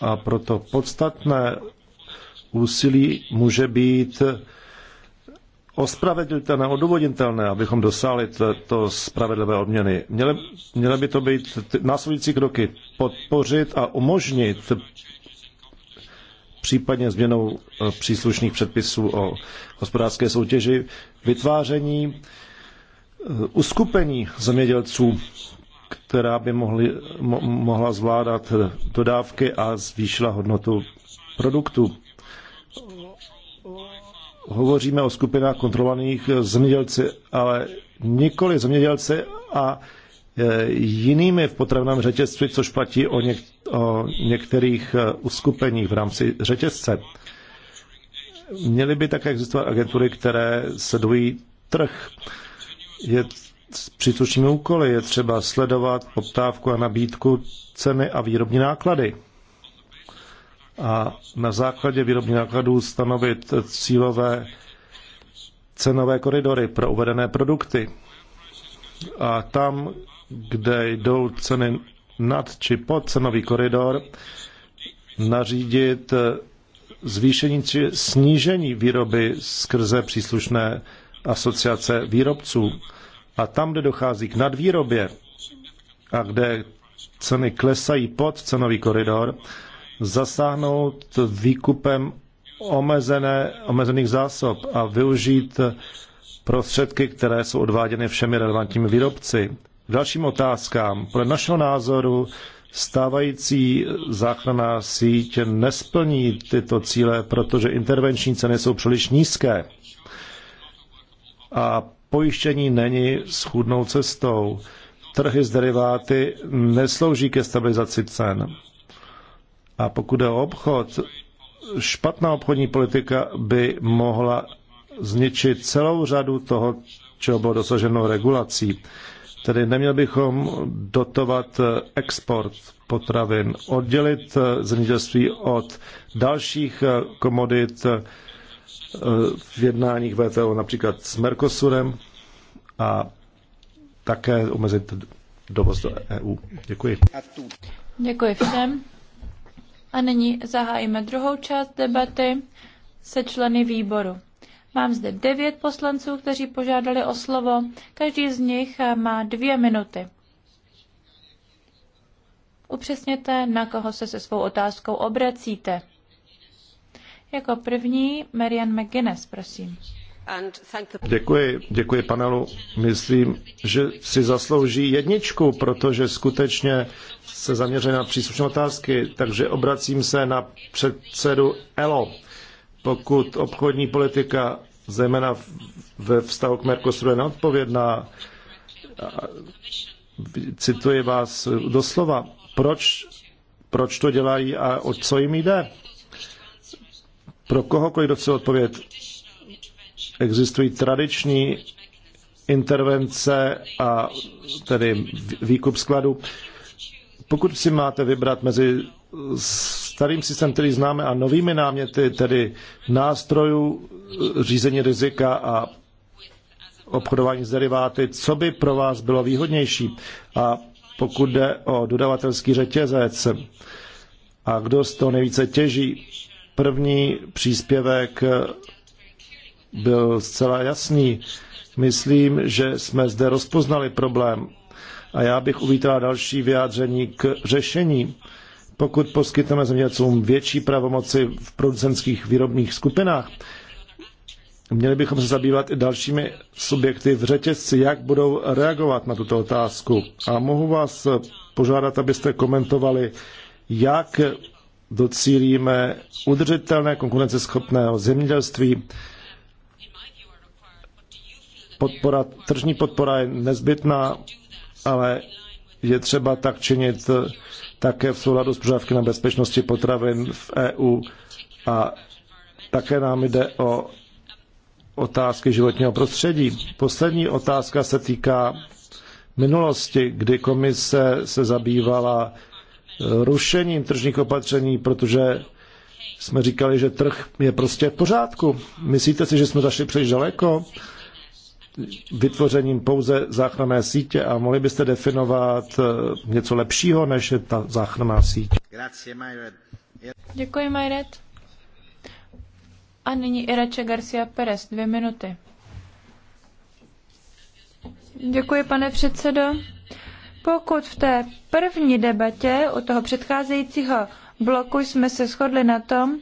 A proto podstatné úsilí může být ospravedlitelné, odůvodnitelné, abychom dosáhli to spravedlivé odměny. Měly, měly by to být následující kroky. Podpořit a umožnit případně změnou e, příslušných předpisů o hospodářské soutěži vytváření e, uskupení zemědělců která by mohly, mo, mohla zvládat eh, dodávky a zvýšila hodnotu produktů. Hovoříme o skupinách kontrolovaných eh, zemědělci, ale nikoli zemědělci a eh, jinými v potravném řetězci, což platí o, něk- o některých uskupeních v rámci řetězce. Měly by také existovat agentury, které sledují trh. Je s příslušnými úkoly. Je třeba sledovat poptávku a nabídku, ceny a výrobní náklady. A na základě výrobních nákladů stanovit cílové cenové koridory pro uvedené produkty. A tam, kde jdou ceny nad či pod cenový koridor, nařídit zvýšení či snížení výroby skrze příslušné asociace výrobců a tam, kde dochází k nadvýrobě a kde ceny klesají pod cenový koridor, zasáhnout výkupem omezené, omezených zásob a využít prostředky, které jsou odváděny všemi relevantními výrobci. K dalším otázkám. Podle našeho názoru stávající záchranná síť nesplní tyto cíle, protože intervenční ceny jsou příliš nízké. A pojištění není schůdnou cestou. Trhy s deriváty neslouží ke stabilizaci cen. A pokud je o obchod, špatná obchodní politika by mohla zničit celou řadu toho, čeho bylo dosaženo regulací. Tedy neměl bychom dotovat export potravin, oddělit zemědělství od dalších komodit, v jednáních VTO například s Mercosurem a také omezit dovoz do EU. Děkuji. Děkuji všem. A nyní zahájíme druhou část debaty se členy výboru. Mám zde devět poslanců, kteří požádali o slovo. Každý z nich má dvě minuty. Upřesněte, na koho se se svou otázkou obracíte. Jako první Marian McGuinness, prosím. Děkuji, děkuji panelu. Myslím, že si zaslouží jedničku, protože skutečně se zaměřuje na příslušné otázky, takže obracím se na předsedu ELO. Pokud obchodní politika, zejména ve vztahu k Mercosuru, je neodpovědná, cituji vás doslova, proč, proč to dělají a o co jim jde? Pro kohokoliv, kdo chce odpovědět, existují tradiční intervence a tedy výkup skladu. Pokud si máte vybrat mezi starým systémem, který známe, a novými náměty, tedy nástrojů eh, řízení rizika a obchodování s deriváty, co by pro vás bylo výhodnější? A pokud jde o dodavatelský řetězec, a kdo z toho nejvíce těží, První příspěvek byl zcela jasný. Myslím, že jsme zde rozpoznali problém a já bych uvítala další vyjádření k řešení. Pokud poskytneme zemědělcům větší pravomoci v producentských výrobních skupinách, měli bychom se zabývat i dalšími subjekty v řetězci, jak budou reagovat na tuto otázku. A mohu vás požádat, abyste komentovali, jak docílíme udržitelné konkurenceschopného zemědělství. Podpora, tržní podpora je nezbytná, ale je třeba tak činit také v souladu s požadavky na bezpečnosti potravin v EU a také nám jde o otázky životního prostředí. Poslední otázka se týká minulosti, kdy komise se zabývala rušením tržních opatření, protože jsme říkali, že trh je prostě v pořádku. Myslíte si, že jsme zašli příliš daleko vytvořením pouze záchranné sítě a mohli byste definovat eh, něco lepšího, než je ta záchranná síť? Děkuji, Majret. A nyní Irače Garcia Perez, dvě minuty. Děkuji, pane předsedo. Pokud v té první debatě u toho předcházejícího bloku jsme se shodli na tom,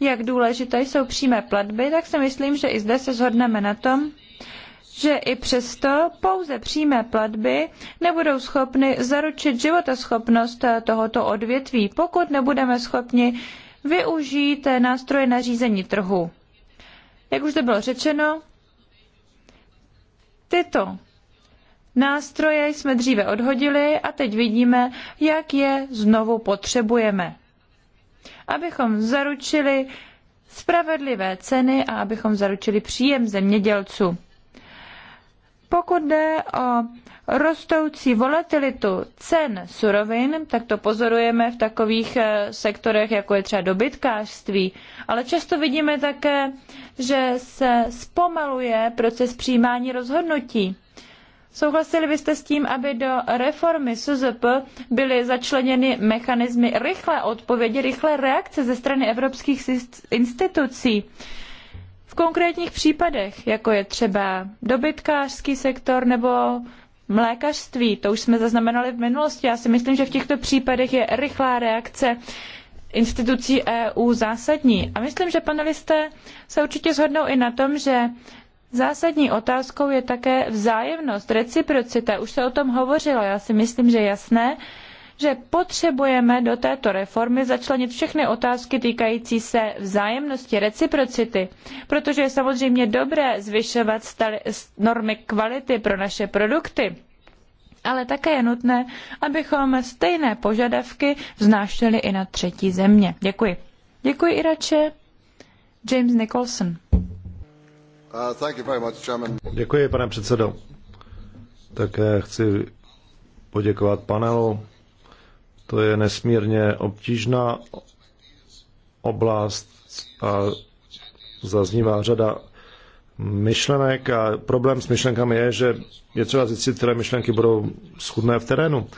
jak důležité jsou přímé platby, tak si myslím, že i zde se shodneme na tom, že i přesto pouze přímé platby nebudou schopny zaručit životoschopnost tohoto odvětví, pokud nebudeme schopni využít nástroje na řízení trhu. Jak už to bylo řečeno, tyto Nástroje jsme dříve odhodili a teď vidíme, jak je znovu potřebujeme. Abychom zaručili spravedlivé ceny a abychom zaručili příjem zemědělců. Pokud jde o rostoucí volatilitu cen surovin, tak to pozorujeme v takových eh, sektorech, jako je třeba dobytkářství, ale často vidíme také, že se zpomaluje proces přijímání rozhodnutí. Souhlasili byste s tím, aby do reformy SZP byly začleněny mechanismy rychlé odpovědi, rychlé reakce ze strany evropských institucí? V konkrétních případech, jako je třeba dobytkářský sektor nebo mlékařství, to už jsme zaznamenali v minulosti, já si myslím, že v těchto případech je rychlá reakce institucí EU zásadní. A myslím, že panelisté se určitě shodnou i na tom, že Zásadní otázkou je také vzájemnost, reciprocita. Už se o tom hovořilo, já si myslím, že je jasné, že potřebujeme do této reformy začlenit všechny otázky týkající se vzájemnosti, reciprocity, protože je samozřejmě dobré zvyšovat normy kvality pro naše produkty. Ale také je nutné, abychom stejné požadavky vznášeli i na třetí země. Děkuji. Děkuji Irače. James Nicholson. Uh, Děkuji, pane předsedo. Také chci poděkovat panelu. To je nesmírně obtížná oblast a zaznívá řada myšlenek a problém s myšlenkami je, že je třeba zjistit, které myšlenky budou schudné v terénu.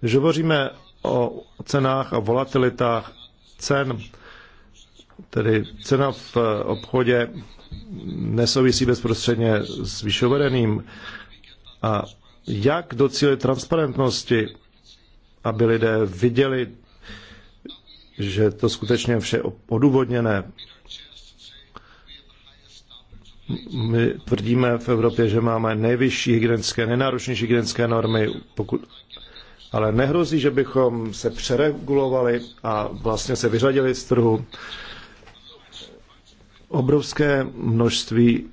Když hovoříme o cenách a volatilitách cen, tedy cena v obchodě nesouvisí bezprostředně s výše A jak docílit transparentnosti, aby lidé viděli, že to skutečně vše odůvodněné. My tvrdíme v Evropě, že máme nejvyšší hygienické, nejnáročnější hygienické normy, pokud, ale nehrozí, že bychom se přeregulovali a vlastně se vyřadili z trhu obrovské množství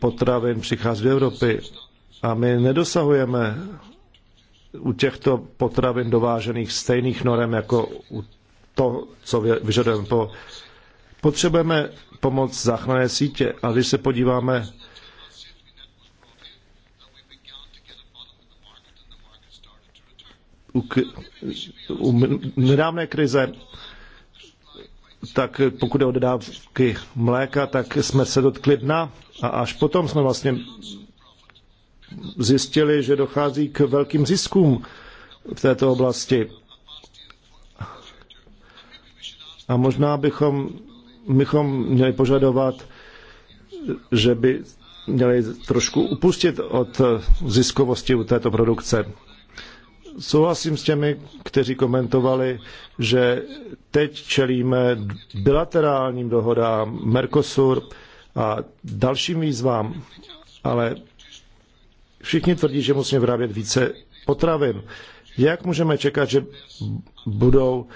potravin přichází do Evropy a my nedosahujeme u těchto potravin dovážených stejných norem jako u to, co vyžadujeme po Potřebujeme pomoc záchranné sítě a když se podíváme u, u nedávné krize tak pokud je o dodávky mléka, tak jsme se dotkli dna a až potom jsme vlastně zjistili, že dochází k velkým ziskům v této oblasti. A možná bychom, bychom měli požadovat, že by měli trošku upustit od ziskovosti u této produkce souhlasím s těmi, kteří komentovali, že teď čelíme bilaterálním dohodám Mercosur a dalším výzvám, ale všichni tvrdí, že musíme vyrábět více potravin. Jak můžeme čekat, že budou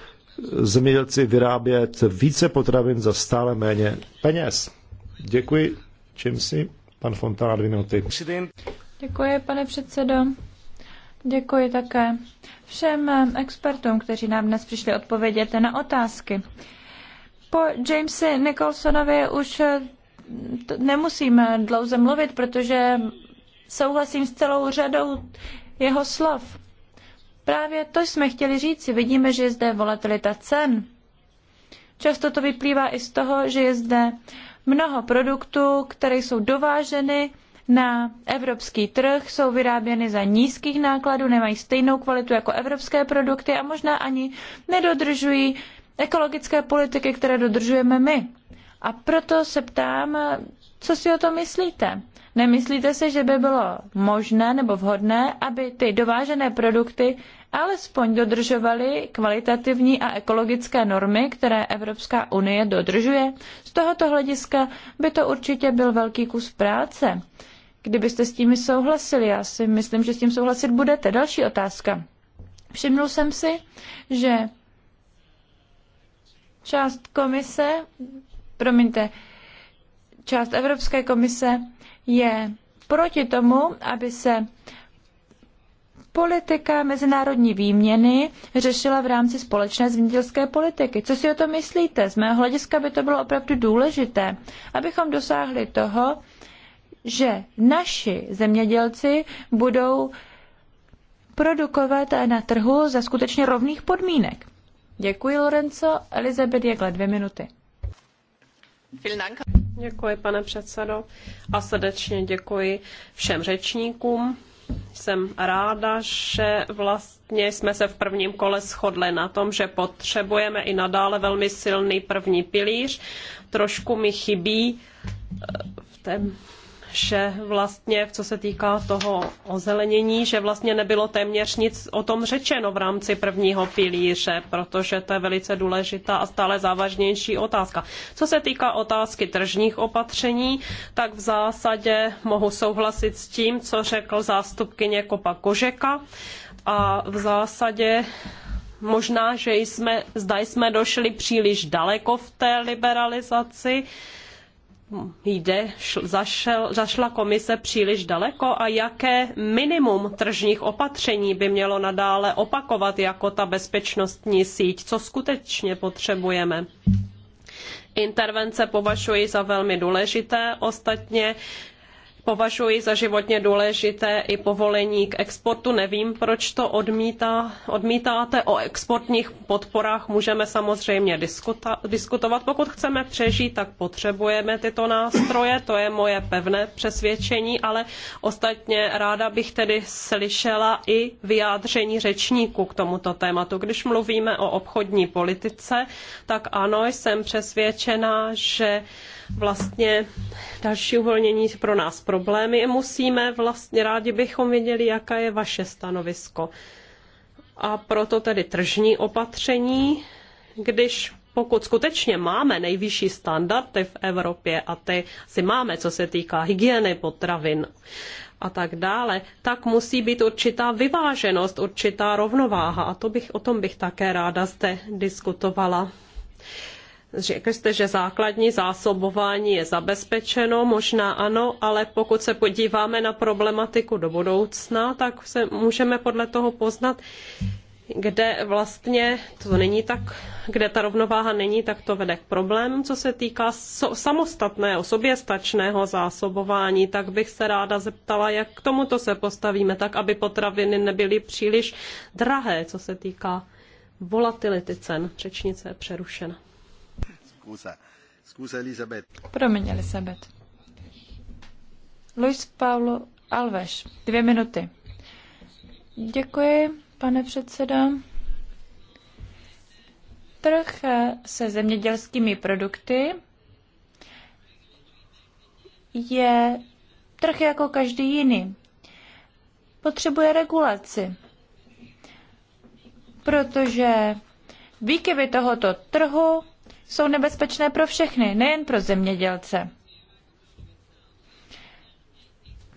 zemědělci vyrábět více potravin za stále méně peněz? Děkuji. Čím si? Pan Fontana, dvě minuty. Děkuji, pane předsedo. Děkuji také všem eh, expertům, kteří nám dnes přišli odpovědět na otázky. Po Jamesi Nicholsonovi už eh, nemusím eh, dlouze mluvit, protože souhlasím s celou řadou jeho slov. Právě to jsme chtěli říci. Vidíme, že je zde volatilita cen. Často to vyplývá i z toho, že je zde mnoho produktů, které jsou dováženy na evropský trh, jsou vyráběny za nízkých nákladů, nemají stejnou kvalitu jako evropské produkty a možná ani nedodržují ekologické politiky, které dodržujeme my. A proto se ptám, co si o to myslíte? Nemyslíte si, že by bylo možné nebo vhodné, aby ty dovážené produkty alespoň dodržovaly kvalitativní a ekologické normy, které Evropská unie dodržuje? Z tohoto hlediska by to určitě byl velký kus práce kdybyste s tím souhlasili. Já si myslím, že s tím souhlasit budete. Další otázka. Všimnul jsem si, že část komise, promiňte, část Evropské komise je proti tomu, aby se politika mezinárodní výměny řešila v rámci společné zemědělské politiky. Co si o to myslíte? Z mého hlediska by to bylo opravdu důležité, abychom dosáhli toho, že naši zemědělci budou produkovat na trhu za skutečně rovných podmínek. Děkuji, Lorenzo. Elizabeth Jekle, dvě minuty. Děkuji, pane předsedo, a srdečně děkuji všem řečníkům. Jsem ráda, že vlastně jsme se v prvním kole shodli na tom, že potřebujeme i nadále velmi silný první pilíř. Trošku mi chybí eh, v té vše vlastně, co se týká toho ozelenění, že vlastně nebylo téměř nic o tom řečeno v rámci prvního pilíře, protože to je velice důležitá a stále závažnější otázka. Co se týká otázky tržních opatření, tak v zásadě mohu souhlasit s tím, co řekl zástupkyně Kopa Kožeka a v zásadě možná, že jsme, zda jsme došli příliš daleko v té liberalizaci, jde, zašel, zašla komise příliš daleko a jaké minimum tržních opatření by mělo nadále opakovat jako ta bezpečnostní síť, co skutečně potřebujeme. Intervence považuji za velmi důležité. Ostatně Považuji za životně důležité i povolení k exportu. Nevím, proč to odmítá, odmítáte. O exportních podporách můžeme samozřejmě diskuta, diskutovat. Pokud chceme přežít, tak potřebujeme tyto nástroje. To je moje pevné přesvědčení, ale ostatně ráda bych tedy slyšela i vyjádření řečníků k tomuto tématu. Když mluvíme o obchodní politice, tak ano, jsem přesvědčena, že vlastně další uvolnění pro nás problémy. Musíme vlastně, rádi bychom věděli, jaká je vaše stanovisko. A proto tedy tržní opatření, když pokud skutečně máme nejvyšší standardy v Evropě a ty si máme, co se týká hygieny potravin a tak dále, tak musí být určitá vyváženost, určitá rovnováha a to bych, o tom bych také ráda zde diskutovala Řekl jste, že základní zásobování je zabezpečeno, možná ano, ale pokud se podíváme na problematiku do budoucna, tak se můžeme podle toho poznat, kde vlastně to není tak, kde ta rovnováha není, tak to vede k problémům, co se týká so, samostatného, soběstačného zásobování, tak bych se ráda zeptala, jak k tomuto se postavíme, tak aby potraviny nebyly příliš drahé, co se týká volatility cen. Řečnice je přerušena scusa. Scusa Elizabeth. Promiň, Elizabeth. Luis Paulo Alves, dvě minuty. Děkuji, pane předseda. Trh se zemědělskými produkty je trh jako každý jiný. Potřebuje regulaci, protože výkyvy tohoto trhu jsou nebezpečné pro všechny, nejen pro zemědělce.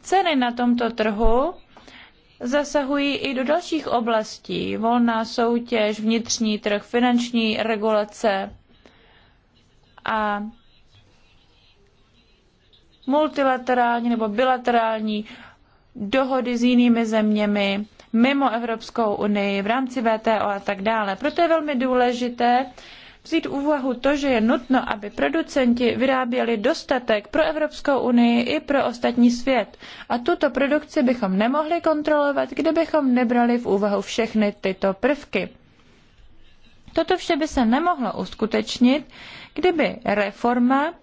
Ceny na tomto trhu zasahují i do dalších oblastí. Volná soutěž, vnitřní trh, finanční regulace a multilaterální nebo bilaterální dohody s jinými zeměmi mimo Evropskou unii, v rámci VTO a tak dále. Proto je velmi důležité, vzít úvahu to, že je nutno, aby producenti vyráběli dostatek pro Evropskou unii i pro ostatní svět. A tuto produkci bychom nemohli kontrolovat, kdybychom nebrali v úvahu všechny tyto prvky. Toto vše by se nemohlo uskutečnit, kdyby reforma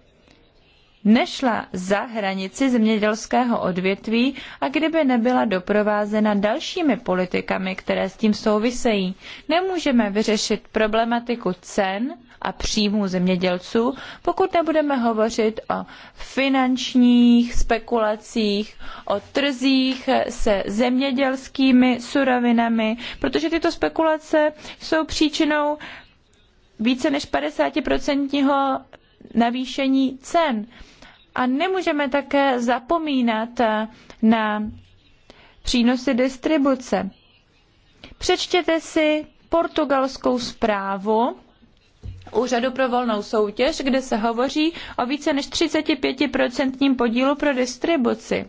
nešla za hranici zemědělského odvětví a kdyby nebyla doprovázena dalšími politikami, které s tím souvisejí. Nemůžeme vyřešit problematiku cen a příjmů zemědělců, pokud nebudeme hovořit o finančních spekulacích, o trzích se zemědělskými surovinami, protože tyto spekulace jsou příčinou více než 50% navýšení cen. A nemůžeme také zapomínat eh, na přínosy distribuce. Přečtěte si portugalskou zprávu Úřadu pro volnou soutěž, kde se hovoří o více než 35% podílu pro distribuci.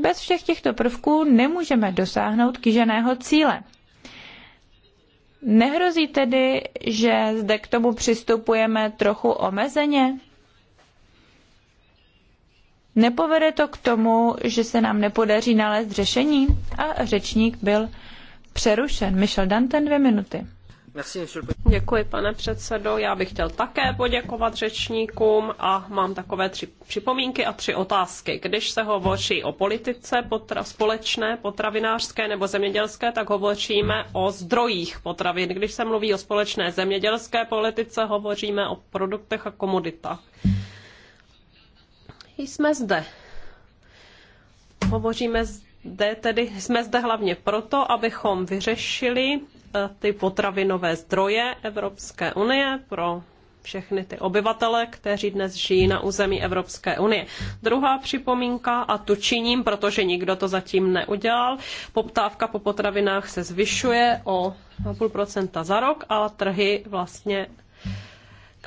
Bez všech těchto prvků nemůžeme dosáhnout kýženého cíle. Nehrozí tedy, že zde k tomu přistupujeme trochu omezeně? Nepovede to k tomu, že se nám nepodaří nalézt řešení? A řečník byl přerušen. Michel Danten, dvě minuty. Děkuji, pane předsedo. Já bych chtěl také poděkovat řečníkům a mám takové tři připomínky a tři otázky. Když se hovoří o politice potra, společné, potravinářské nebo zemědělské, tak hovoříme o zdrojích potravin. Když se mluví o společné zemědělské politice, hovoříme o produktech a komoditách jsme zde. Hovoříme zde tedy, jsme zde hlavně proto, abychom vyřešili eh, ty potravinové zdroje Evropské unie pro všechny ty obyvatele, kteří dnes žijí na území Evropské unie. Druhá připomínka, a tu činím, protože nikdo to zatím neudělal, poptávka po potravinách se zvyšuje o 0,5% za rok a trhy vlastně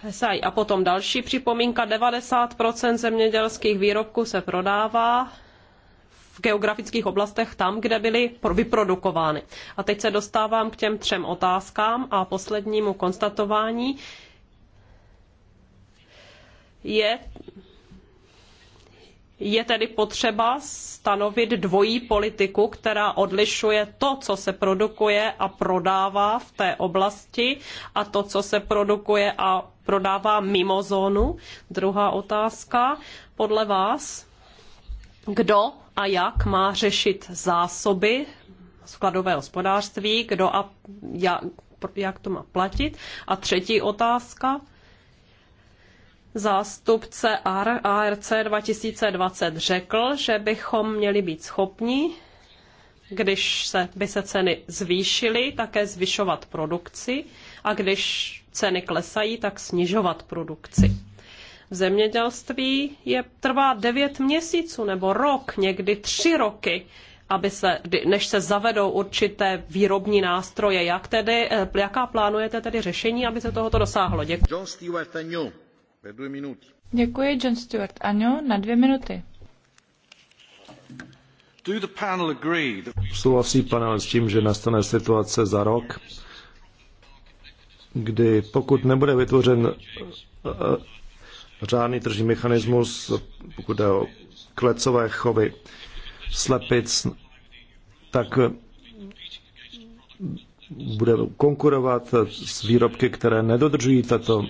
Kesaj. A potom další připomínka, 90% zemědělských výrobků se prodává v geografických oblastech tam, kde byly vyprodukovány. A teď se dostávám k těm třem otázkám a poslednímu konstatování je, je tedy potřeba stanovit dvojí politiku, která odlišuje to, co se produkuje a prodává v té oblasti a to, co se produkuje a prodává mimo zónu. Druhá otázka. Podle vás, kdo a jak má řešit zásoby skladové hospodářství, kdo a jak, jak to má platit. A třetí otázka. Zástupce ARC 2020 řekl, že bychom měli být schopni, když se, by se ceny zvýšily, také zvyšovat produkci a když ceny klesají, tak snižovat produkci. V zemědělství je, trvá 9 měsíců nebo rok, někdy 3 roky, aby se, než se zavedou určité výrobní nástroje. Jak tedy, eh, jaká plánujete tedy řešení, aby se tohoto dosáhlo? Děkuji. John Stewart Agnew, minuty. Děkuji, John Stewart na dvě minuty. Souhlasí panel s tím, že nastane situace za rok, kdy pokud nebude vytvořen eh, řádný tržní mechanismus, pokud jde o klecové chovy slepic, tak eh, bude konkurovat s výrobky, které nedodržují tato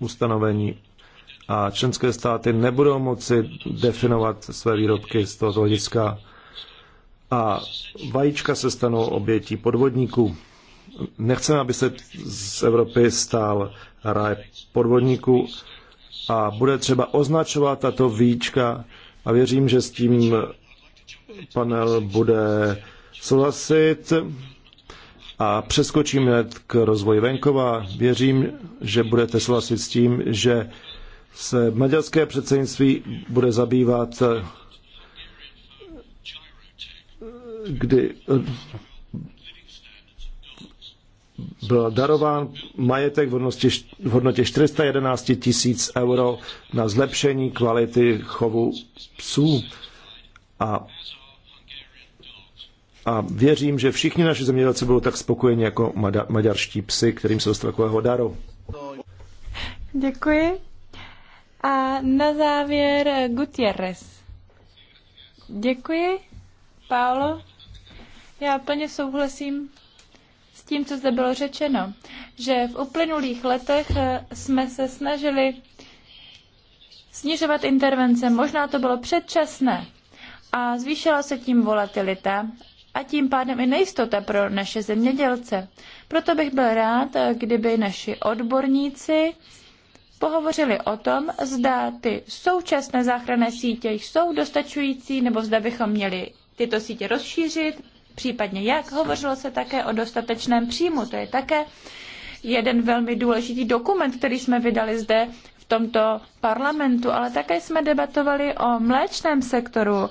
ustanovení a členské státy nebudou moci definovat své výrobky z tohoto hlediska a vajíčka se stanou obětí podvodníků. Nechceme, aby se z Evropy stál ráj podvodníků a bude třeba označovat tato výčka a věřím, že s tím panel bude souhlasit a přeskočím hned k rozvoji venkova. Věřím, že budete souhlasit s tím, že se maďarské předsednictví bude zabývat kdy byl darován majetek v hodnotě 411 tisíc euro na zlepšení kvality chovu psů. A, a věřím, že všichni naši zemědělci budou tak spokojeni jako maďarští psy, kterým se dostal takového daru. Děkuji. A na závěr Gutierrez. Děkuji, Paolo. Já plně souhlasím tím, co zde bylo řečeno, že v uplynulých letech eh, jsme se snažili snižovat intervence. Možná to bylo předčasné a zvýšila se tím volatilita a tím pádem i nejistota pro naše zemědělce. Proto bych byl rád, eh, kdyby naši odborníci pohovořili o tom, zda ty současné záchranné sítě jsou dostačující, nebo zda bychom měli tyto sítě rozšířit, případně jak. Hovořilo se také o dostatečném příjmu. To je také jeden velmi důležitý dokument, který jsme vydali zde v tomto parlamentu, ale také jsme debatovali o mléčném sektoru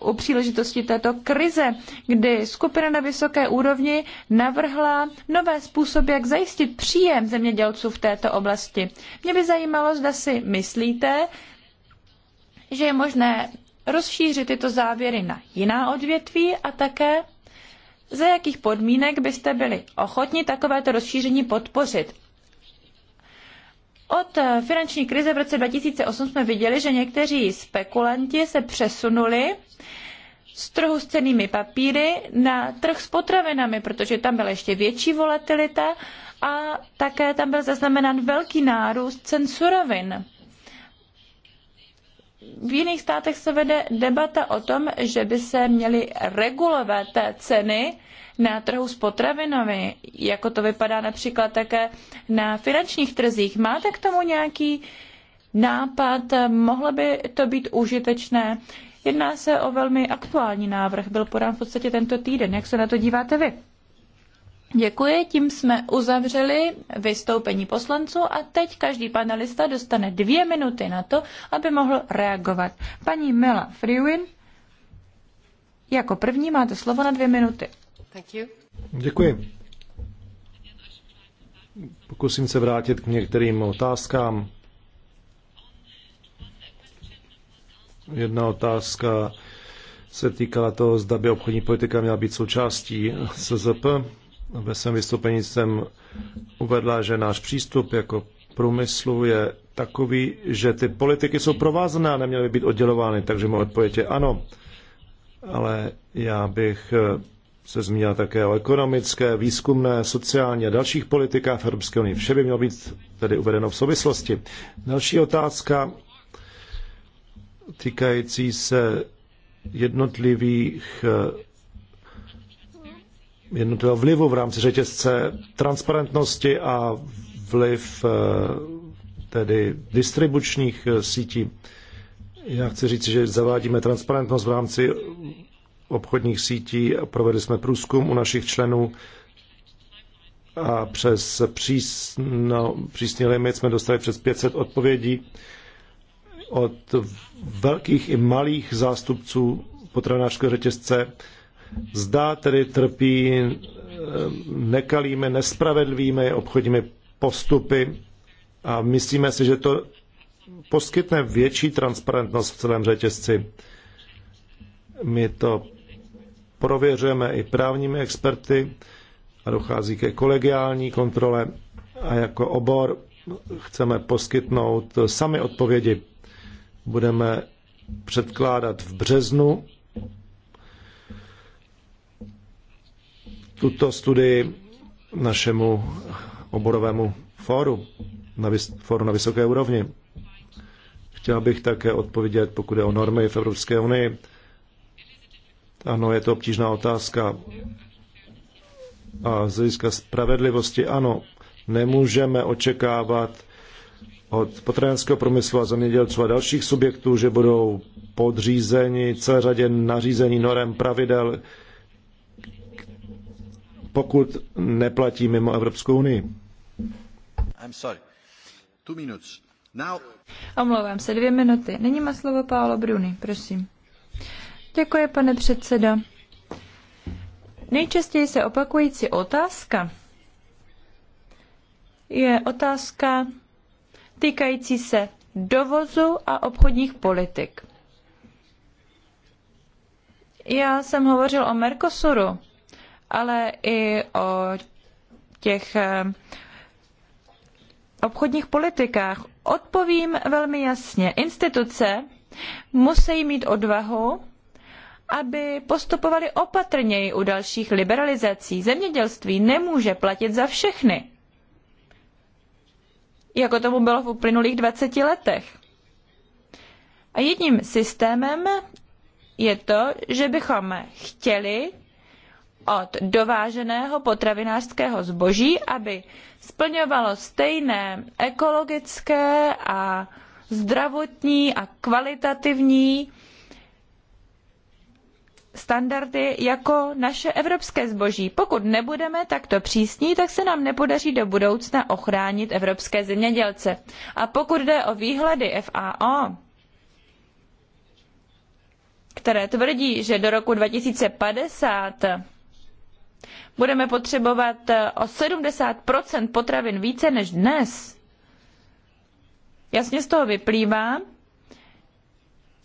u příležitosti této krize, kdy skupina na vysoké úrovni navrhla nové způsoby, jak zajistit příjem zemědělců v této oblasti. Mě by zajímalo, zda si myslíte, že je možné rozšířit tyto závěry na jiná odvětví a také za jakých podmínek byste byli ochotni takovéto rozšíření podpořit. Od finanční krize v roce 2008 jsme viděli, že někteří spekulanti se přesunuli z trhu s cenými papíry na trh s potravinami, protože tam byla ještě větší volatilita a také tam byl zaznamenán velký nárůst cen surovin v jiných státech se vede debata o tom, že by se měly regulovat ceny na trhu s potravinami, jako to vypadá například také na finančních trzích. Máte k tomu nějaký nápad? Mohlo by to být užitečné? Jedná se o velmi aktuální návrh, byl podán v podstatě tento týden. Jak se na to díváte vy? Děkuji, tím jsme uzavřeli vystoupení poslanců a teď každý panelista dostane dvě minuty na to, aby mohl reagovat. Paní Mela Friwin, jako první máte slovo na dvě minuty. Thank you. Děkuji. Pokusím se vrátit k některým otázkám. Jedna otázka se týkala toho, zda by obchodní politika měla být součástí SZP. Ve svém vystoupení jsem uvedla, že náš přístup jako průmyslu je takový, že ty politiky jsou provázané a neměly by být oddělovány, takže moje odpověď je ano. Ale já bych eh, se zmínil také o ekonomické, výzkumné, sociální a dalších politikách Evropské unie. Vše by mělo být tedy uvedeno v souvislosti. Další otázka týkající se jednotlivých eh, jednotlivého vlivu v rámci řetězce transparentnosti a vliv eh, tedy distribučních eh, sítí. Já chci říct, že zavádíme transparentnost v rámci obchodních sítí a provedli jsme průzkum u našich členů a přes přísno, přísný limit jsme dostali přes 500 odpovědí od velkých i malých zástupců potravinářského řetězce zda tedy trpí eh, nekalými, nespravedlivými obchodními postupy a myslíme si, že to poskytne větší transparentnost v celém řetězci. My to prověřujeme i právními experty a dochází ke kolegiální kontrole a jako obor chceme poskytnout sami odpovědi. Budeme předkládat v březnu tuto studii našemu oborovému fóru na, vys- fóru na vysoké úrovni. Chtěl bych také odpovědět, pokud je o normy v Evropské unii. Ano, je to obtížná otázka. A z hlediska spravedlivosti, ano, nemůžeme očekávat od potravinářského průmyslu a zemědělců a dalších subjektů, že budou podřízeni celé řadě nařízení norem pravidel, pokud neplatí mimo Evropskou unii. I'm sorry. Two minutes. Now... Omlouvám se, dvě minuty. Není má slovo Paolo Bruni, prosím. Děkuji, pane předsedo. Nejčastěji se opakující otázka je otázka týkající se dovozu a obchodních politik. Já jsem hovořil o Mercosuru ale i o těch eh, obchodních politikách. Odpovím velmi jasně. Instituce musí mít odvahu, aby postupovali opatrněji u dalších liberalizací. Zemědělství nemůže platit za všechny, jako tomu bylo v uplynulých 20 letech. A jedním systémem je to, že bychom chtěli od dováženého potravinářského zboží, aby splňovalo stejné ekologické a zdravotní a kvalitativní standardy jako naše evropské zboží. Pokud nebudeme takto přísní, tak se nám nepodaří do budoucna ochránit evropské zemědělce. A pokud jde o výhledy FAO, které tvrdí, že do roku 2050 budeme potřebovat eh, o 70 potravin více než dnes, jasně z toho vyplývá,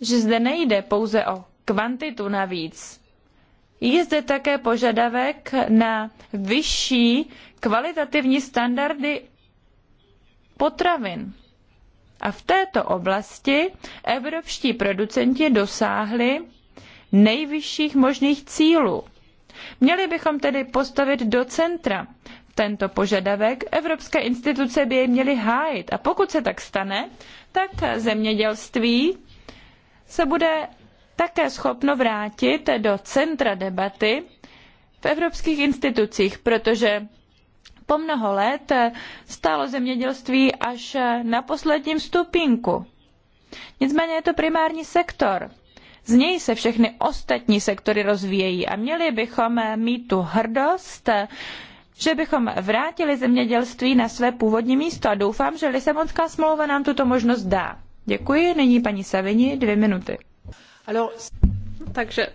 že zde nejde pouze o kvantitu navíc. Je zde také požadavek na vyšší kvalitativní standardy potravin. A v této oblasti evropští producenti dosáhli nejvyšších možných cílů. Měli bychom tedy postavit do centra tento požadavek, evropské instituce by jej měly hájit. A pokud se tak stane, tak zemědělství se bude také schopno vrátit do centra debaty v evropských institucích, protože po mnoho let stálo zemědělství až na posledním stupínku. Nicméně je to primární sektor z něj se všechny ostatní sektory rozvíjejí a měli bychom mít tu hrdost, že bychom vrátili zemědělství na své původní místo a doufám, že Lisabonská smlouva nám tuto možnost dá. Děkuji, nyní paní Savini, dvě minuty. Takže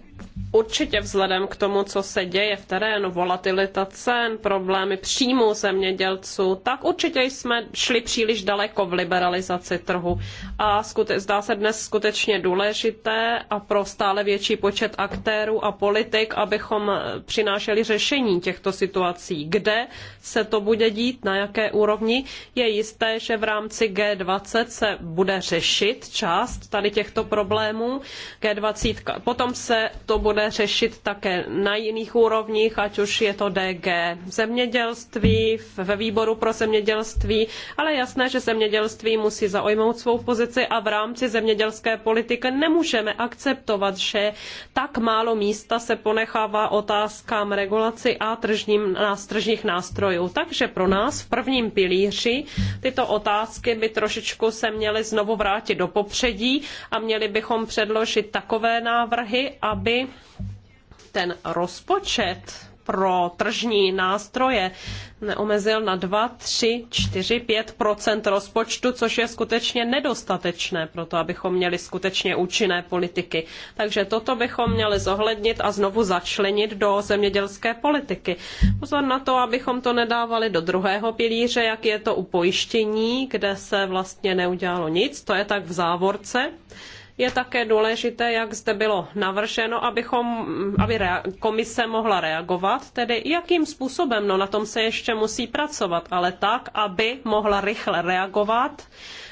Určitě vzhledem k tomu, co se děje v terénu, volatilita cen, problémy příjmů zemědělců, tak určitě jsme šli příliš daleko v liberalizaci trhu. A zdá se dnes skutečně důležité a pro stále větší počet aktérů a politik, abychom eh, přinášeli řešení těchto situací. Kde se to bude dít, na jaké úrovni, je jisté, že v rámci G20 se bude řešit část tady těchto problémů. G20, potom se to bude řešit také na jiných úrovních, ať už je to DG v zemědělství, ve výboru pro zemědělství, ale jasné, že zemědělství musí zaujmout svou pozici a v rámci zemědělské politiky nemůžeme akceptovat, že tak málo místa se ponechává otázkám regulaci a tržním, tržních nástrojů. Takže pro nás v prvním pilíři tyto otázky by trošičku se měly znovu vrátit do popředí a měli bychom předložit takové návrhy, aby ten rozpočet pro tržní nástroje neomezil na 2, 3, 4, 5 rozpočtu, což je skutečně nedostatečné pro to, abychom měli skutečně účinné politiky. Takže toto bychom měli zohlednit a znovu začlenit do zemědělské politiky. Pozor na to, abychom to nedávali do druhého pilíře, jak je to u pojištění, kde se vlastně neudělalo nic, to je tak v závorce. Je také důležité, jak zde bylo navrženo, abychom, aby komise mohla reagovat, tedy jakým způsobem, no na tom se ještě musí pracovat, ale tak, aby mohla rychle reagovat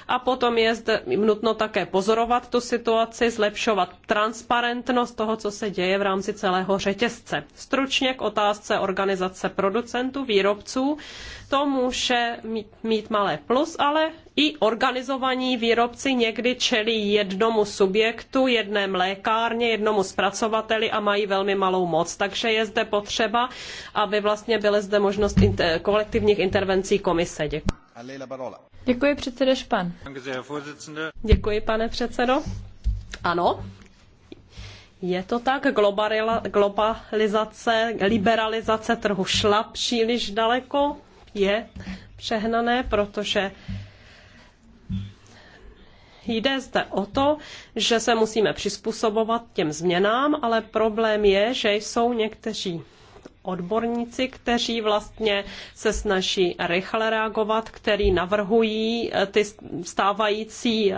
a potom je zde nutno také pozorovat tu situaci, zlepšovat transparentnost toho, co se děje v rámci celého řetězce. Stručně k otázce organizace producentů, výrobců. To může mít, mít malé plus, ale i organizovaní výrobci někdy čelí jednomu subjektu, jedné mlékárně, jednomu zpracovateli a mají velmi malou moc. Takže je zde potřeba, aby vlastně byla zde možnost kolektivních intervencí komise. Děkuji. Děkuji, předseda Špan. Děkuji, pane předsedo. Ano, je to tak, globalizace, liberalizace trhu šla příliš daleko, je přehnané, protože Jde zde o to, že se musíme přizpůsobovat těm změnám, ale problém je, že jsou někteří odborníci, kteří vlastně se snaží rychle reagovat, kteří navrhují eh, ty stávající eh,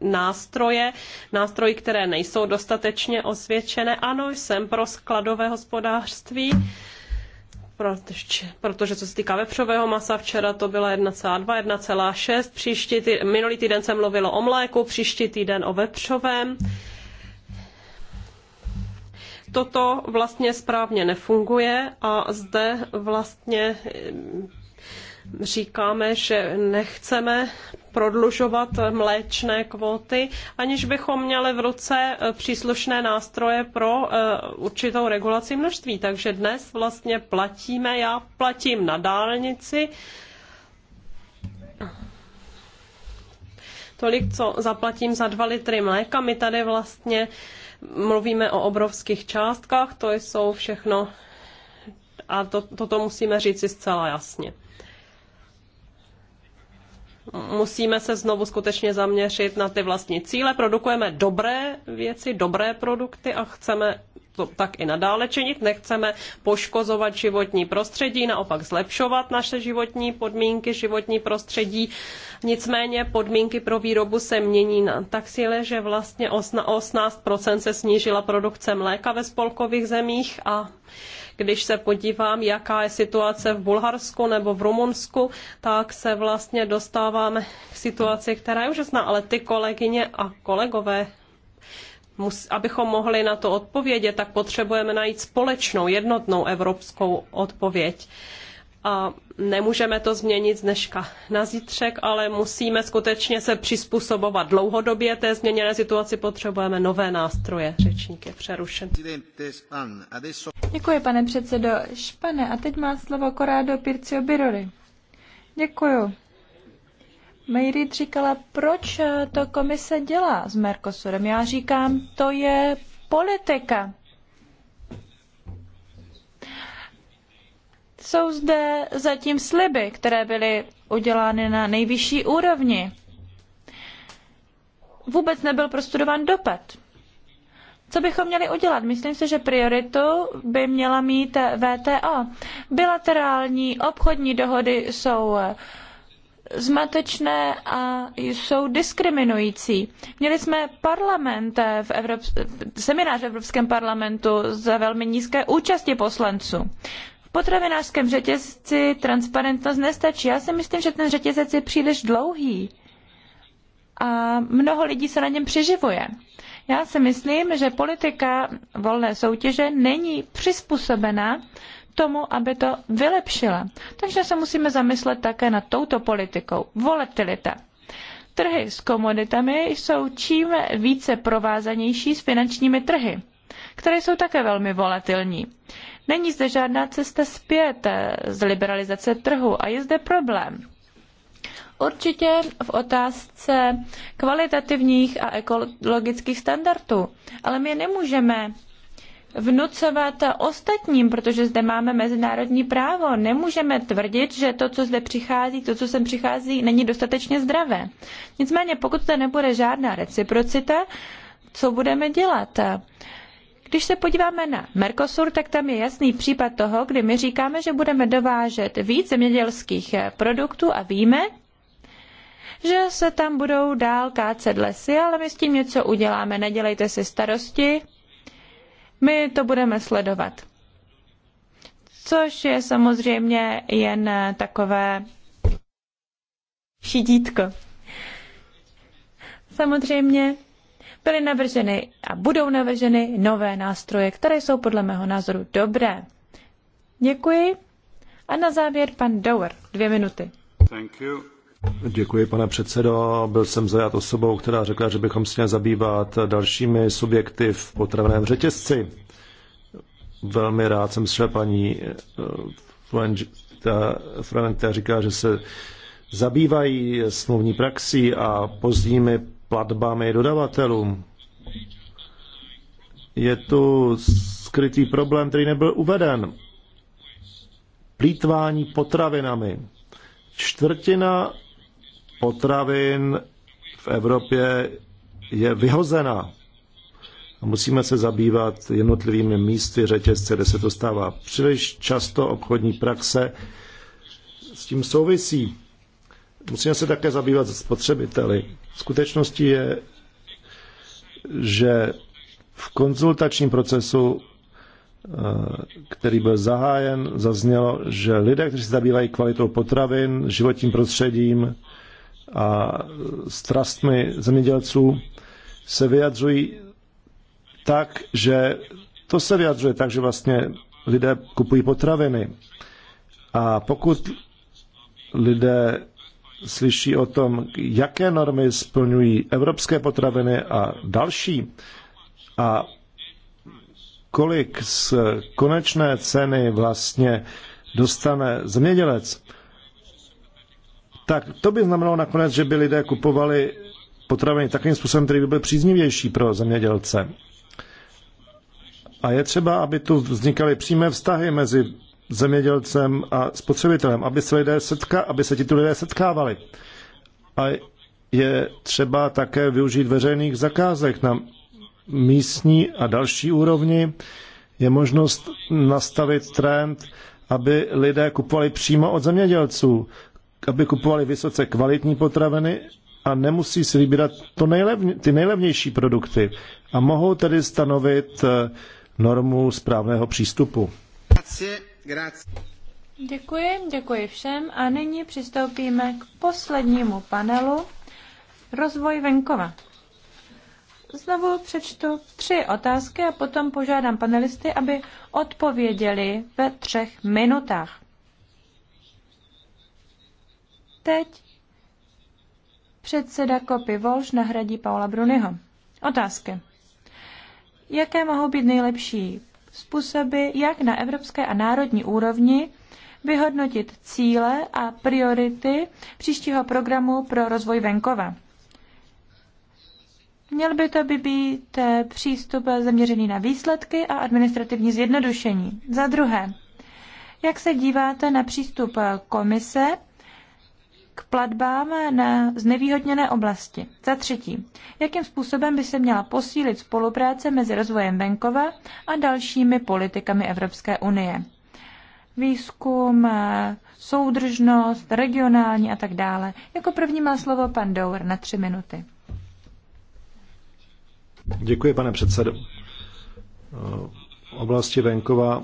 nástroje, nástroje, které nejsou dostatečně osvědčené. Ano, jsem pro skladové hospodářství, protože, protože co se týká vepřového masa, včera to bylo 1,2, 1,6, příští minulý týden se mluvilo o mléku, příští týden o vepřovém toto vlastně správně nefunguje a zde vlastně eh, říkáme, že nechceme prodlužovat mléčné kvóty, aniž bychom měli v ruce eh, příslušné nástroje pro eh, určitou regulaci množství. Takže dnes vlastně platíme, já platím na dálnici, tolik, co zaplatím za dva litry mléka, my tady vlastně uh, mluvíme o obrovských částkách, to jsou všechno a to, toto musíme říct si zcela jasně. Musíme se znovu skutečně zaměřit na ty vlastní cíle. Produkujeme dobré věci, dobré produkty a chceme to tak i nadále činit. Nechceme poškozovat životní prostředí, naopak zlepšovat naše životní podmínky, životní prostředí. Nicméně podmínky pro výrobu se mění na tak síle, že vlastně o 18% se snížila produkce mléka ve spolkových zemích a když se podívám, jaká je situace v Bulharsku nebo v Rumunsku, tak se vlastně dostáváme k situaci, která je úžasná, ale ty kolegyně a kolegové mus, abychom mohli na to odpovědět, tak potřebujeme najít společnou, jednotnou evropskou odpověď. A nemůžeme to změnit z dneška na zítřek, ale musíme skutečně se přizpůsobovat dlouhodobě té změněné situaci, potřebujeme nové nástroje. Řečník je přerušen. Děkuji, pane předsedo. Špane, a teď má slovo Corrado Pircio Biroli. Děkuji. Mejrit říkala, proč eh, to komise dělá s Mercosurem. Já říkám, to je politika. Jsou zde zatím sliby, které byly udělány na nejvyšší úrovni. Vůbec nebyl prostudován dopad. Co bychom měli udělat? Myslím si, že prioritu by měla mít VTO. Bilaterální obchodní dohody jsou uh, zmatečné a jsou diskriminující. Měli jsme parlament eh, v Evrop- seminář v Evropském parlamentu za velmi nízké účasti poslanců. V potravinářském řetězci transparentnost nestačí. Já si myslím, že ten řetězec je příliš dlouhý a mnoho lidí se na něm přeživuje. Já si myslím, že politika volné soutěže není přizpůsobena tomu, aby to vylepšila. Takže se musíme zamyslet také nad touto politikou. Volatilita. Trhy s komoditami jsou čím více provázanější s finančními trhy, které jsou také velmi volatilní. Není zde žádná cesta zpět eh, z liberalizace trhu a je zde problém. Určitě v otázce kvalitativních a ekologických standardů, ale my nemůžeme vnucovat ostatním, protože zde máme mezinárodní právo. Nemůžeme tvrdit, že to, co zde přichází, to, co sem přichází, není dostatečně zdravé. Nicméně, pokud zde nebude žádná reciprocita, co budeme dělat? Když se podíváme na Mercosur, tak tam je jasný případ toho, kdy my říkáme, že budeme dovážet víc zemědělských produktů a víme, že se tam budou dál kácet lesy, ale my s tím něco uděláme. Nedělejte si starosti, my to budeme sledovat. Což je samozřejmě jen takové šidítko. Samozřejmě byly navrženy a budou navrženy nové nástroje, které jsou podle mého názoru dobré. Děkuji. A na závěr pan Dower, dvě minuty. Thank you. Děkuji, pane předsedo. Byl jsem zajat osobou, která řekla, že bychom se měli zabývat dalšími subjekty v potraveném řetězci. Velmi rád jsem slyšel paní eh, Frank, která říká, že se zabývají smluvní praxí a pozdními platbami dodavatelům. Je tu skrytý problém, který nebyl uveden. Plítvání potravinami. Čtvrtina potravin v Evropě je vyhozena. A musíme se zabývat jednotlivými místy řetězce, kde se to stává. Příliš často obchodní praxe s tím souvisí. Musíme se také zabývat spotřebiteli. Skutečností je, že v konzultačním procesu, eh, který byl zahájen, zaznělo, že lidé, kteří se zabývají kvalitou potravin, životním prostředím, a strastmi zemědělců se vyjadřují tak, že to se vyjadřuje tak, že vlastně lidé kupují potraviny. A pokud lidé slyší o tom, jaké normy splňují evropské potraviny a další, a kolik z konečné ceny vlastně dostane zemědělec, tak to by znamenalo nakonec, že by lidé kupovali potraviny takovým způsobem, který by byl příznivější pro zemědělce. A je třeba, aby tu vznikaly přímé vztahy mezi zemědělcem a spotřebitelem, aby se, lidé setka, aby se tito lidé setkávali. A je třeba také využít veřejných zakázek na místní a další úrovni. Je možnost nastavit trend, aby lidé kupovali přímo od zemědělců aby kupovali vysoce kvalitní potraviny a nemusí si vybírat to nejlevně, ty nejlevnější produkty a mohou tedy stanovit eh, normu správného přístupu. Děkuji, děkuji všem a nyní přistoupíme k poslednímu panelu Rozvoj venkova. Znovu přečtu tři otázky a potom požádám panelisty, aby odpověděli ve třech minutách. Teď předseda Kopy Volš nahradí Paula Bruniho. Otázky. Jaké mohou být nejlepší způsoby, jak na evropské a národní úrovni vyhodnotit cíle a priority příštího programu pro rozvoj venkova? Měl by to by být eh, přístup eh, zaměřený na výsledky a administrativní zjednodušení. Za druhé, jak se díváte na přístup eh, komise k platbám na znevýhodněné oblasti. Za třetí, jakým způsobem by se měla posílit spolupráce mezi rozvojem venkova a dalšími politikami Evropské unie? Výzkum, soudržnost, regionální a tak dále. Jako první má slovo pan Dour na tři minuty. Děkuji, pane předsedo. V oblasti venkova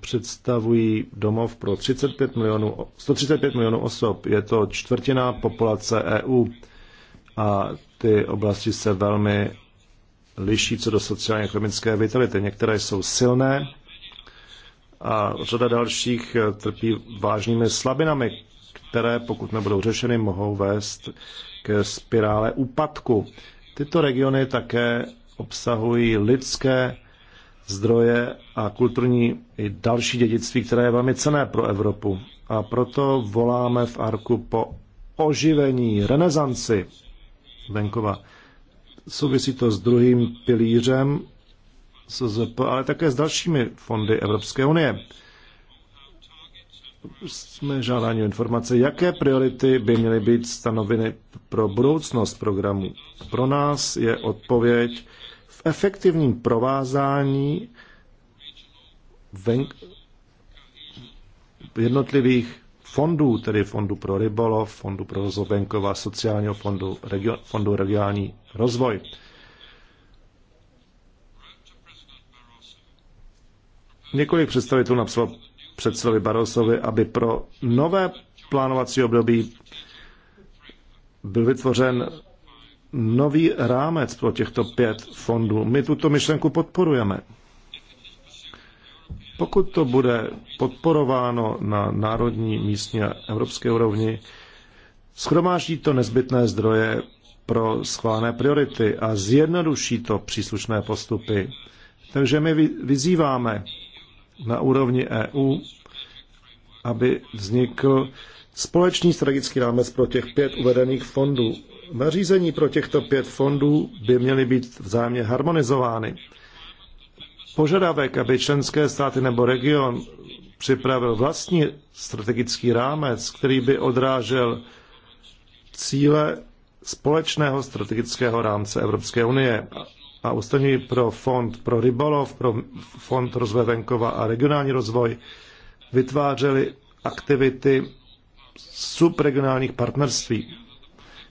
představují domov pro 35 milionů, 135 milionů osob. Je to čtvrtina populace EU a ty oblasti se velmi liší co do sociálně ekonomické vitality. Některé jsou silné a řada dalších eh, trpí vážnými slabinami, které, pokud nebudou řešeny, mohou vést ke spirále úpadku. Tyto regiony také obsahují lidské zdroje a kulturní i další dědictví, které je velmi cené pro Evropu. A proto voláme v Arku po oživení, renesanci venkova. Souvisí to s druhým pilířem SZP, ale také s dalšími fondy Evropské unie. Jsme žádání o informace, jaké priority by měly být stanoveny pro budoucnost programu. Pro nás je odpověď efektivním provázání ven... jednotlivých fondů, tedy fondu pro rybolov, fondu pro rozvoj venkova, sociálního fondu, region, fondu regionální rozvoj. Několik představitelů napsalo předsedovi Barosovi, aby pro nové plánovací období byl vytvořen nový rámec pro těchto pět fondů. My tuto myšlenku podporujeme. Pokud to bude podporováno na národní, místní a evropské úrovni, schromáždí to nezbytné zdroje pro schválené priority a zjednoduší to příslušné postupy. Takže my vyzýváme na úrovni EU, aby vznikl společný strategický rámec pro těch pět uvedených fondů. Nařízení pro těchto pět fondů by měly být vzájemně harmonizovány. Požadavek, aby členské státy nebo region připravil vlastní strategický rámec, který by odrážel cíle společného strategického rámce Evropské unie a ustanovení pro fond pro rybolov, pro fond rozvoje venkova a regionální rozvoj vytvářely aktivity subregionálních partnerství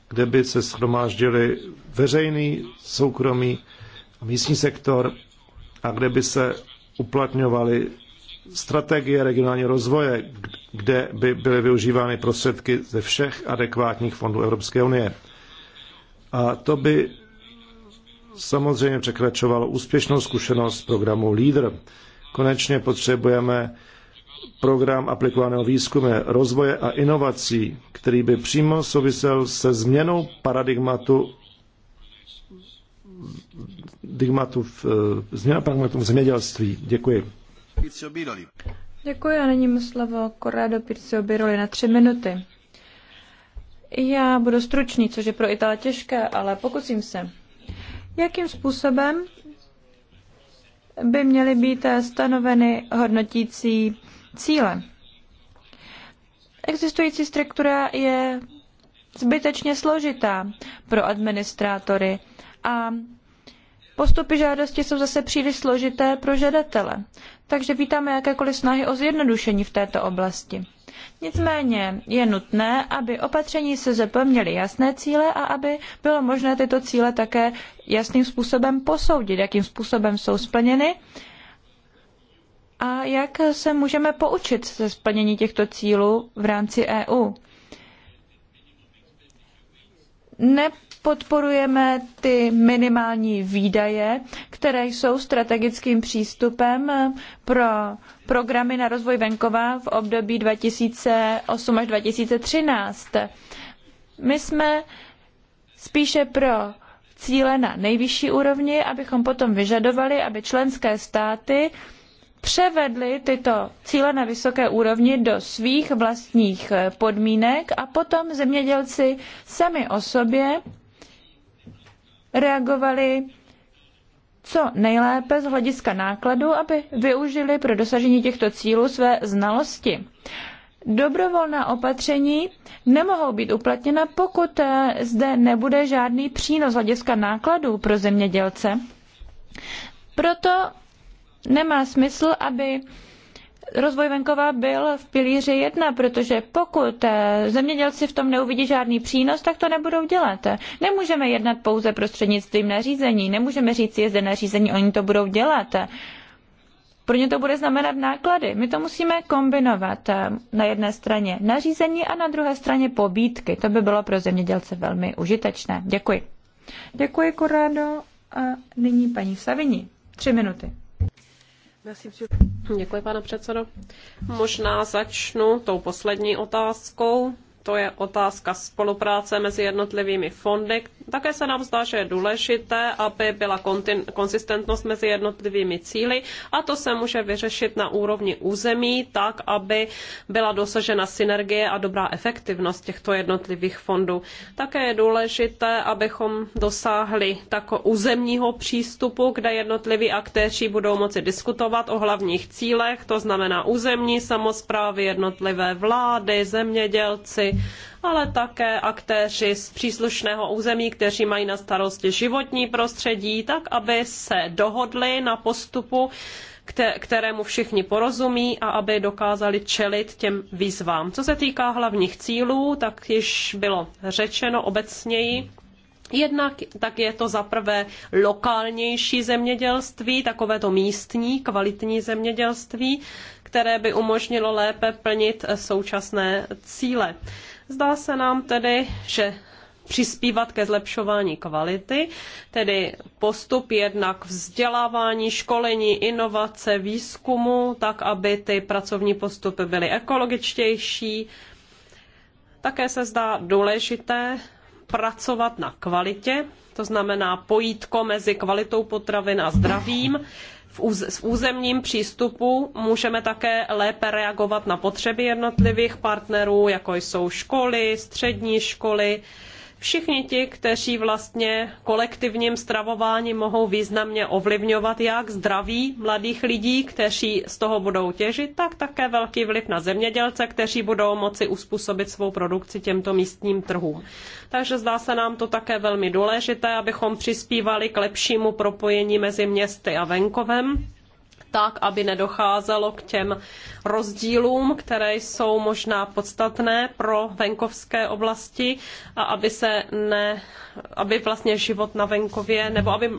kde by se schromáždili veřejný, soukromý a místní sektor a kde by se uplatňovaly strategie regionálního rozvoje, kde by byly využívány prostředky ze všech adekvátních fondů Evropské unie. A to by samozřejmě překračovalo úspěšnou zkušenost programu LEADER. Konečně potřebujeme program aplikovaného výzkumu, rozvoje a inovací, který by přímo souvisel se změnou paradigmatu digmatu v, změna paradigmatu v zemědělství. Děkuji. Děkuji a nyní slovo Corrado Pircio Biroli na tři minuty. Já budu stručný, což je pro Itala těžké, ale pokusím se. Jakým způsobem by měly být stanoveny hodnotící cíle. Existující struktura je zbytečně složitá pro administrátory a postupy žádosti jsou zase příliš složité pro žadatele. Takže vítáme jakékoliv snahy o zjednodušení v této oblasti. Nicméně je nutné, aby opatření SZP měly jasné cíle a aby bylo možné tyto cíle také jasným způsobem posoudit, jakým způsobem jsou splněny a jak se můžeme poučit ze splnění těchto cílů v rámci EU. Nepodporujeme ty minimální výdaje, které jsou strategickým přístupem pro programy na rozvoj venkova v období 2008 až 2013. My jsme spíše pro cíle na nejvyšší úrovni, abychom potom vyžadovali, aby členské státy převedli tyto cíle na vysoké úrovni do svých vlastních eh, podmínek a potom zemědělci sami o sobě reagovali co nejlépe z hlediska nákladů, aby využili pro dosažení těchto cílů své znalosti. Dobrovolná opatření nemohou být uplatněna, pokud eh, zde nebude žádný přínos z hlediska nákladů pro zemědělce. Proto nemá smysl, aby rozvoj venkova byl v pilíři jedna, protože pokud eh, zemědělci v tom neuvidí žádný přínos, tak to nebudou dělat. Nemůžeme jednat pouze prostřednictvím nařízení, nemůžeme říct, je zde nařízení, oni to budou dělat. Pro ně to bude znamenat náklady. My to musíme kombinovat eh, na jedné straně nařízení a na druhé straně pobídky. To by bylo pro zemědělce velmi užitečné. Děkuji. Děkuji, Korádo A nyní paní Savini. Tři minuty. Děkuji, pane předsedo. Možná začnu tou poslední otázkou to je otázka spolupráce mezi jednotlivými fondy. Také se nám zdá, že je důležité, aby byla konsistentnost mezi jednotlivými cíly a to se může vyřešit na úrovni území tak, aby byla dosažena synergie a dobrá efektivnost těchto jednotlivých fondů. Také je důležité, abychom dosáhli takového územního přístupu, kde jednotliví aktéři budou moci diskutovat o hlavních cílech, to znamená územní samozprávy, jednotlivé vlády, zemědělci, ale také aktéři z příslušného území, kteří mají na starosti životní prostředí, tak aby se dohodli na postupu, kterému všichni porozumí a aby dokázali čelit těm výzvám. Co se týká hlavních cílů, tak již bylo řečeno obecněji, Jednak tak je to zaprvé lokálnější zemědělství, takové to místní, kvalitní zemědělství, které by umožnilo lépe plnit současné cíle. Zdá se nám tedy, že přispívat ke zlepšování kvality, tedy postup jednak vzdělávání, školení, inovace, výzkumu, tak aby ty pracovní postupy byly ekologičtější. Také se zdá důležité pracovat na kvalitě, to znamená pojítko mezi kvalitou potravin a zdravím v územním přístupu můžeme také lépe reagovat na potřeby jednotlivých partnerů, jako jsou školy, střední školy, Všichni ti, kteří vlastně kolektivním stravováním mohou významně ovlivňovat jak zdraví mladých lidí, kteří z toho budou těžit, tak také velký vliv na zemědělce, kteří budou moci uspůsobit svou produkci těmto místním trhům. Takže zdá se nám to také velmi důležité, abychom přispívali k lepšímu propojení mezi městy a venkovem tak, aby nedocházelo k těm rozdílům, které jsou možná podstatné pro venkovské oblasti a aby se ne, aby vlastně život na venkově, nebo aby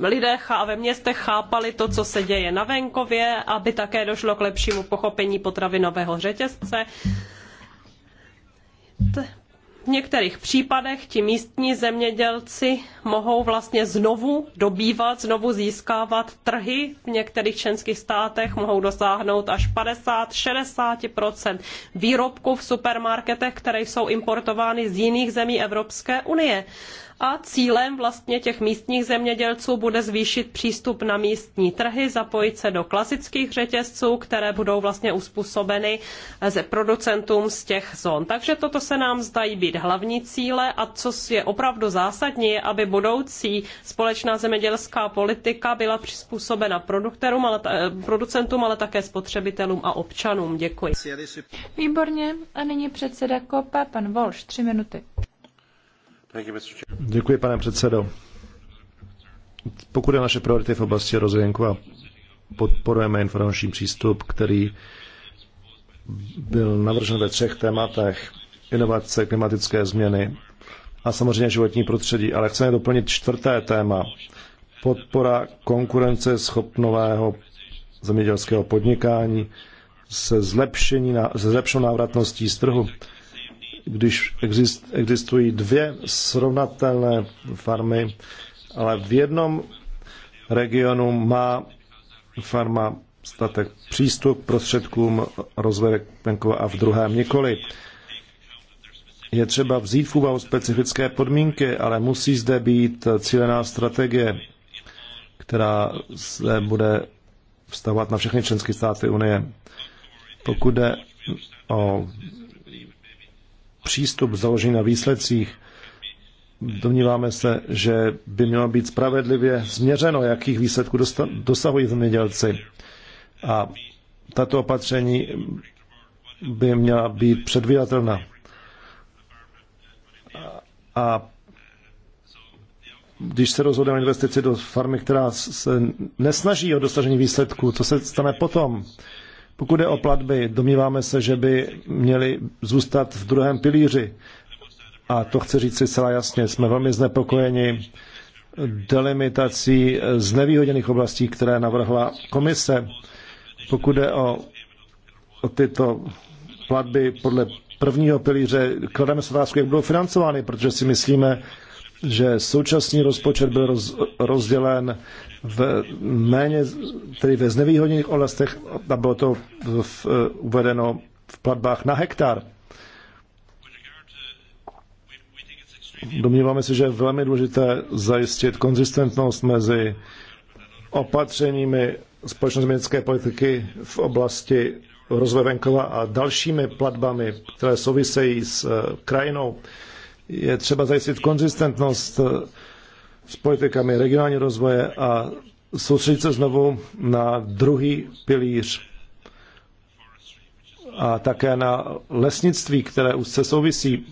lidé ve městech chápali to, co se děje na venkově, aby také došlo k lepšímu pochopení potravinového řetězce. V některých případech ti místní zemědělci mohou vlastně znovu dobývat, znovu získávat trhy. V některých členských státech mohou dosáhnout až 50-60 výrobků v supermarketech, které jsou importovány z jiných zemí Evropské unie. A cílem vlastně těch místních zemědělců bude zvýšit přístup na místní trhy, zapojit se do klasických řetězců, které budou vlastně uspůsobeny ze producentům z těch zón. Takže toto se nám zdají být hlavní cíle a co je opravdu zásadní, je, aby budoucí společná zemědělská politika byla přizpůsobena produktérům, ale eh, producentům, ale také spotřebitelům a občanům. Děkuji. Výborně. A nyní předseda Kopa, pan Volš, tři minuty. Děkuji, pane předsedo. Pokud je naše priority v oblasti rozvoje a podporujeme informační přístup, který byl navržen ve třech tématech. Inovace, klimatické změny a samozřejmě životní prostředí. Ale chceme doplnit čtvrté téma. Podpora konkurence schopnového zemědělského podnikání se, zlepšení, se zlepšenou návratností z trhu když exist, existují dvě srovnatelné farmy, ale v jednom regionu má farma statek přístup k prostředkům rozvoje venkova a v druhém nikoli. Je třeba vzít v úvahu specifické podmínky, ale musí zde být cílená strategie, která se bude vztahovat na všechny členské státy Unie. Pokud jde o přístup založený na výsledcích, domníváme se, že by mělo být spravedlivě změřeno, jakých výsledků dosahují zemědělci. A tato opatření by měla být předvídatelná. A když se rozhodneme investici do farmy, která se nesnaží o dosažení výsledků, co se stane potom? Pokud je o platby, domníváme se, že by měly zůstat v druhém pilíři. A to chci říct si celá jasně. Jsme velmi znepokojeni delimitací znevýhodněných oblastí, které navrhla komise. Pokud je o, o tyto platby podle prvního pilíře, klademe se otázku, jak budou financovány, protože si myslíme, že současný rozpočet byl roz, rozdělen v méně, tedy ve znevýhodněných oblastech, a bylo to v, eh, uvedeno v platbách na hektar. Domníváme se, že je velmi důležité zajistit konzistentnost mezi opatřeními společnostměnické politiky v oblasti rozvoje venkova a dalšími platbami, které souvisejí s eh, krajinou. Je třeba zajistit konzistentnost eh, s politikami regionální rozvoje a soustředit se znovu na druhý pilíř a také na lesnictví, které úzce souvisí.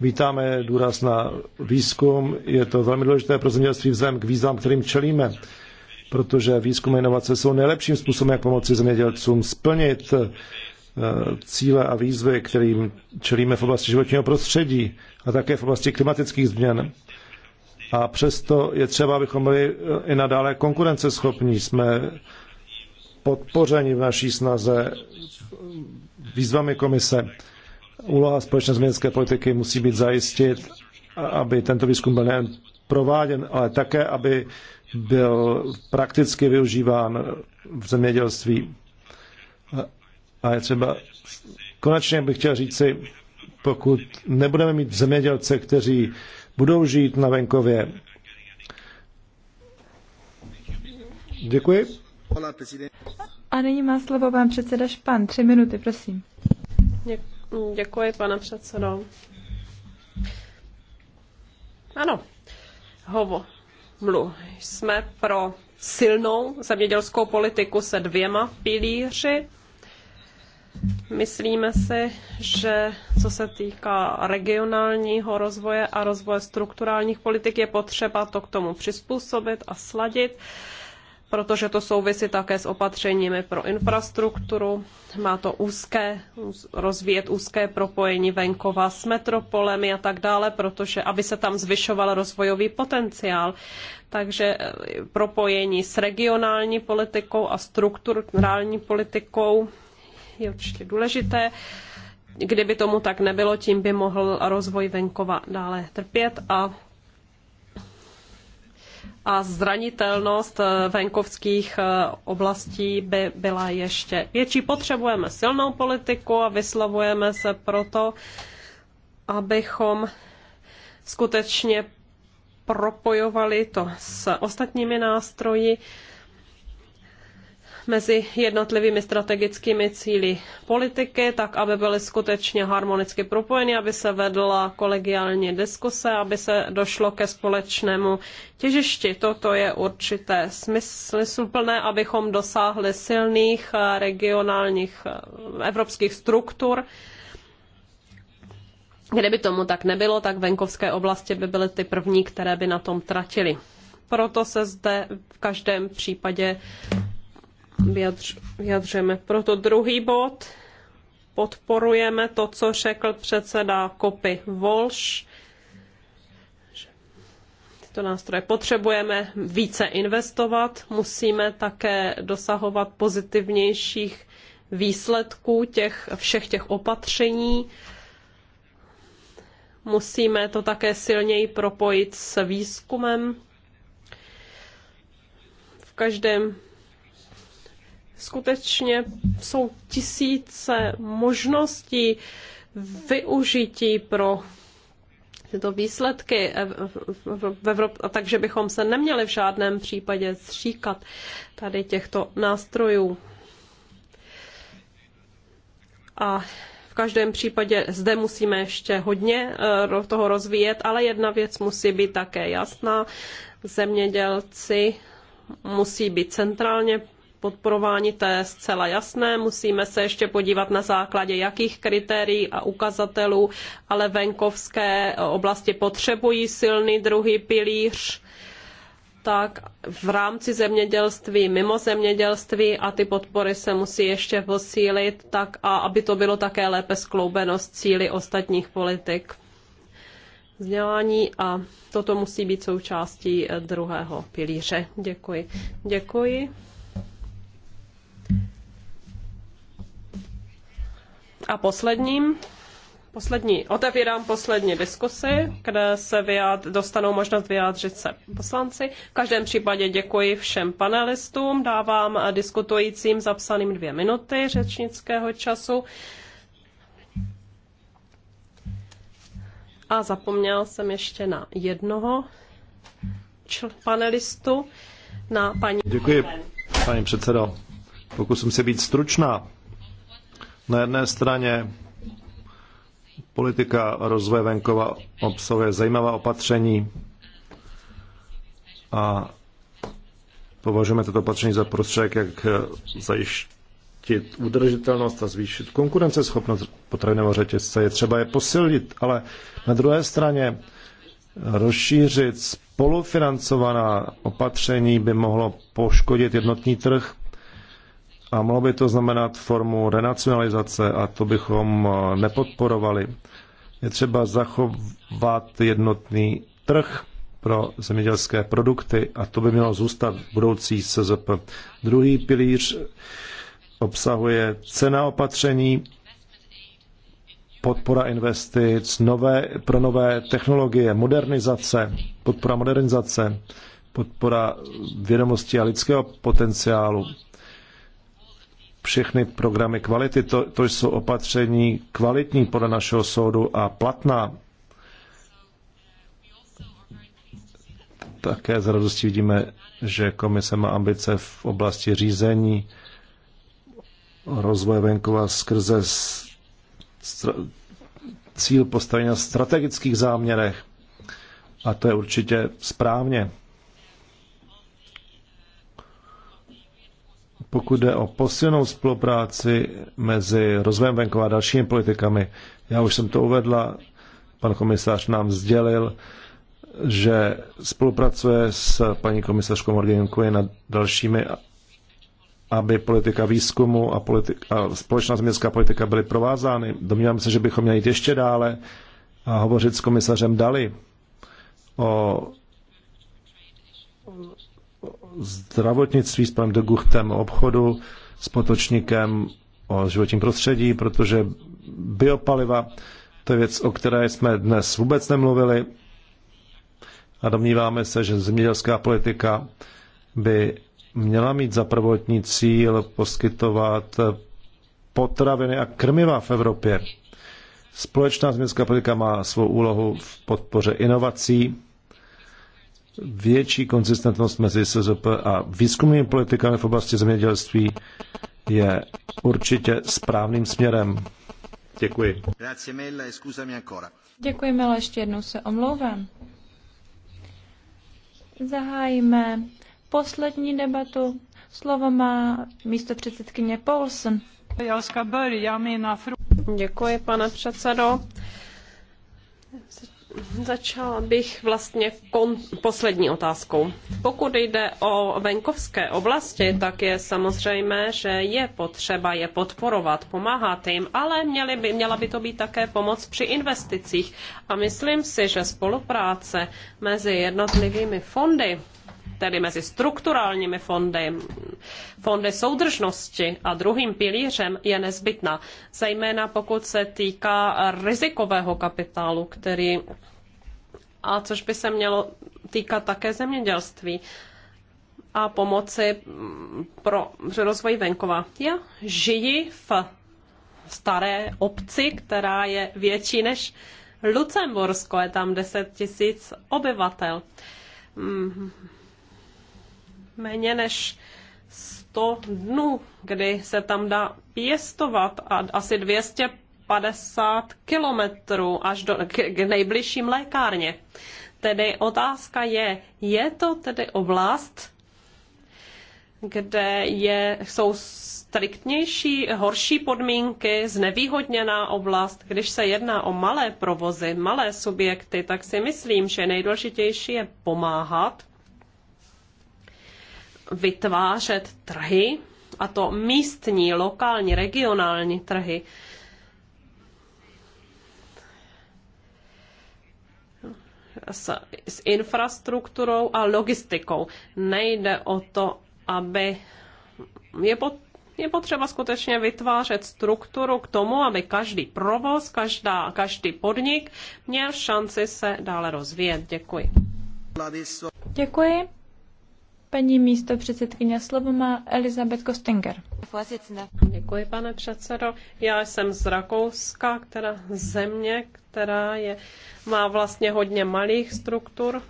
Vítáme důraz na výzkum, je to velmi důležité pro zemědělství vzhledem k výzvám, kterým čelíme, protože výzkum a inovace jsou nejlepším způsobem, jak pomoci zemědělcům splnit eh, cíle a výzvy, kterým čelíme v oblasti životního prostředí a také v oblasti klimatických změn. A přesto je třeba, abychom byli e, i nadále konkurenceschopní. Jsme podpořeni v naší snaze výzvami komise. Úloha společné změnské politiky musí být zajistit, aby tento výzkum byl nejen prováděn, ale také, aby byl prakticky využíván v zemědělství. A je třeba, konečně bych chtěl říci, pokud nebudeme mít zemědělce, kteří budou žít na venkově. Děkuji. A nyní má slovo pan předseda Špan. Tři minuty, prosím. Děkuji, pane předsedo. Ano, hovo, mlu. Jsme pro silnou zemědělskou politiku se dvěma pilíři Myslíme si, že co se týká regionálního rozvoje a rozvoje strukturálních politik, je potřeba to k tomu přizpůsobit a sladit, protože to souvisí také s opatřeními pro infrastrukturu. Má to úzké, rozvíjet úzké propojení venkova s metropolemi a tak dále, protože aby se tam zvyšoval rozvojový potenciál. Takže eh, propojení s regionální politikou a strukturální politikou je určitě důležité. Kdyby tomu tak nebylo, tím by mohl rozvoj venkova dále trpět a a zranitelnost eh, venkovských eh, oblastí by byla ještě větší. Potřebujeme silnou politiku a vyslovujeme se proto, abychom skutečně propojovali to s ostatními nástroji mezi jednotlivými strategickými cíly politiky, tak aby byly skutečně harmonicky propojeny, aby se vedla kolegiální diskuse, aby se došlo ke společnému těžišti. Toto je určité smysluplné, abychom dosáhli silných regionálních evropských struktur, Kdyby tomu tak nebylo, tak venkovské oblasti by byly ty první, které by na tom tratily. Proto se zde v každém případě vyjadřujeme. Proto druhý bod. Podporujeme to, co řekl předseda Kopy Volš. Tyto nástroje potřebujeme více investovat, musíme také dosahovat pozitivnějších výsledků těch, všech těch opatření. Musíme to také silněji propojit s výzkumem. V každém skutečně jsou tisíce možností využití pro tyto výsledky v Evropě, takže bychom se neměli v žádném případě zříkat tady těchto nástrojů. A v každém případě zde musíme ještě hodně eh, toho rozvíjet, ale jedna věc musí být také jasná. Zemědělci musí být centrálně podporováni, to je zcela jasné. Musíme se ještě podívat na základě jakých kritérií a ukazatelů, ale venkovské oblasti potřebují silný druhý pilíř tak v rámci zemědělství, mimo zemědělství a ty podpory se musí ještě posílit, tak a aby to bylo také lépe skloubeno s cíly ostatních politik vzdělání a toto musí být součástí eh, druhého pilíře. Děkuji. Děkuji. A posledním poslední, otevírám poslední diskusy, kde se vyjad, dostanou možnost vyjádřit se poslanci. V každém případě děkuji všem panelistům, dávám diskutujícím zapsaným dvě minuty řečnického času. A zapomněl jsem ještě na jednoho čl- panelistu, na paní... Děkuji, paní předsedo. Pokusím se být stručná na jedné straně politika rozvoje venkova obsahuje zajímavá opatření a považujeme toto opatření za prostředek, jak zajištit udržitelnost a zvýšit konkurenceschopnost potravinového řetězce. Je třeba je posilit, ale na druhé straně rozšířit spolufinancovaná opatření by mohlo poškodit jednotný trh a mohlo by to znamenat formu renacionalizace a to bychom eh, nepodporovali. Je třeba zachovat jednotný trh pro zemědělské produkty a to by mělo zůstat v budoucí SZP. Druhý pilíř obsahuje cena opatření, podpora investic, nové, pro nové technologie, modernizace, podpora modernizace, podpora vědomosti a lidského potenciálu, všechny programy kvality. To, to jsou opatření kvalitní podle našeho soudu a platná. Také z radostí vidíme, že komise má ambice v oblasti řízení rozvoje venkova skrze cíl postavení na strategických záměrech. A to je určitě správně. pokud jde o posilnou spolupráci mezi rozvojem venkova a dalšími politikami, já už jsem to uvedla, pan komisař nám sdělil, že spolupracuje s paní komisařkou Morgankou na dalšími, aby politika výzkumu a, politik, a společná zemědělská politika byly provázány. Domnívám se, že bychom měli jít ještě dále a hovořit s komisařem Dali o zdravotnictví s panem de Guchtem, o obchodu s potočníkem, o životním prostředí, protože biopaliva, to je věc, o které jsme dnes vůbec nemluvili a domníváme se, že zemědělská politika by měla mít za prvotní cíl poskytovat potraviny a krmiva v Evropě. Společná zemědělská politika má svou úlohu v podpoře inovací, větší konzistentnost mezi SZP a výzkumnými politikami v oblasti zemědělství je určitě správným směrem. Děkuji. Děkuji, Mela, ještě jednou se omlouvám. Zahájíme poslední debatu. Slovo má místo předsedkyně Paulsen. Děkuji, pane předsedo Začala bych vlastně kon- poslední otázkou. Pokud jde o venkovské oblasti, tak je samozřejmé, že je potřeba je podporovat, pomáhat jim, ale měly by, měla by to být také pomoc při investicích. A myslím si, že spolupráce mezi jednotlivými fondy tedy mezi strukturálními fondy, fondy soudržnosti a druhým pilířem je nezbytná, zejména pokud se týká rizikového kapitálu, který a což by se mělo týkat také zemědělství a pomoci mm, pro rozvoj venkova. Já žiji v staré obci, která je větší než Lucembursko, je tam 10 tisíc obyvatel. Mm, méně než 100 dnů, kdy se tam dá pěstovat a asi 200 50 kilometrů až do, k, k nejbližším lékárně. Tedy otázka je, je to tedy oblast, kde je, jsou striktnější, horší podmínky, znevýhodněná oblast. Když se jedná o malé provozy, malé subjekty, tak si myslím, že nejdůležitější je pomáhat, vytvářet trhy, a to místní, lokální, regionální trhy, s, s infrastrukturou a logistikou. Nejde o to, aby je pod je potřeba skutečně vytvářet strukturu k tomu, aby každý provoz, každá, každý podnik měl šanci se dále rozvíjet. Děkuji. Děkuji. Paní místo předsedkyně slovo má Elizabeth Kostinger. Děkuji, pane předsedo. Já jsem z Rakouska, která země, která je, má vlastně hodně malých struktur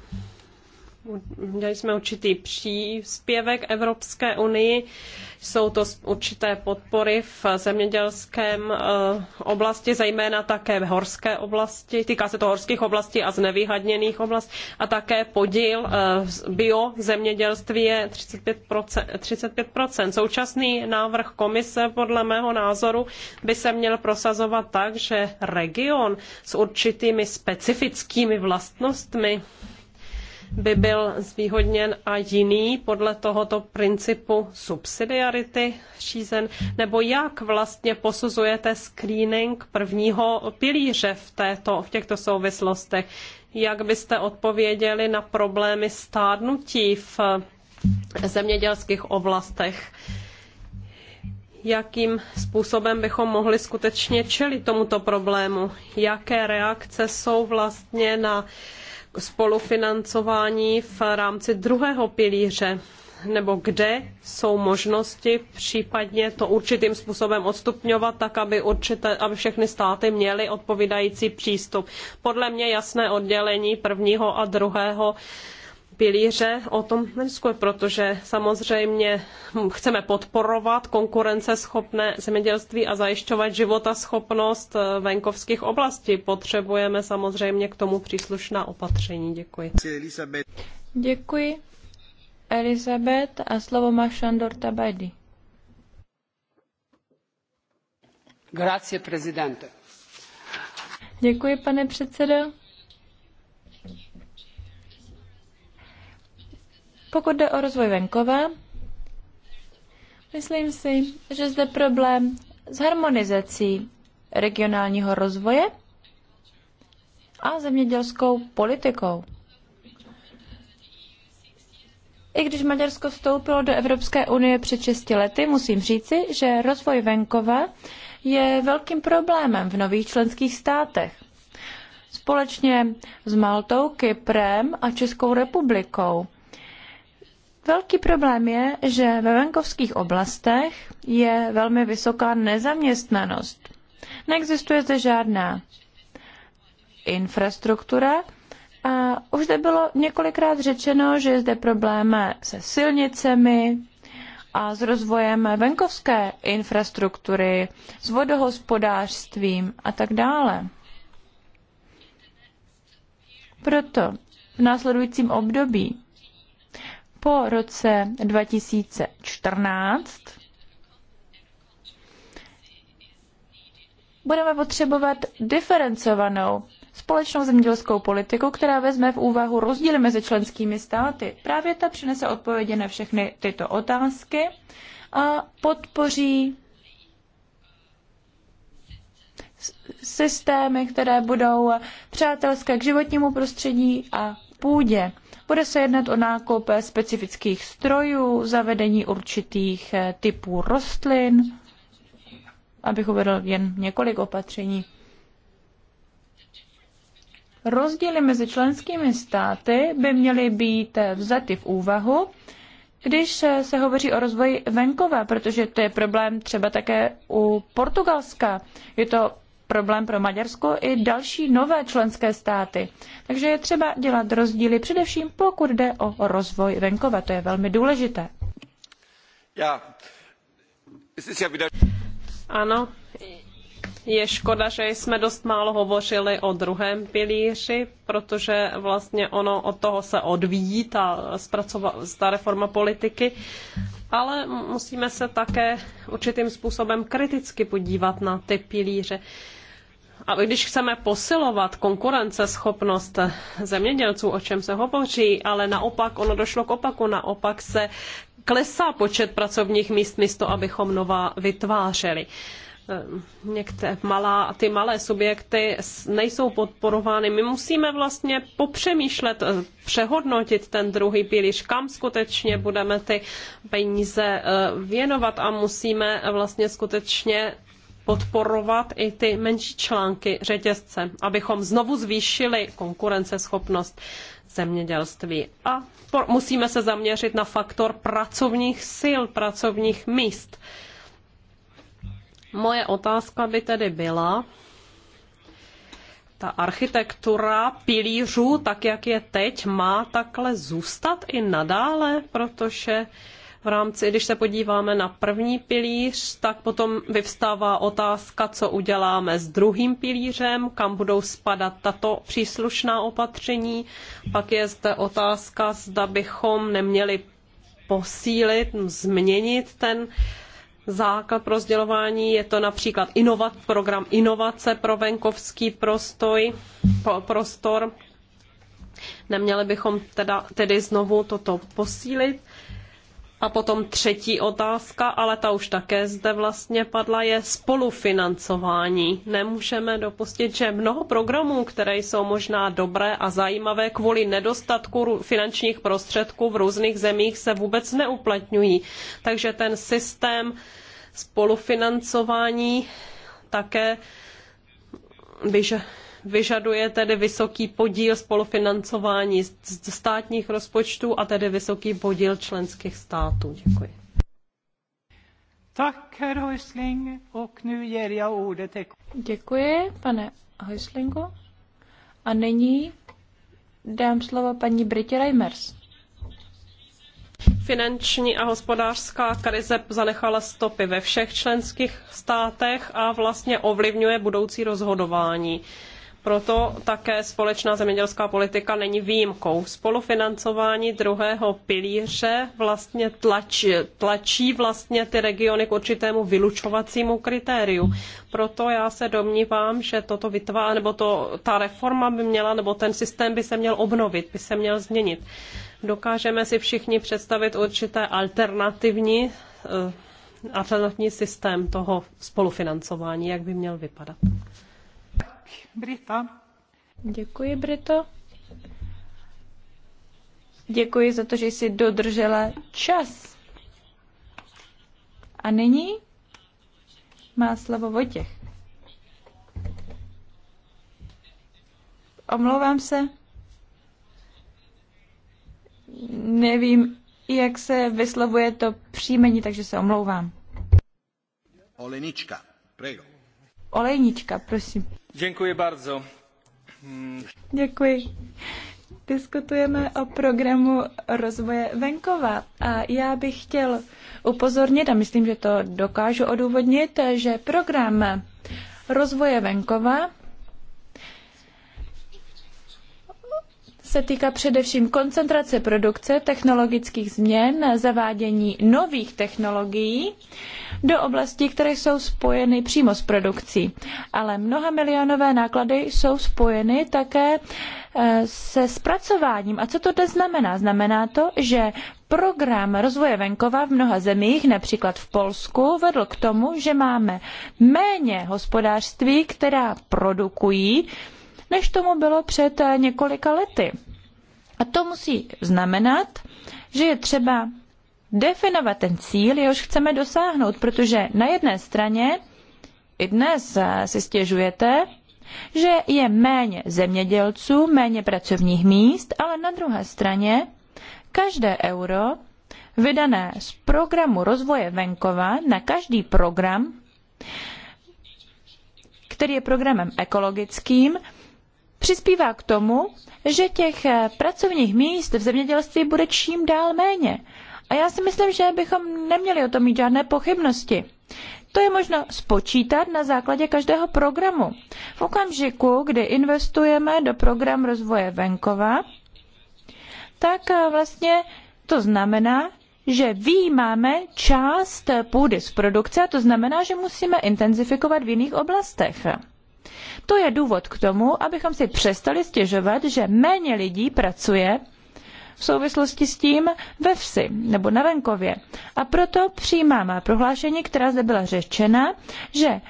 dali jsme určitý příspěvek Evropské unii. Jsou to určité podpory v zemědělském eh, oblasti, zejména také v horské oblasti. Týká se to horských oblastí a znevýhadněných oblastí. A také podíl eh, bio zemědělství je 35%, 35%. Současný návrh komise podle mého názoru by se měl prosazovat tak, že region s určitými specifickými vlastnostmi by byl zvýhodněn a jiný podle tohoto principu subsidiarity řízen? Nebo jak vlastně posuzujete screening prvního pilíře v, této, v těchto souvislostech? Jak byste odpověděli na problémy stárnutí v zemědělských oblastech? jakým způsobem bychom mohli skutečně čelit tomuto problému, jaké reakce jsou vlastně na spolufinancování v rámci druhého pilíře nebo kde jsou možnosti případně to určitým způsobem odstupňovat, tak aby, určité, aby všechny státy měly odpovídající přístup. Podle mě jasné oddělení prvního a druhého pilíře o tom nediskuje, protože samozřejmě chceme podporovat konkurenceschopné zemědělství a zajišťovat životaschopnost eh, venkovských oblastí. Potřebujeme samozřejmě k tomu příslušná opatření. Děkuji. Děkuji. Elizabeth a slovo má Šandor Tabajdi. Grazie, prezidente. Děkuji, pane předsedo. Pokud jde o rozvoj venkova, myslím si, že zde problém s harmonizací regionálního rozvoje a zemědělskou politikou. I když Maďarsko vstoupilo do Evropské unie před 6 lety, musím říci, že rozvoj venkova je velkým problémem v nových členských státech. Společně s Maltou, Kyprem a Českou republikou Velký problém je, že ve venkovských oblastech je velmi vysoká nezaměstnanost. Neexistuje zde žádná infrastruktura a už zde bylo několikrát řečeno, že je zde problém se silnicemi a s rozvojem venkovské infrastruktury, s vodohospodářstvím a tak dále. Proto v následujícím období po roce 2014 budeme potřebovat diferencovanou společnou zemědělskou politiku, která vezme v úvahu rozdíly mezi členskými státy. Právě ta přinese odpovědi na všechny tyto otázky a podpoří systémy, které budou přátelské k životnímu prostředí a půdě. Bude se jednat o nákup specifických strojů, zavedení určitých eh, typů rostlin, abych uvedl jen několik opatření. Rozdíly mezi členskými státy by měly být eh, vzaty v úvahu, když se hovoří o rozvoji venkova, protože to je problém třeba také u Portugalska. Je to problém pro Maďarsko i další nové členské státy. Takže je třeba dělat rozdíly, především pokud jde o rozvoj venkova. To je velmi důležité. Ano, je škoda, že jsme dost málo hovořili o druhém pilíři, protože vlastně ono od toho se odvíjí ta, ta reforma politiky, ale musíme se také určitým způsobem kriticky podívat na ty pilíře. A když chceme posilovat konkurenceschopnost zemědělců, o čem se hovoří, ale naopak ono došlo k opaku, naopak se klesá počet pracovních míst místo, abychom nová vytvářeli. Ehm, Některé malá, ty malé subjekty nejsou podporovány. My musíme vlastně popřemýšlet, eh, přehodnotit ten druhý pilíř, kam skutečně budeme ty peníze eh, věnovat a musíme vlastně skutečně podporovat i ty menší články řetězce, abychom znovu zvýšili konkurenceschopnost zemědělství. A musíme se zaměřit na faktor pracovních sil, pracovních míst. Moje otázka by tedy byla, ta architektura pilířů, tak jak je teď, má takhle zůstat i nadále, protože uh, v rámci, když se podíváme na první pilíř, tak potom vyvstává otázka, co uděláme s druhým pilířem, kam budou spadat tato příslušná opatření. Pak je zde otázka, zda bychom neměli posílit, změnit ten základ pro sdělování. Je to například inovat, program inovace pro venkovský prostoj, prostor. Neměli bychom teda, tedy znovu toto posílit. A potom třetí otázka, ale ta už také zde vlastně padla, je spolufinancování. Nemůžeme dopustit, že mnoho programů, které jsou možná dobré a zajímavé, kvůli nedostatku finančních prostředků v různých zemích se vůbec neuplatňují. Takže ten systém spolufinancování také že vyžaduje tedy vysoký podíl spolufinancování z státních rozpočtů a tedy vysoký podíl členských států. Děkuji. Tak, herr Häusling, och nu ger jag ordet Děkuji, pane Häuslingu. A nyní dám slovo paní Britě Reimers. Finanční a hospodářská krize zanechala stopy ve všech členských státech a vlastně ovlivňuje budoucí rozhodování. Proto také společná zemědělská politika není výjimkou. Spolufinancování druhého pilíře vlastně tlačí, tlačí vlastně ty regiony k určitému vylučovacímu kritériu. Proto já se domnívám, že toto vytvá, nebo to, ta reforma by měla, nebo ten systém by se měl obnovit, by se měl změnit. Dokážeme si všichni představit určité alternativní eh, alternativní systém toho spolufinancování, jak by měl vypadat. Brita. Děkuji, Brito. Děkuji za to, že jsi dodržela čas. A nyní má slovo Vojtěch. Omlouvám se. Nevím, jak se vyslovuje to příjmení, takže se omlouvám. Olejnička, prego. Olejnička, prosím. Hmm. Děkuji Diskutujeme o programu rozvoje venkova a já bych chtěl upozornit, a myslím, že to dokážu odůvodnit, že program rozvoje venkova se týká především koncentrace produkce, technologických změn, zavádění nových technologií do oblastí, které jsou spojeny přímo s produkcí. Ale mnoha milionové náklady jsou spojeny také eh, se zpracováním. A co to dnes znamená? Znamená to, že program rozvoje venkova v mnoha zemích, například v Polsku, vedl k tomu, že máme méně hospodářství, která produkují než tomu bylo před eh, několika lety. A to musí znamenat, že je třeba definovat ten cíl, jehož chceme dosáhnout, protože na jedné straně i dnes eh, si stěžujete, že je méně zemědělců, méně pracovních míst, ale na druhé straně každé euro vydané z programu rozvoje venkova na každý program, který je programem ekologickým, přispívá k tomu, že těch eh, pracovních míst v zemědělství bude čím dál méně. A já si myslím, že bychom neměli o tom mít žádné pochybnosti. To je možno spočítat na základě každého programu. V okamžiku, kdy investujeme do program rozvoje venkova, tak eh, vlastně to znamená, že výjímáme část půdy z produkce, a to znamená, že musíme intenzifikovat v jiných oblastech. To je důvod k tomu, abychom si přestali stěžovat, že méně lidí pracuje v souvislosti s tím ve vsi nebo na venkově. A proto přijímám prohlášení, která zde byla řečena, že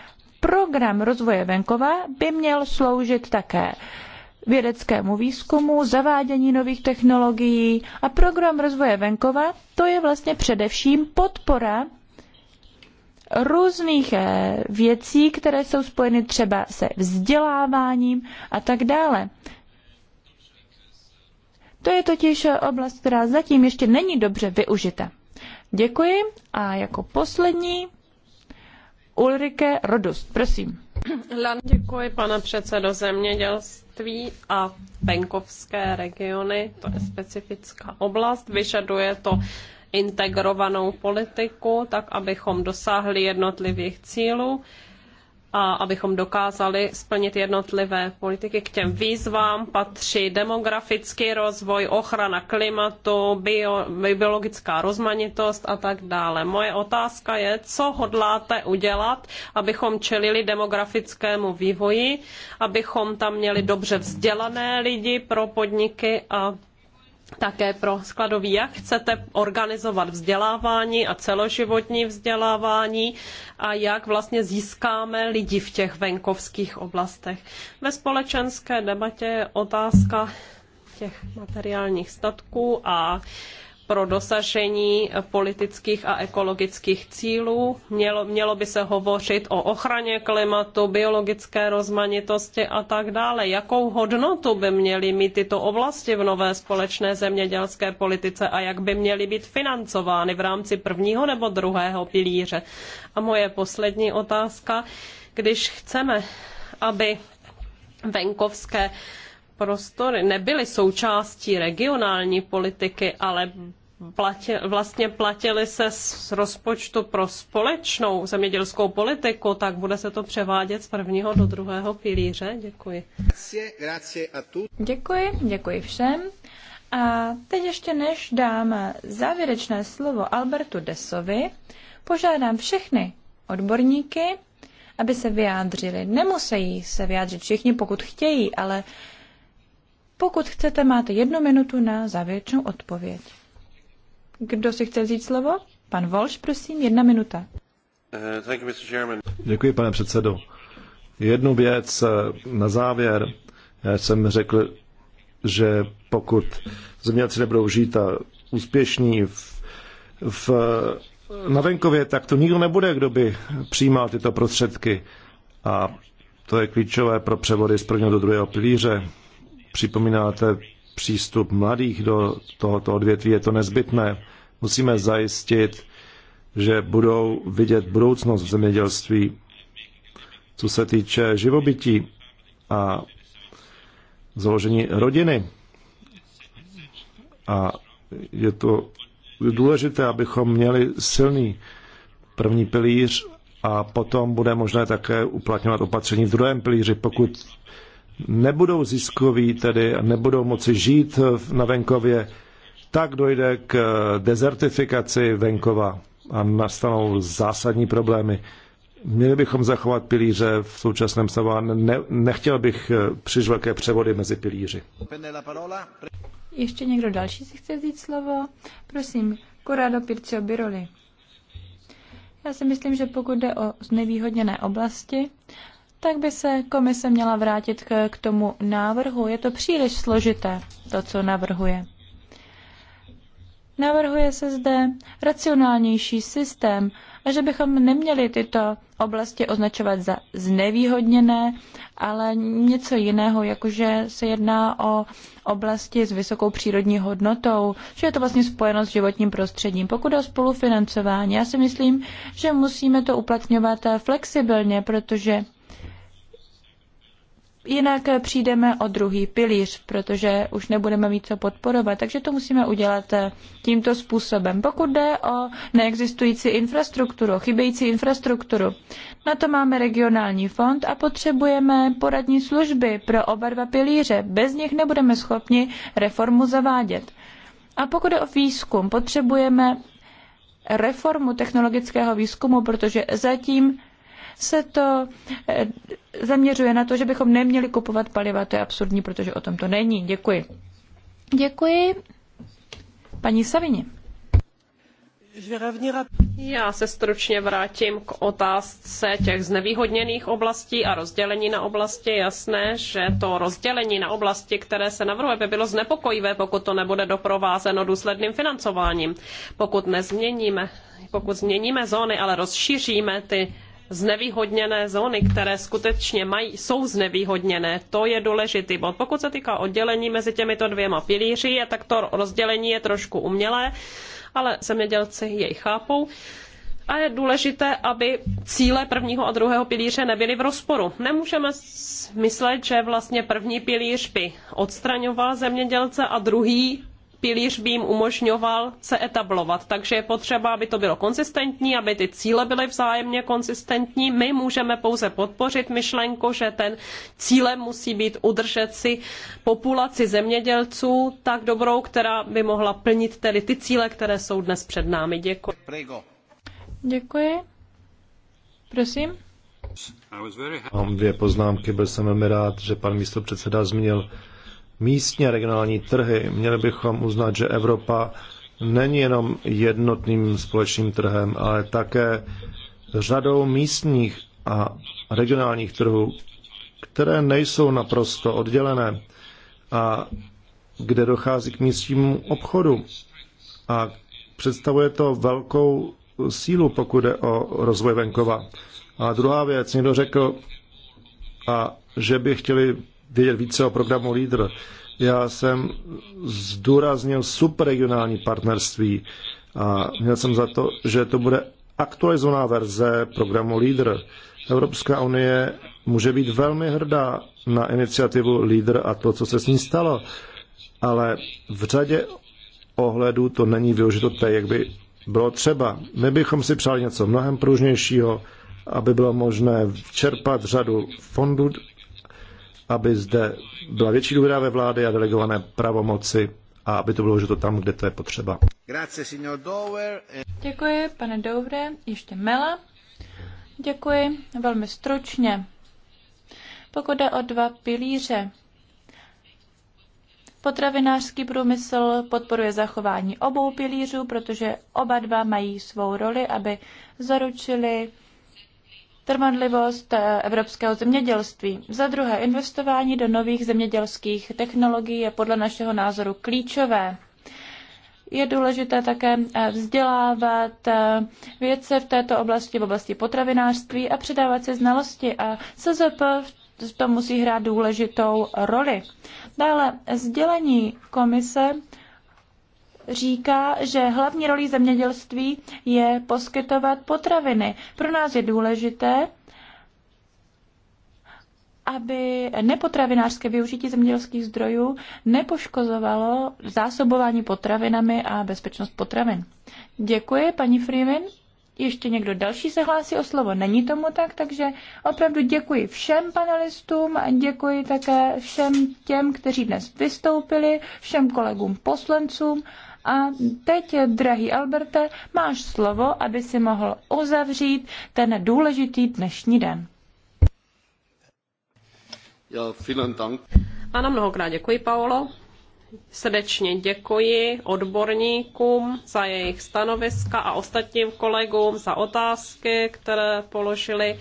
program rozvoje venkova by měl sloužit také vědeckému výzkumu, zavádění nových technologií a program rozvoje venkova, to je vlastně především podpora různých eh, věcí, které jsou spojeny třeba se vzděláváním a tak dále. To je totiž oblast, která zatím ještě není dobře využita. Děkuji a jako poslední Ulrike Rodust, prosím. Děkuji, pane předsedo zemědělství a venkovské regiony. To je specifická oblast, vyžaduje to integrovanou politiku, tak abychom dosáhli jednotlivých cílů a abychom dokázali splnit jednotlivé politiky. K těm výzvám patří demografický rozvoj, ochrana klimatu, bio, biologická rozmanitost a tak dále. Moje otázka je, co hodláte udělat, abychom čelili demografickému vývoji, abychom tam měli dobře vzdělané lidi pro podniky a také pro skladový, jak chcete organizovat vzdělávání a celoživotní vzdělávání a jak vlastně získáme lidi v těch venkovských oblastech. Ve společenské debatě je otázka těch materiálních statků a pro dosažení politických a ekologických cílů. Mělo, mělo by se hovořit o ochraně klimatu, biologické rozmanitosti a tak dále. Jakou hodnotu by měly mít tyto oblasti v nové společné zemědělské politice a jak by měly být financovány v rámci prvního nebo druhého pilíře? A moje poslední otázka, když chceme, aby venkovské prostory nebyly součástí regionální politiky, ale platě, vlastně platili se z rozpočtu pro společnou zemědělskou politiku, tak bude se to převádět z prvního do druhého pilíře. Děkuji. Děkuji, děkuji všem. A teď ještě než dám závěrečné slovo Albertu Desovi, požádám všechny odborníky, aby se vyjádřili. Nemusí se vyjádřit všichni, pokud chtějí, ale pokud chcete, máte jednu minutu na závěrečnou odpověď. Kdo si chce říct slovo? Pan Volš, prosím, jedna minuta. Eh, Děkuji, pane předsedo. Jednu věc eh, na závěr. Já jsem řekl, že pokud zemědělci nebudou žít a úspěšní v, v, na venkově, tak to nikdo nebude, kdo by přijímal tyto prostředky. A to je klíčové pro převody z prvního do druhého pilíře. Připomínáte přístup mladých do tohoto odvětví, je to nezbytné. Musíme zajistit, že budou vidět budoucnost v zemědělství, co se týče živobytí a založení rodiny. A je to důležité, abychom měli silný první pilíř a potom bude možné také uplatňovat opatření v druhém pilíři, pokud nebudou ziskoví, tedy nebudou moci žít na venkově, tak dojde k dezertifikaci venkova a nastanou zásadní problémy. Měli bychom zachovat pilíře v současném stavu a ne, nechtěl bych eh, příliš velké převody mezi pilíři. Ještě někdo další si chce vzít slovo? Prosím, Corrado Pircio Biroli. Já si myslím, že pokud jde o znevýhodněné oblasti, tak by se komise měla vrátit k, k tomu návrhu. Je to příliš složité, to, co navrhuje. Navrhuje se zde racionálnější systém a že bychom neměli tyto oblasti označovat za znevýhodněné, ale něco jiného, jakože se jedná o oblasti s vysokou přírodní hodnotou, že je to vlastně spojeno s životním prostředím. Pokud je o spolufinancování, já si myslím, že musíme to uplatňovat flexibilně, protože Jinak přijdeme o druhý pilíř, protože už nebudeme mít co podporovat, takže to musíme udělat eh, tímto způsobem. Pokud jde o neexistující infrastrukturu, chybějící infrastrukturu, na to máme regionální fond a potřebujeme poradní služby pro oba dva pilíře. Bez nich nebudeme schopni reformu zavádět. A pokud jde o výzkum, potřebujeme reformu technologického výzkumu, protože zatím se to eh, zaměřuje na to, že bychom neměli kupovat paliva. To je absurdní, protože o tom to není. Děkuji. Děkuji. Paní Savině. Já se stručně vrátím k otázce těch znevýhodněných oblastí a rozdělení na oblasti. Jasné, že to rozdělení na oblasti, které se navrhuje, by bylo znepokojivé, pokud to nebude doprovázeno důsledným financováním. Pokud nezměníme, pokud změníme zóny, ale rozšíříme ty znevýhodněné zóny, které skutečně mají, jsou znevýhodněné, to je důležitý bod. Pokud se týká oddělení mezi těmito dvěma pilíři, tak to rozdělení je trošku umělé, ale zemědělci jej chápou a je důležité, aby cíle prvního a druhého pilíře nebyly v rozporu. Nemůžeme myslet, že vlastně první pilíř by odstraňoval zemědělce a druhý pilíř by jim umožňoval se etablovat. Takže je potřeba, aby to bylo konzistentní, aby ty cíle byly vzájemně konzistentní. My můžeme pouze podpořit myšlenku, že ten cílem musí být udržet si populaci zemědělců tak dobrou, která by mohla plnit tedy ty cíle, které jsou dnes před námi. Děkuji. Děkuji. Prosím. Mám dvě poznámky. Byl jsem velmi rád, že pan místo předseda zmínil místně regionální trhy. Měli bychom uznat, že Evropa není jenom jednotným společným trhem, ale také řadou místních a regionálních trhů, které nejsou naprosto oddělené a kde dochází k místnímu obchodu. A představuje to velkou sílu, pokud jde o rozvoj venkova. A druhá věc, někdo řekl, a že by chtěli vědět více o programu LEADER. Já jsem zdůraznil subregionální partnerství a měl jsem za to, že to bude aktualizovaná verze programu LEADER. Evropská unie může být velmi hrdá na iniciativu LEADER a to, co se s ní stalo, ale v řadě ohledů to není využito té, jak by bylo třeba. My bychom si přáli něco mnohem pružnějšího, aby bylo možné čerpat řadu fondů aby zde byla větší důvěra ve vlády a delegované pravomoci a aby to bylo, že to tam, kde to je potřeba. Děkuji, pane Dovre. Ještě Mela. Děkuji, velmi stručně. Pokud jde o dva pilíře, Potravinářský průmysl podporuje zachování obou pilířů, protože oba dva mají svou roli, aby zaručili trvanlivost eh, evropského zemědělství. Za druhé, investování do nových zemědělských technologií je podle našeho názoru klíčové. Je důležité také eh, vzdělávat eh, vědce v této oblasti, v oblasti potravinářství a předávat si znalosti. A SZP v tom musí hrát důležitou roli. Dále sdělení komise říká, že hlavní rolí zemědělství je poskytovat potraviny. Pro nás je důležité, aby nepotravinářské využití zemědělských zdrojů nepoškozovalo zásobování potravinami a bezpečnost potravin. Děkuji, paní Freeman. Ještě někdo další se hlásí o slovo? Není tomu tak, takže opravdu děkuji všem panelistům, děkuji také všem těm, kteří dnes vystoupili, všem kolegům poslancům a teď, drahý Alberte, máš slovo, aby si mohl uzavřít ten důležitý dnešní den. Ja, vielen Dank. Ano, mnohokrát děkuji, Paolo. Srdečně děkuji odborníkům za jejich stanoviska a ostatním kolegům za otázky, které položili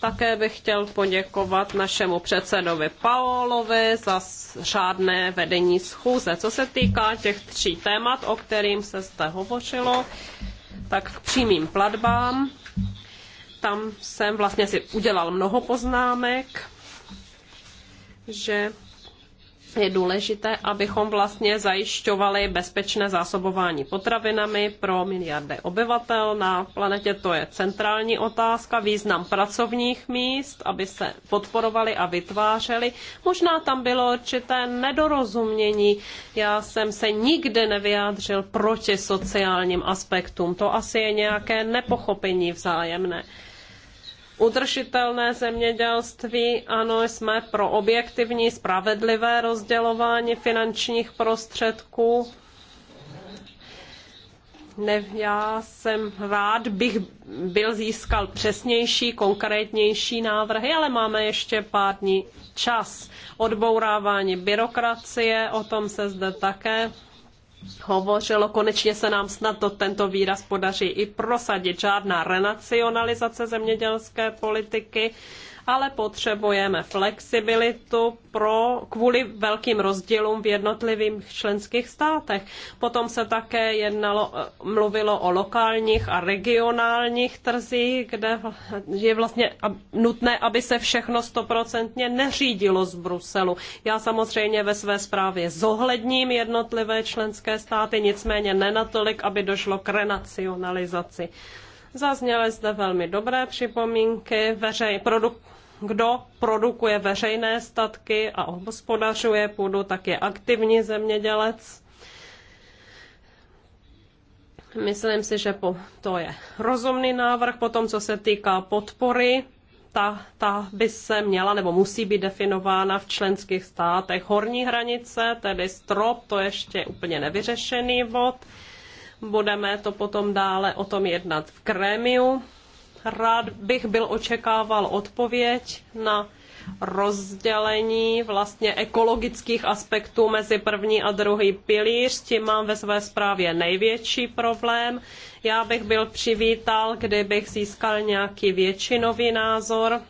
také bych chtěl poděkovat našemu předsedovi Paolovi za řádné vedení schůze. Co se týká těch tří témat, o kterým se zde hovořilo, tak k přímým platbám. Tam jsem vlastně si udělal mnoho poznámek, že je důležité, abychom vlastně zajišťovali bezpečné zásobování potravinami pro miliardy obyvatel na planetě. To je centrální otázka, význam pracovních míst, aby se podporovali a vytvářeli. Možná tam bylo určité nedorozumění. Já jsem se nikdy nevyjádřil proti sociálním aspektům. To asi je nějaké nepochopení vzájemné udržitelné zemědělství, ano, jsme pro objektivní, spravedlivé rozdělování finančních prostředků. Ne, já jsem rád, bych byl získal přesnější, konkrétnější návrhy, ale máme ještě pár dní čas. Odbourávání byrokracie, o tom se zde také hovořilo, konečně se nám snad to tento výraz podaří i prosadit. Žádná renacionalizace zemědělské politiky, ale potřebujeme flexibilitu pro, kvůli velkým rozdílům v jednotlivých členských státech. Potom se také jednalo, mluvilo o lokálních a regionálních trzích, kde je vlastně nutné, aby se všechno stoprocentně neřídilo z Bruselu. Já samozřejmě ve své zprávě zohledním jednotlivé členské státy, nicméně ne aby došlo k renacionalizaci. Zazněly zde velmi dobré připomínky. Veřej, produk, kdo produkuje veřejné statky a hospodařuje půdu, tak je aktivní zemědělec. Myslím si, že po, to je rozumný návrh. Potom, co se týká podpory, ta, ta by se měla nebo musí být definována v členských státech. Horní hranice, tedy strop, to ještě úplně nevyřešený bod. Budeme to potom dále o tom jednat v krémiu Rád bych byl očekával odpověď na rozdělení vlastně ekologických aspektů mezi první a druhý pilíř. S tím mám ve své zprávě největší problém. Já bych byl přivítal, kdybych získal nějaký většinový názor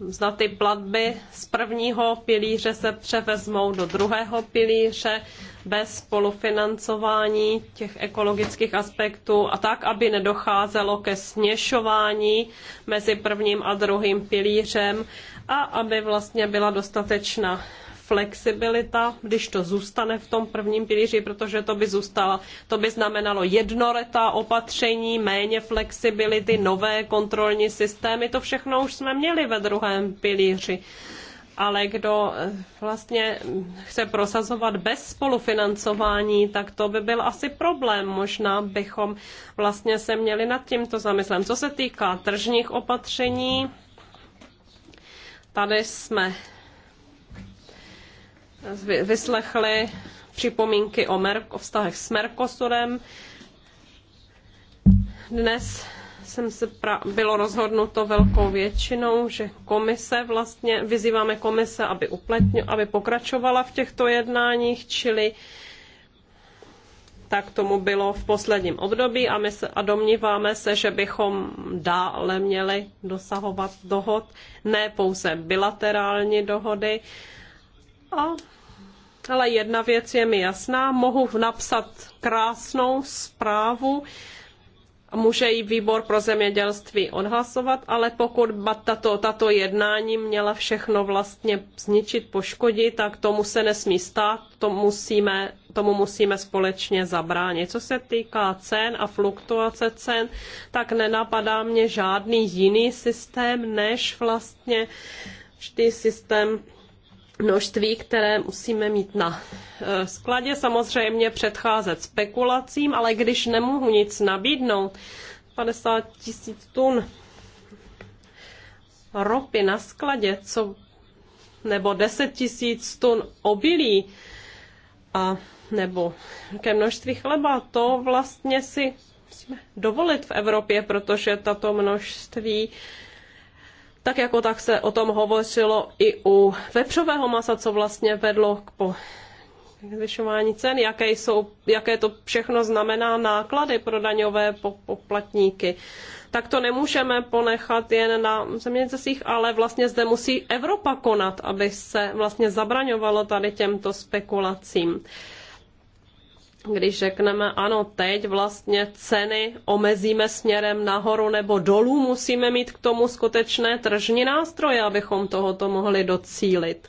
zda ty platby z prvního pilíře se převezmou do druhého pilíře bez spolufinancování těch ekologických aspektů a tak, aby nedocházelo ke směšování mezi prvním a druhým pilířem a aby vlastně byla dostatečná flexibilita, když to zůstane v tom prvním pilíři, protože to by zůstalo. to by znamenalo jednoletá opatření, méně flexibility, nové kontrolní systémy, to všechno už jsme měli ve druhém pilíři ale kdo eh, vlastně chce prosazovat bez spolufinancování, tak to by byl asi problém. Možná bychom vlastně se měli nad tímto zamyslet. Co se týká tržních opatření, tady jsme vyslechli připomínky o, Mer- o vztahech s Mercosurem. Dnes jsem se bylo rozhodnuto velkou většinou, že komise vlastně, vyzýváme komise, aby, aby pokračovala v těchto jednáních, čili tak tomu bylo v posledním období a, my se, a domníváme se, že bychom dále měli dosahovat dohod, ne pouze bilaterální dohody, a, ale jedna věc je mi jasná, mohu napsat krásnou zprávu, může ji výbor pro zemědělství odhlasovat, ale pokud tato, tato jednání měla všechno vlastně zničit, poškodit, tak tomu se nesmí stát, to musíme, tomu musíme společně zabránit. Co se týká cen a fluktuace cen, tak nenapadá mě žádný jiný systém, než vlastně ty systém množství, které musíme mít na e, skladě. Samozřejmě předcházet spekulacím, ale když nemohu nic nabídnout, 50 tisíc tun ropy na skladě, co, nebo 10 tisíc tun obilí, a nebo ke množství chleba, to vlastně si musíme dovolit v Evropě, protože tato množství tak jako tak se o tom hovořilo i u vepřového masa, co vlastně vedlo k po zvyšování cen, jaké, jsou, jaké to všechno znamená náklady pro daňové poplatníky. Tak to nemůžeme ponechat jen na zemědělcích, ale vlastně zde musí Evropa konat, aby se vlastně zabraňovalo tady těmto spekulacím když řekneme ano, teď vlastně ceny omezíme směrem nahoru nebo dolů, musíme mít k tomu skutečné tržní nástroje, abychom tohoto mohli docílit.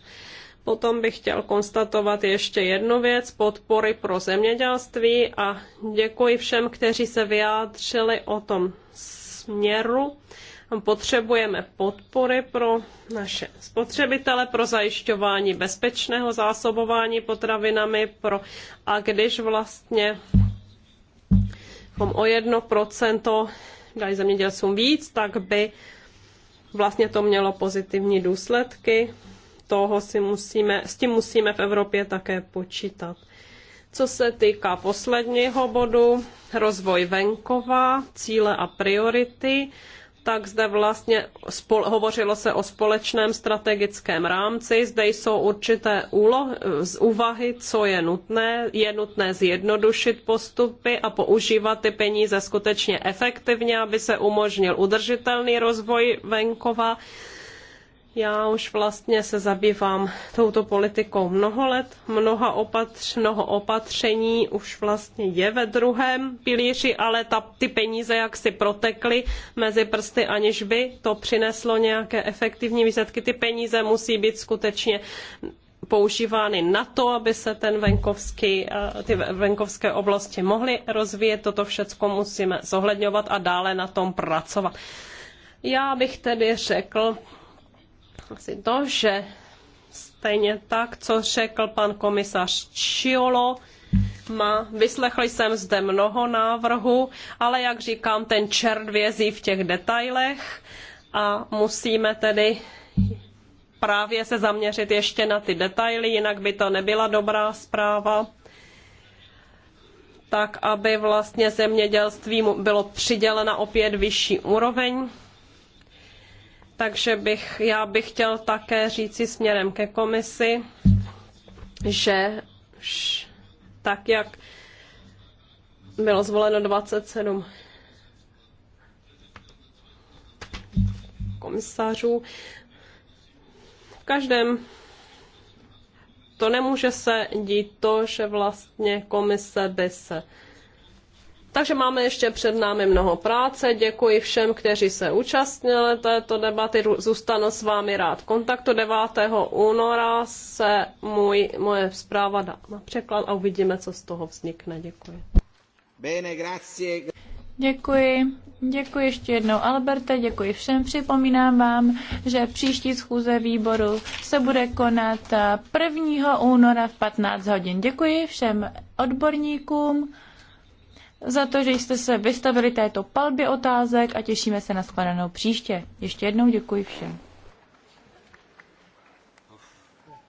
Potom bych chtěl konstatovat ještě jednu věc, podpory pro zemědělství a děkuji všem, kteří se vyjádřili o tom směru Potřebujeme podpory pro naše spotřebitele, pro zajišťování bezpečného zásobování potravinami, pro, a když vlastně o jedno procento dají zemědělcům víc, tak by vlastně to mělo pozitivní důsledky. Toho si musíme, s tím musíme v Evropě také počítat. Co se týká posledního bodu, rozvoj venkova, cíle a priority, tak zde vlastně spol- hovořilo se o společném strategickém rámci. Zde jsou určité úlo- z úvahy, co je nutné. Je nutné zjednodušit postupy a používat ty peníze skutečně efektivně, aby se umožnil udržitelný rozvoj venkova já už vlastně se zabývám touto politikou mnoho let, mnoha opatř, mnoho opatření už vlastně je ve druhém pilíři, ale ta, ty peníze jak si protekly mezi prsty, aniž by to přineslo nějaké efektivní výsledky. Ty peníze musí být skutečně používány na to, aby se ten venkovský, eh, ty venkovské oblasti mohly rozvíjet. Toto všechno musíme zohledňovat a dále na tom pracovat. Já bych tedy řekl, asi to, že stejně tak, co řekl pan komisař Čiolo, má. Vyslechl jsem zde mnoho návrhů, ale jak říkám, ten čert vězí v těch detailech a musíme tedy právě se zaměřit ještě na ty detaily, jinak by to nebyla dobrá zpráva tak aby vlastně zemědělství bylo přidělena opět vyšší úroveň takže bych, já bych chtěl také říci směrem ke komisi, že tak, jak bylo zvoleno 27 komisařů, v každém to nemůže se dít to, že vlastně komise by se takže máme ještě před námi mnoho práce. Děkuji všem, kteří se účastnili této debaty. Zůstanu s vámi rád v kontaktu. 9. února se můj, moje zpráva dá na překlad a uvidíme, co z toho vznikne. Děkuji. Bene, grazie. Děkuji. Děkuji ještě jednou Alberte, děkuji všem. Připomínám vám, že příští schůze výboru se bude konat 1. února v 15 hodin. Děkuji všem odborníkům za to, že jste se vystavili této palbě otázek a těšíme se na shledanou příště. Ještě jednou děkuji všem.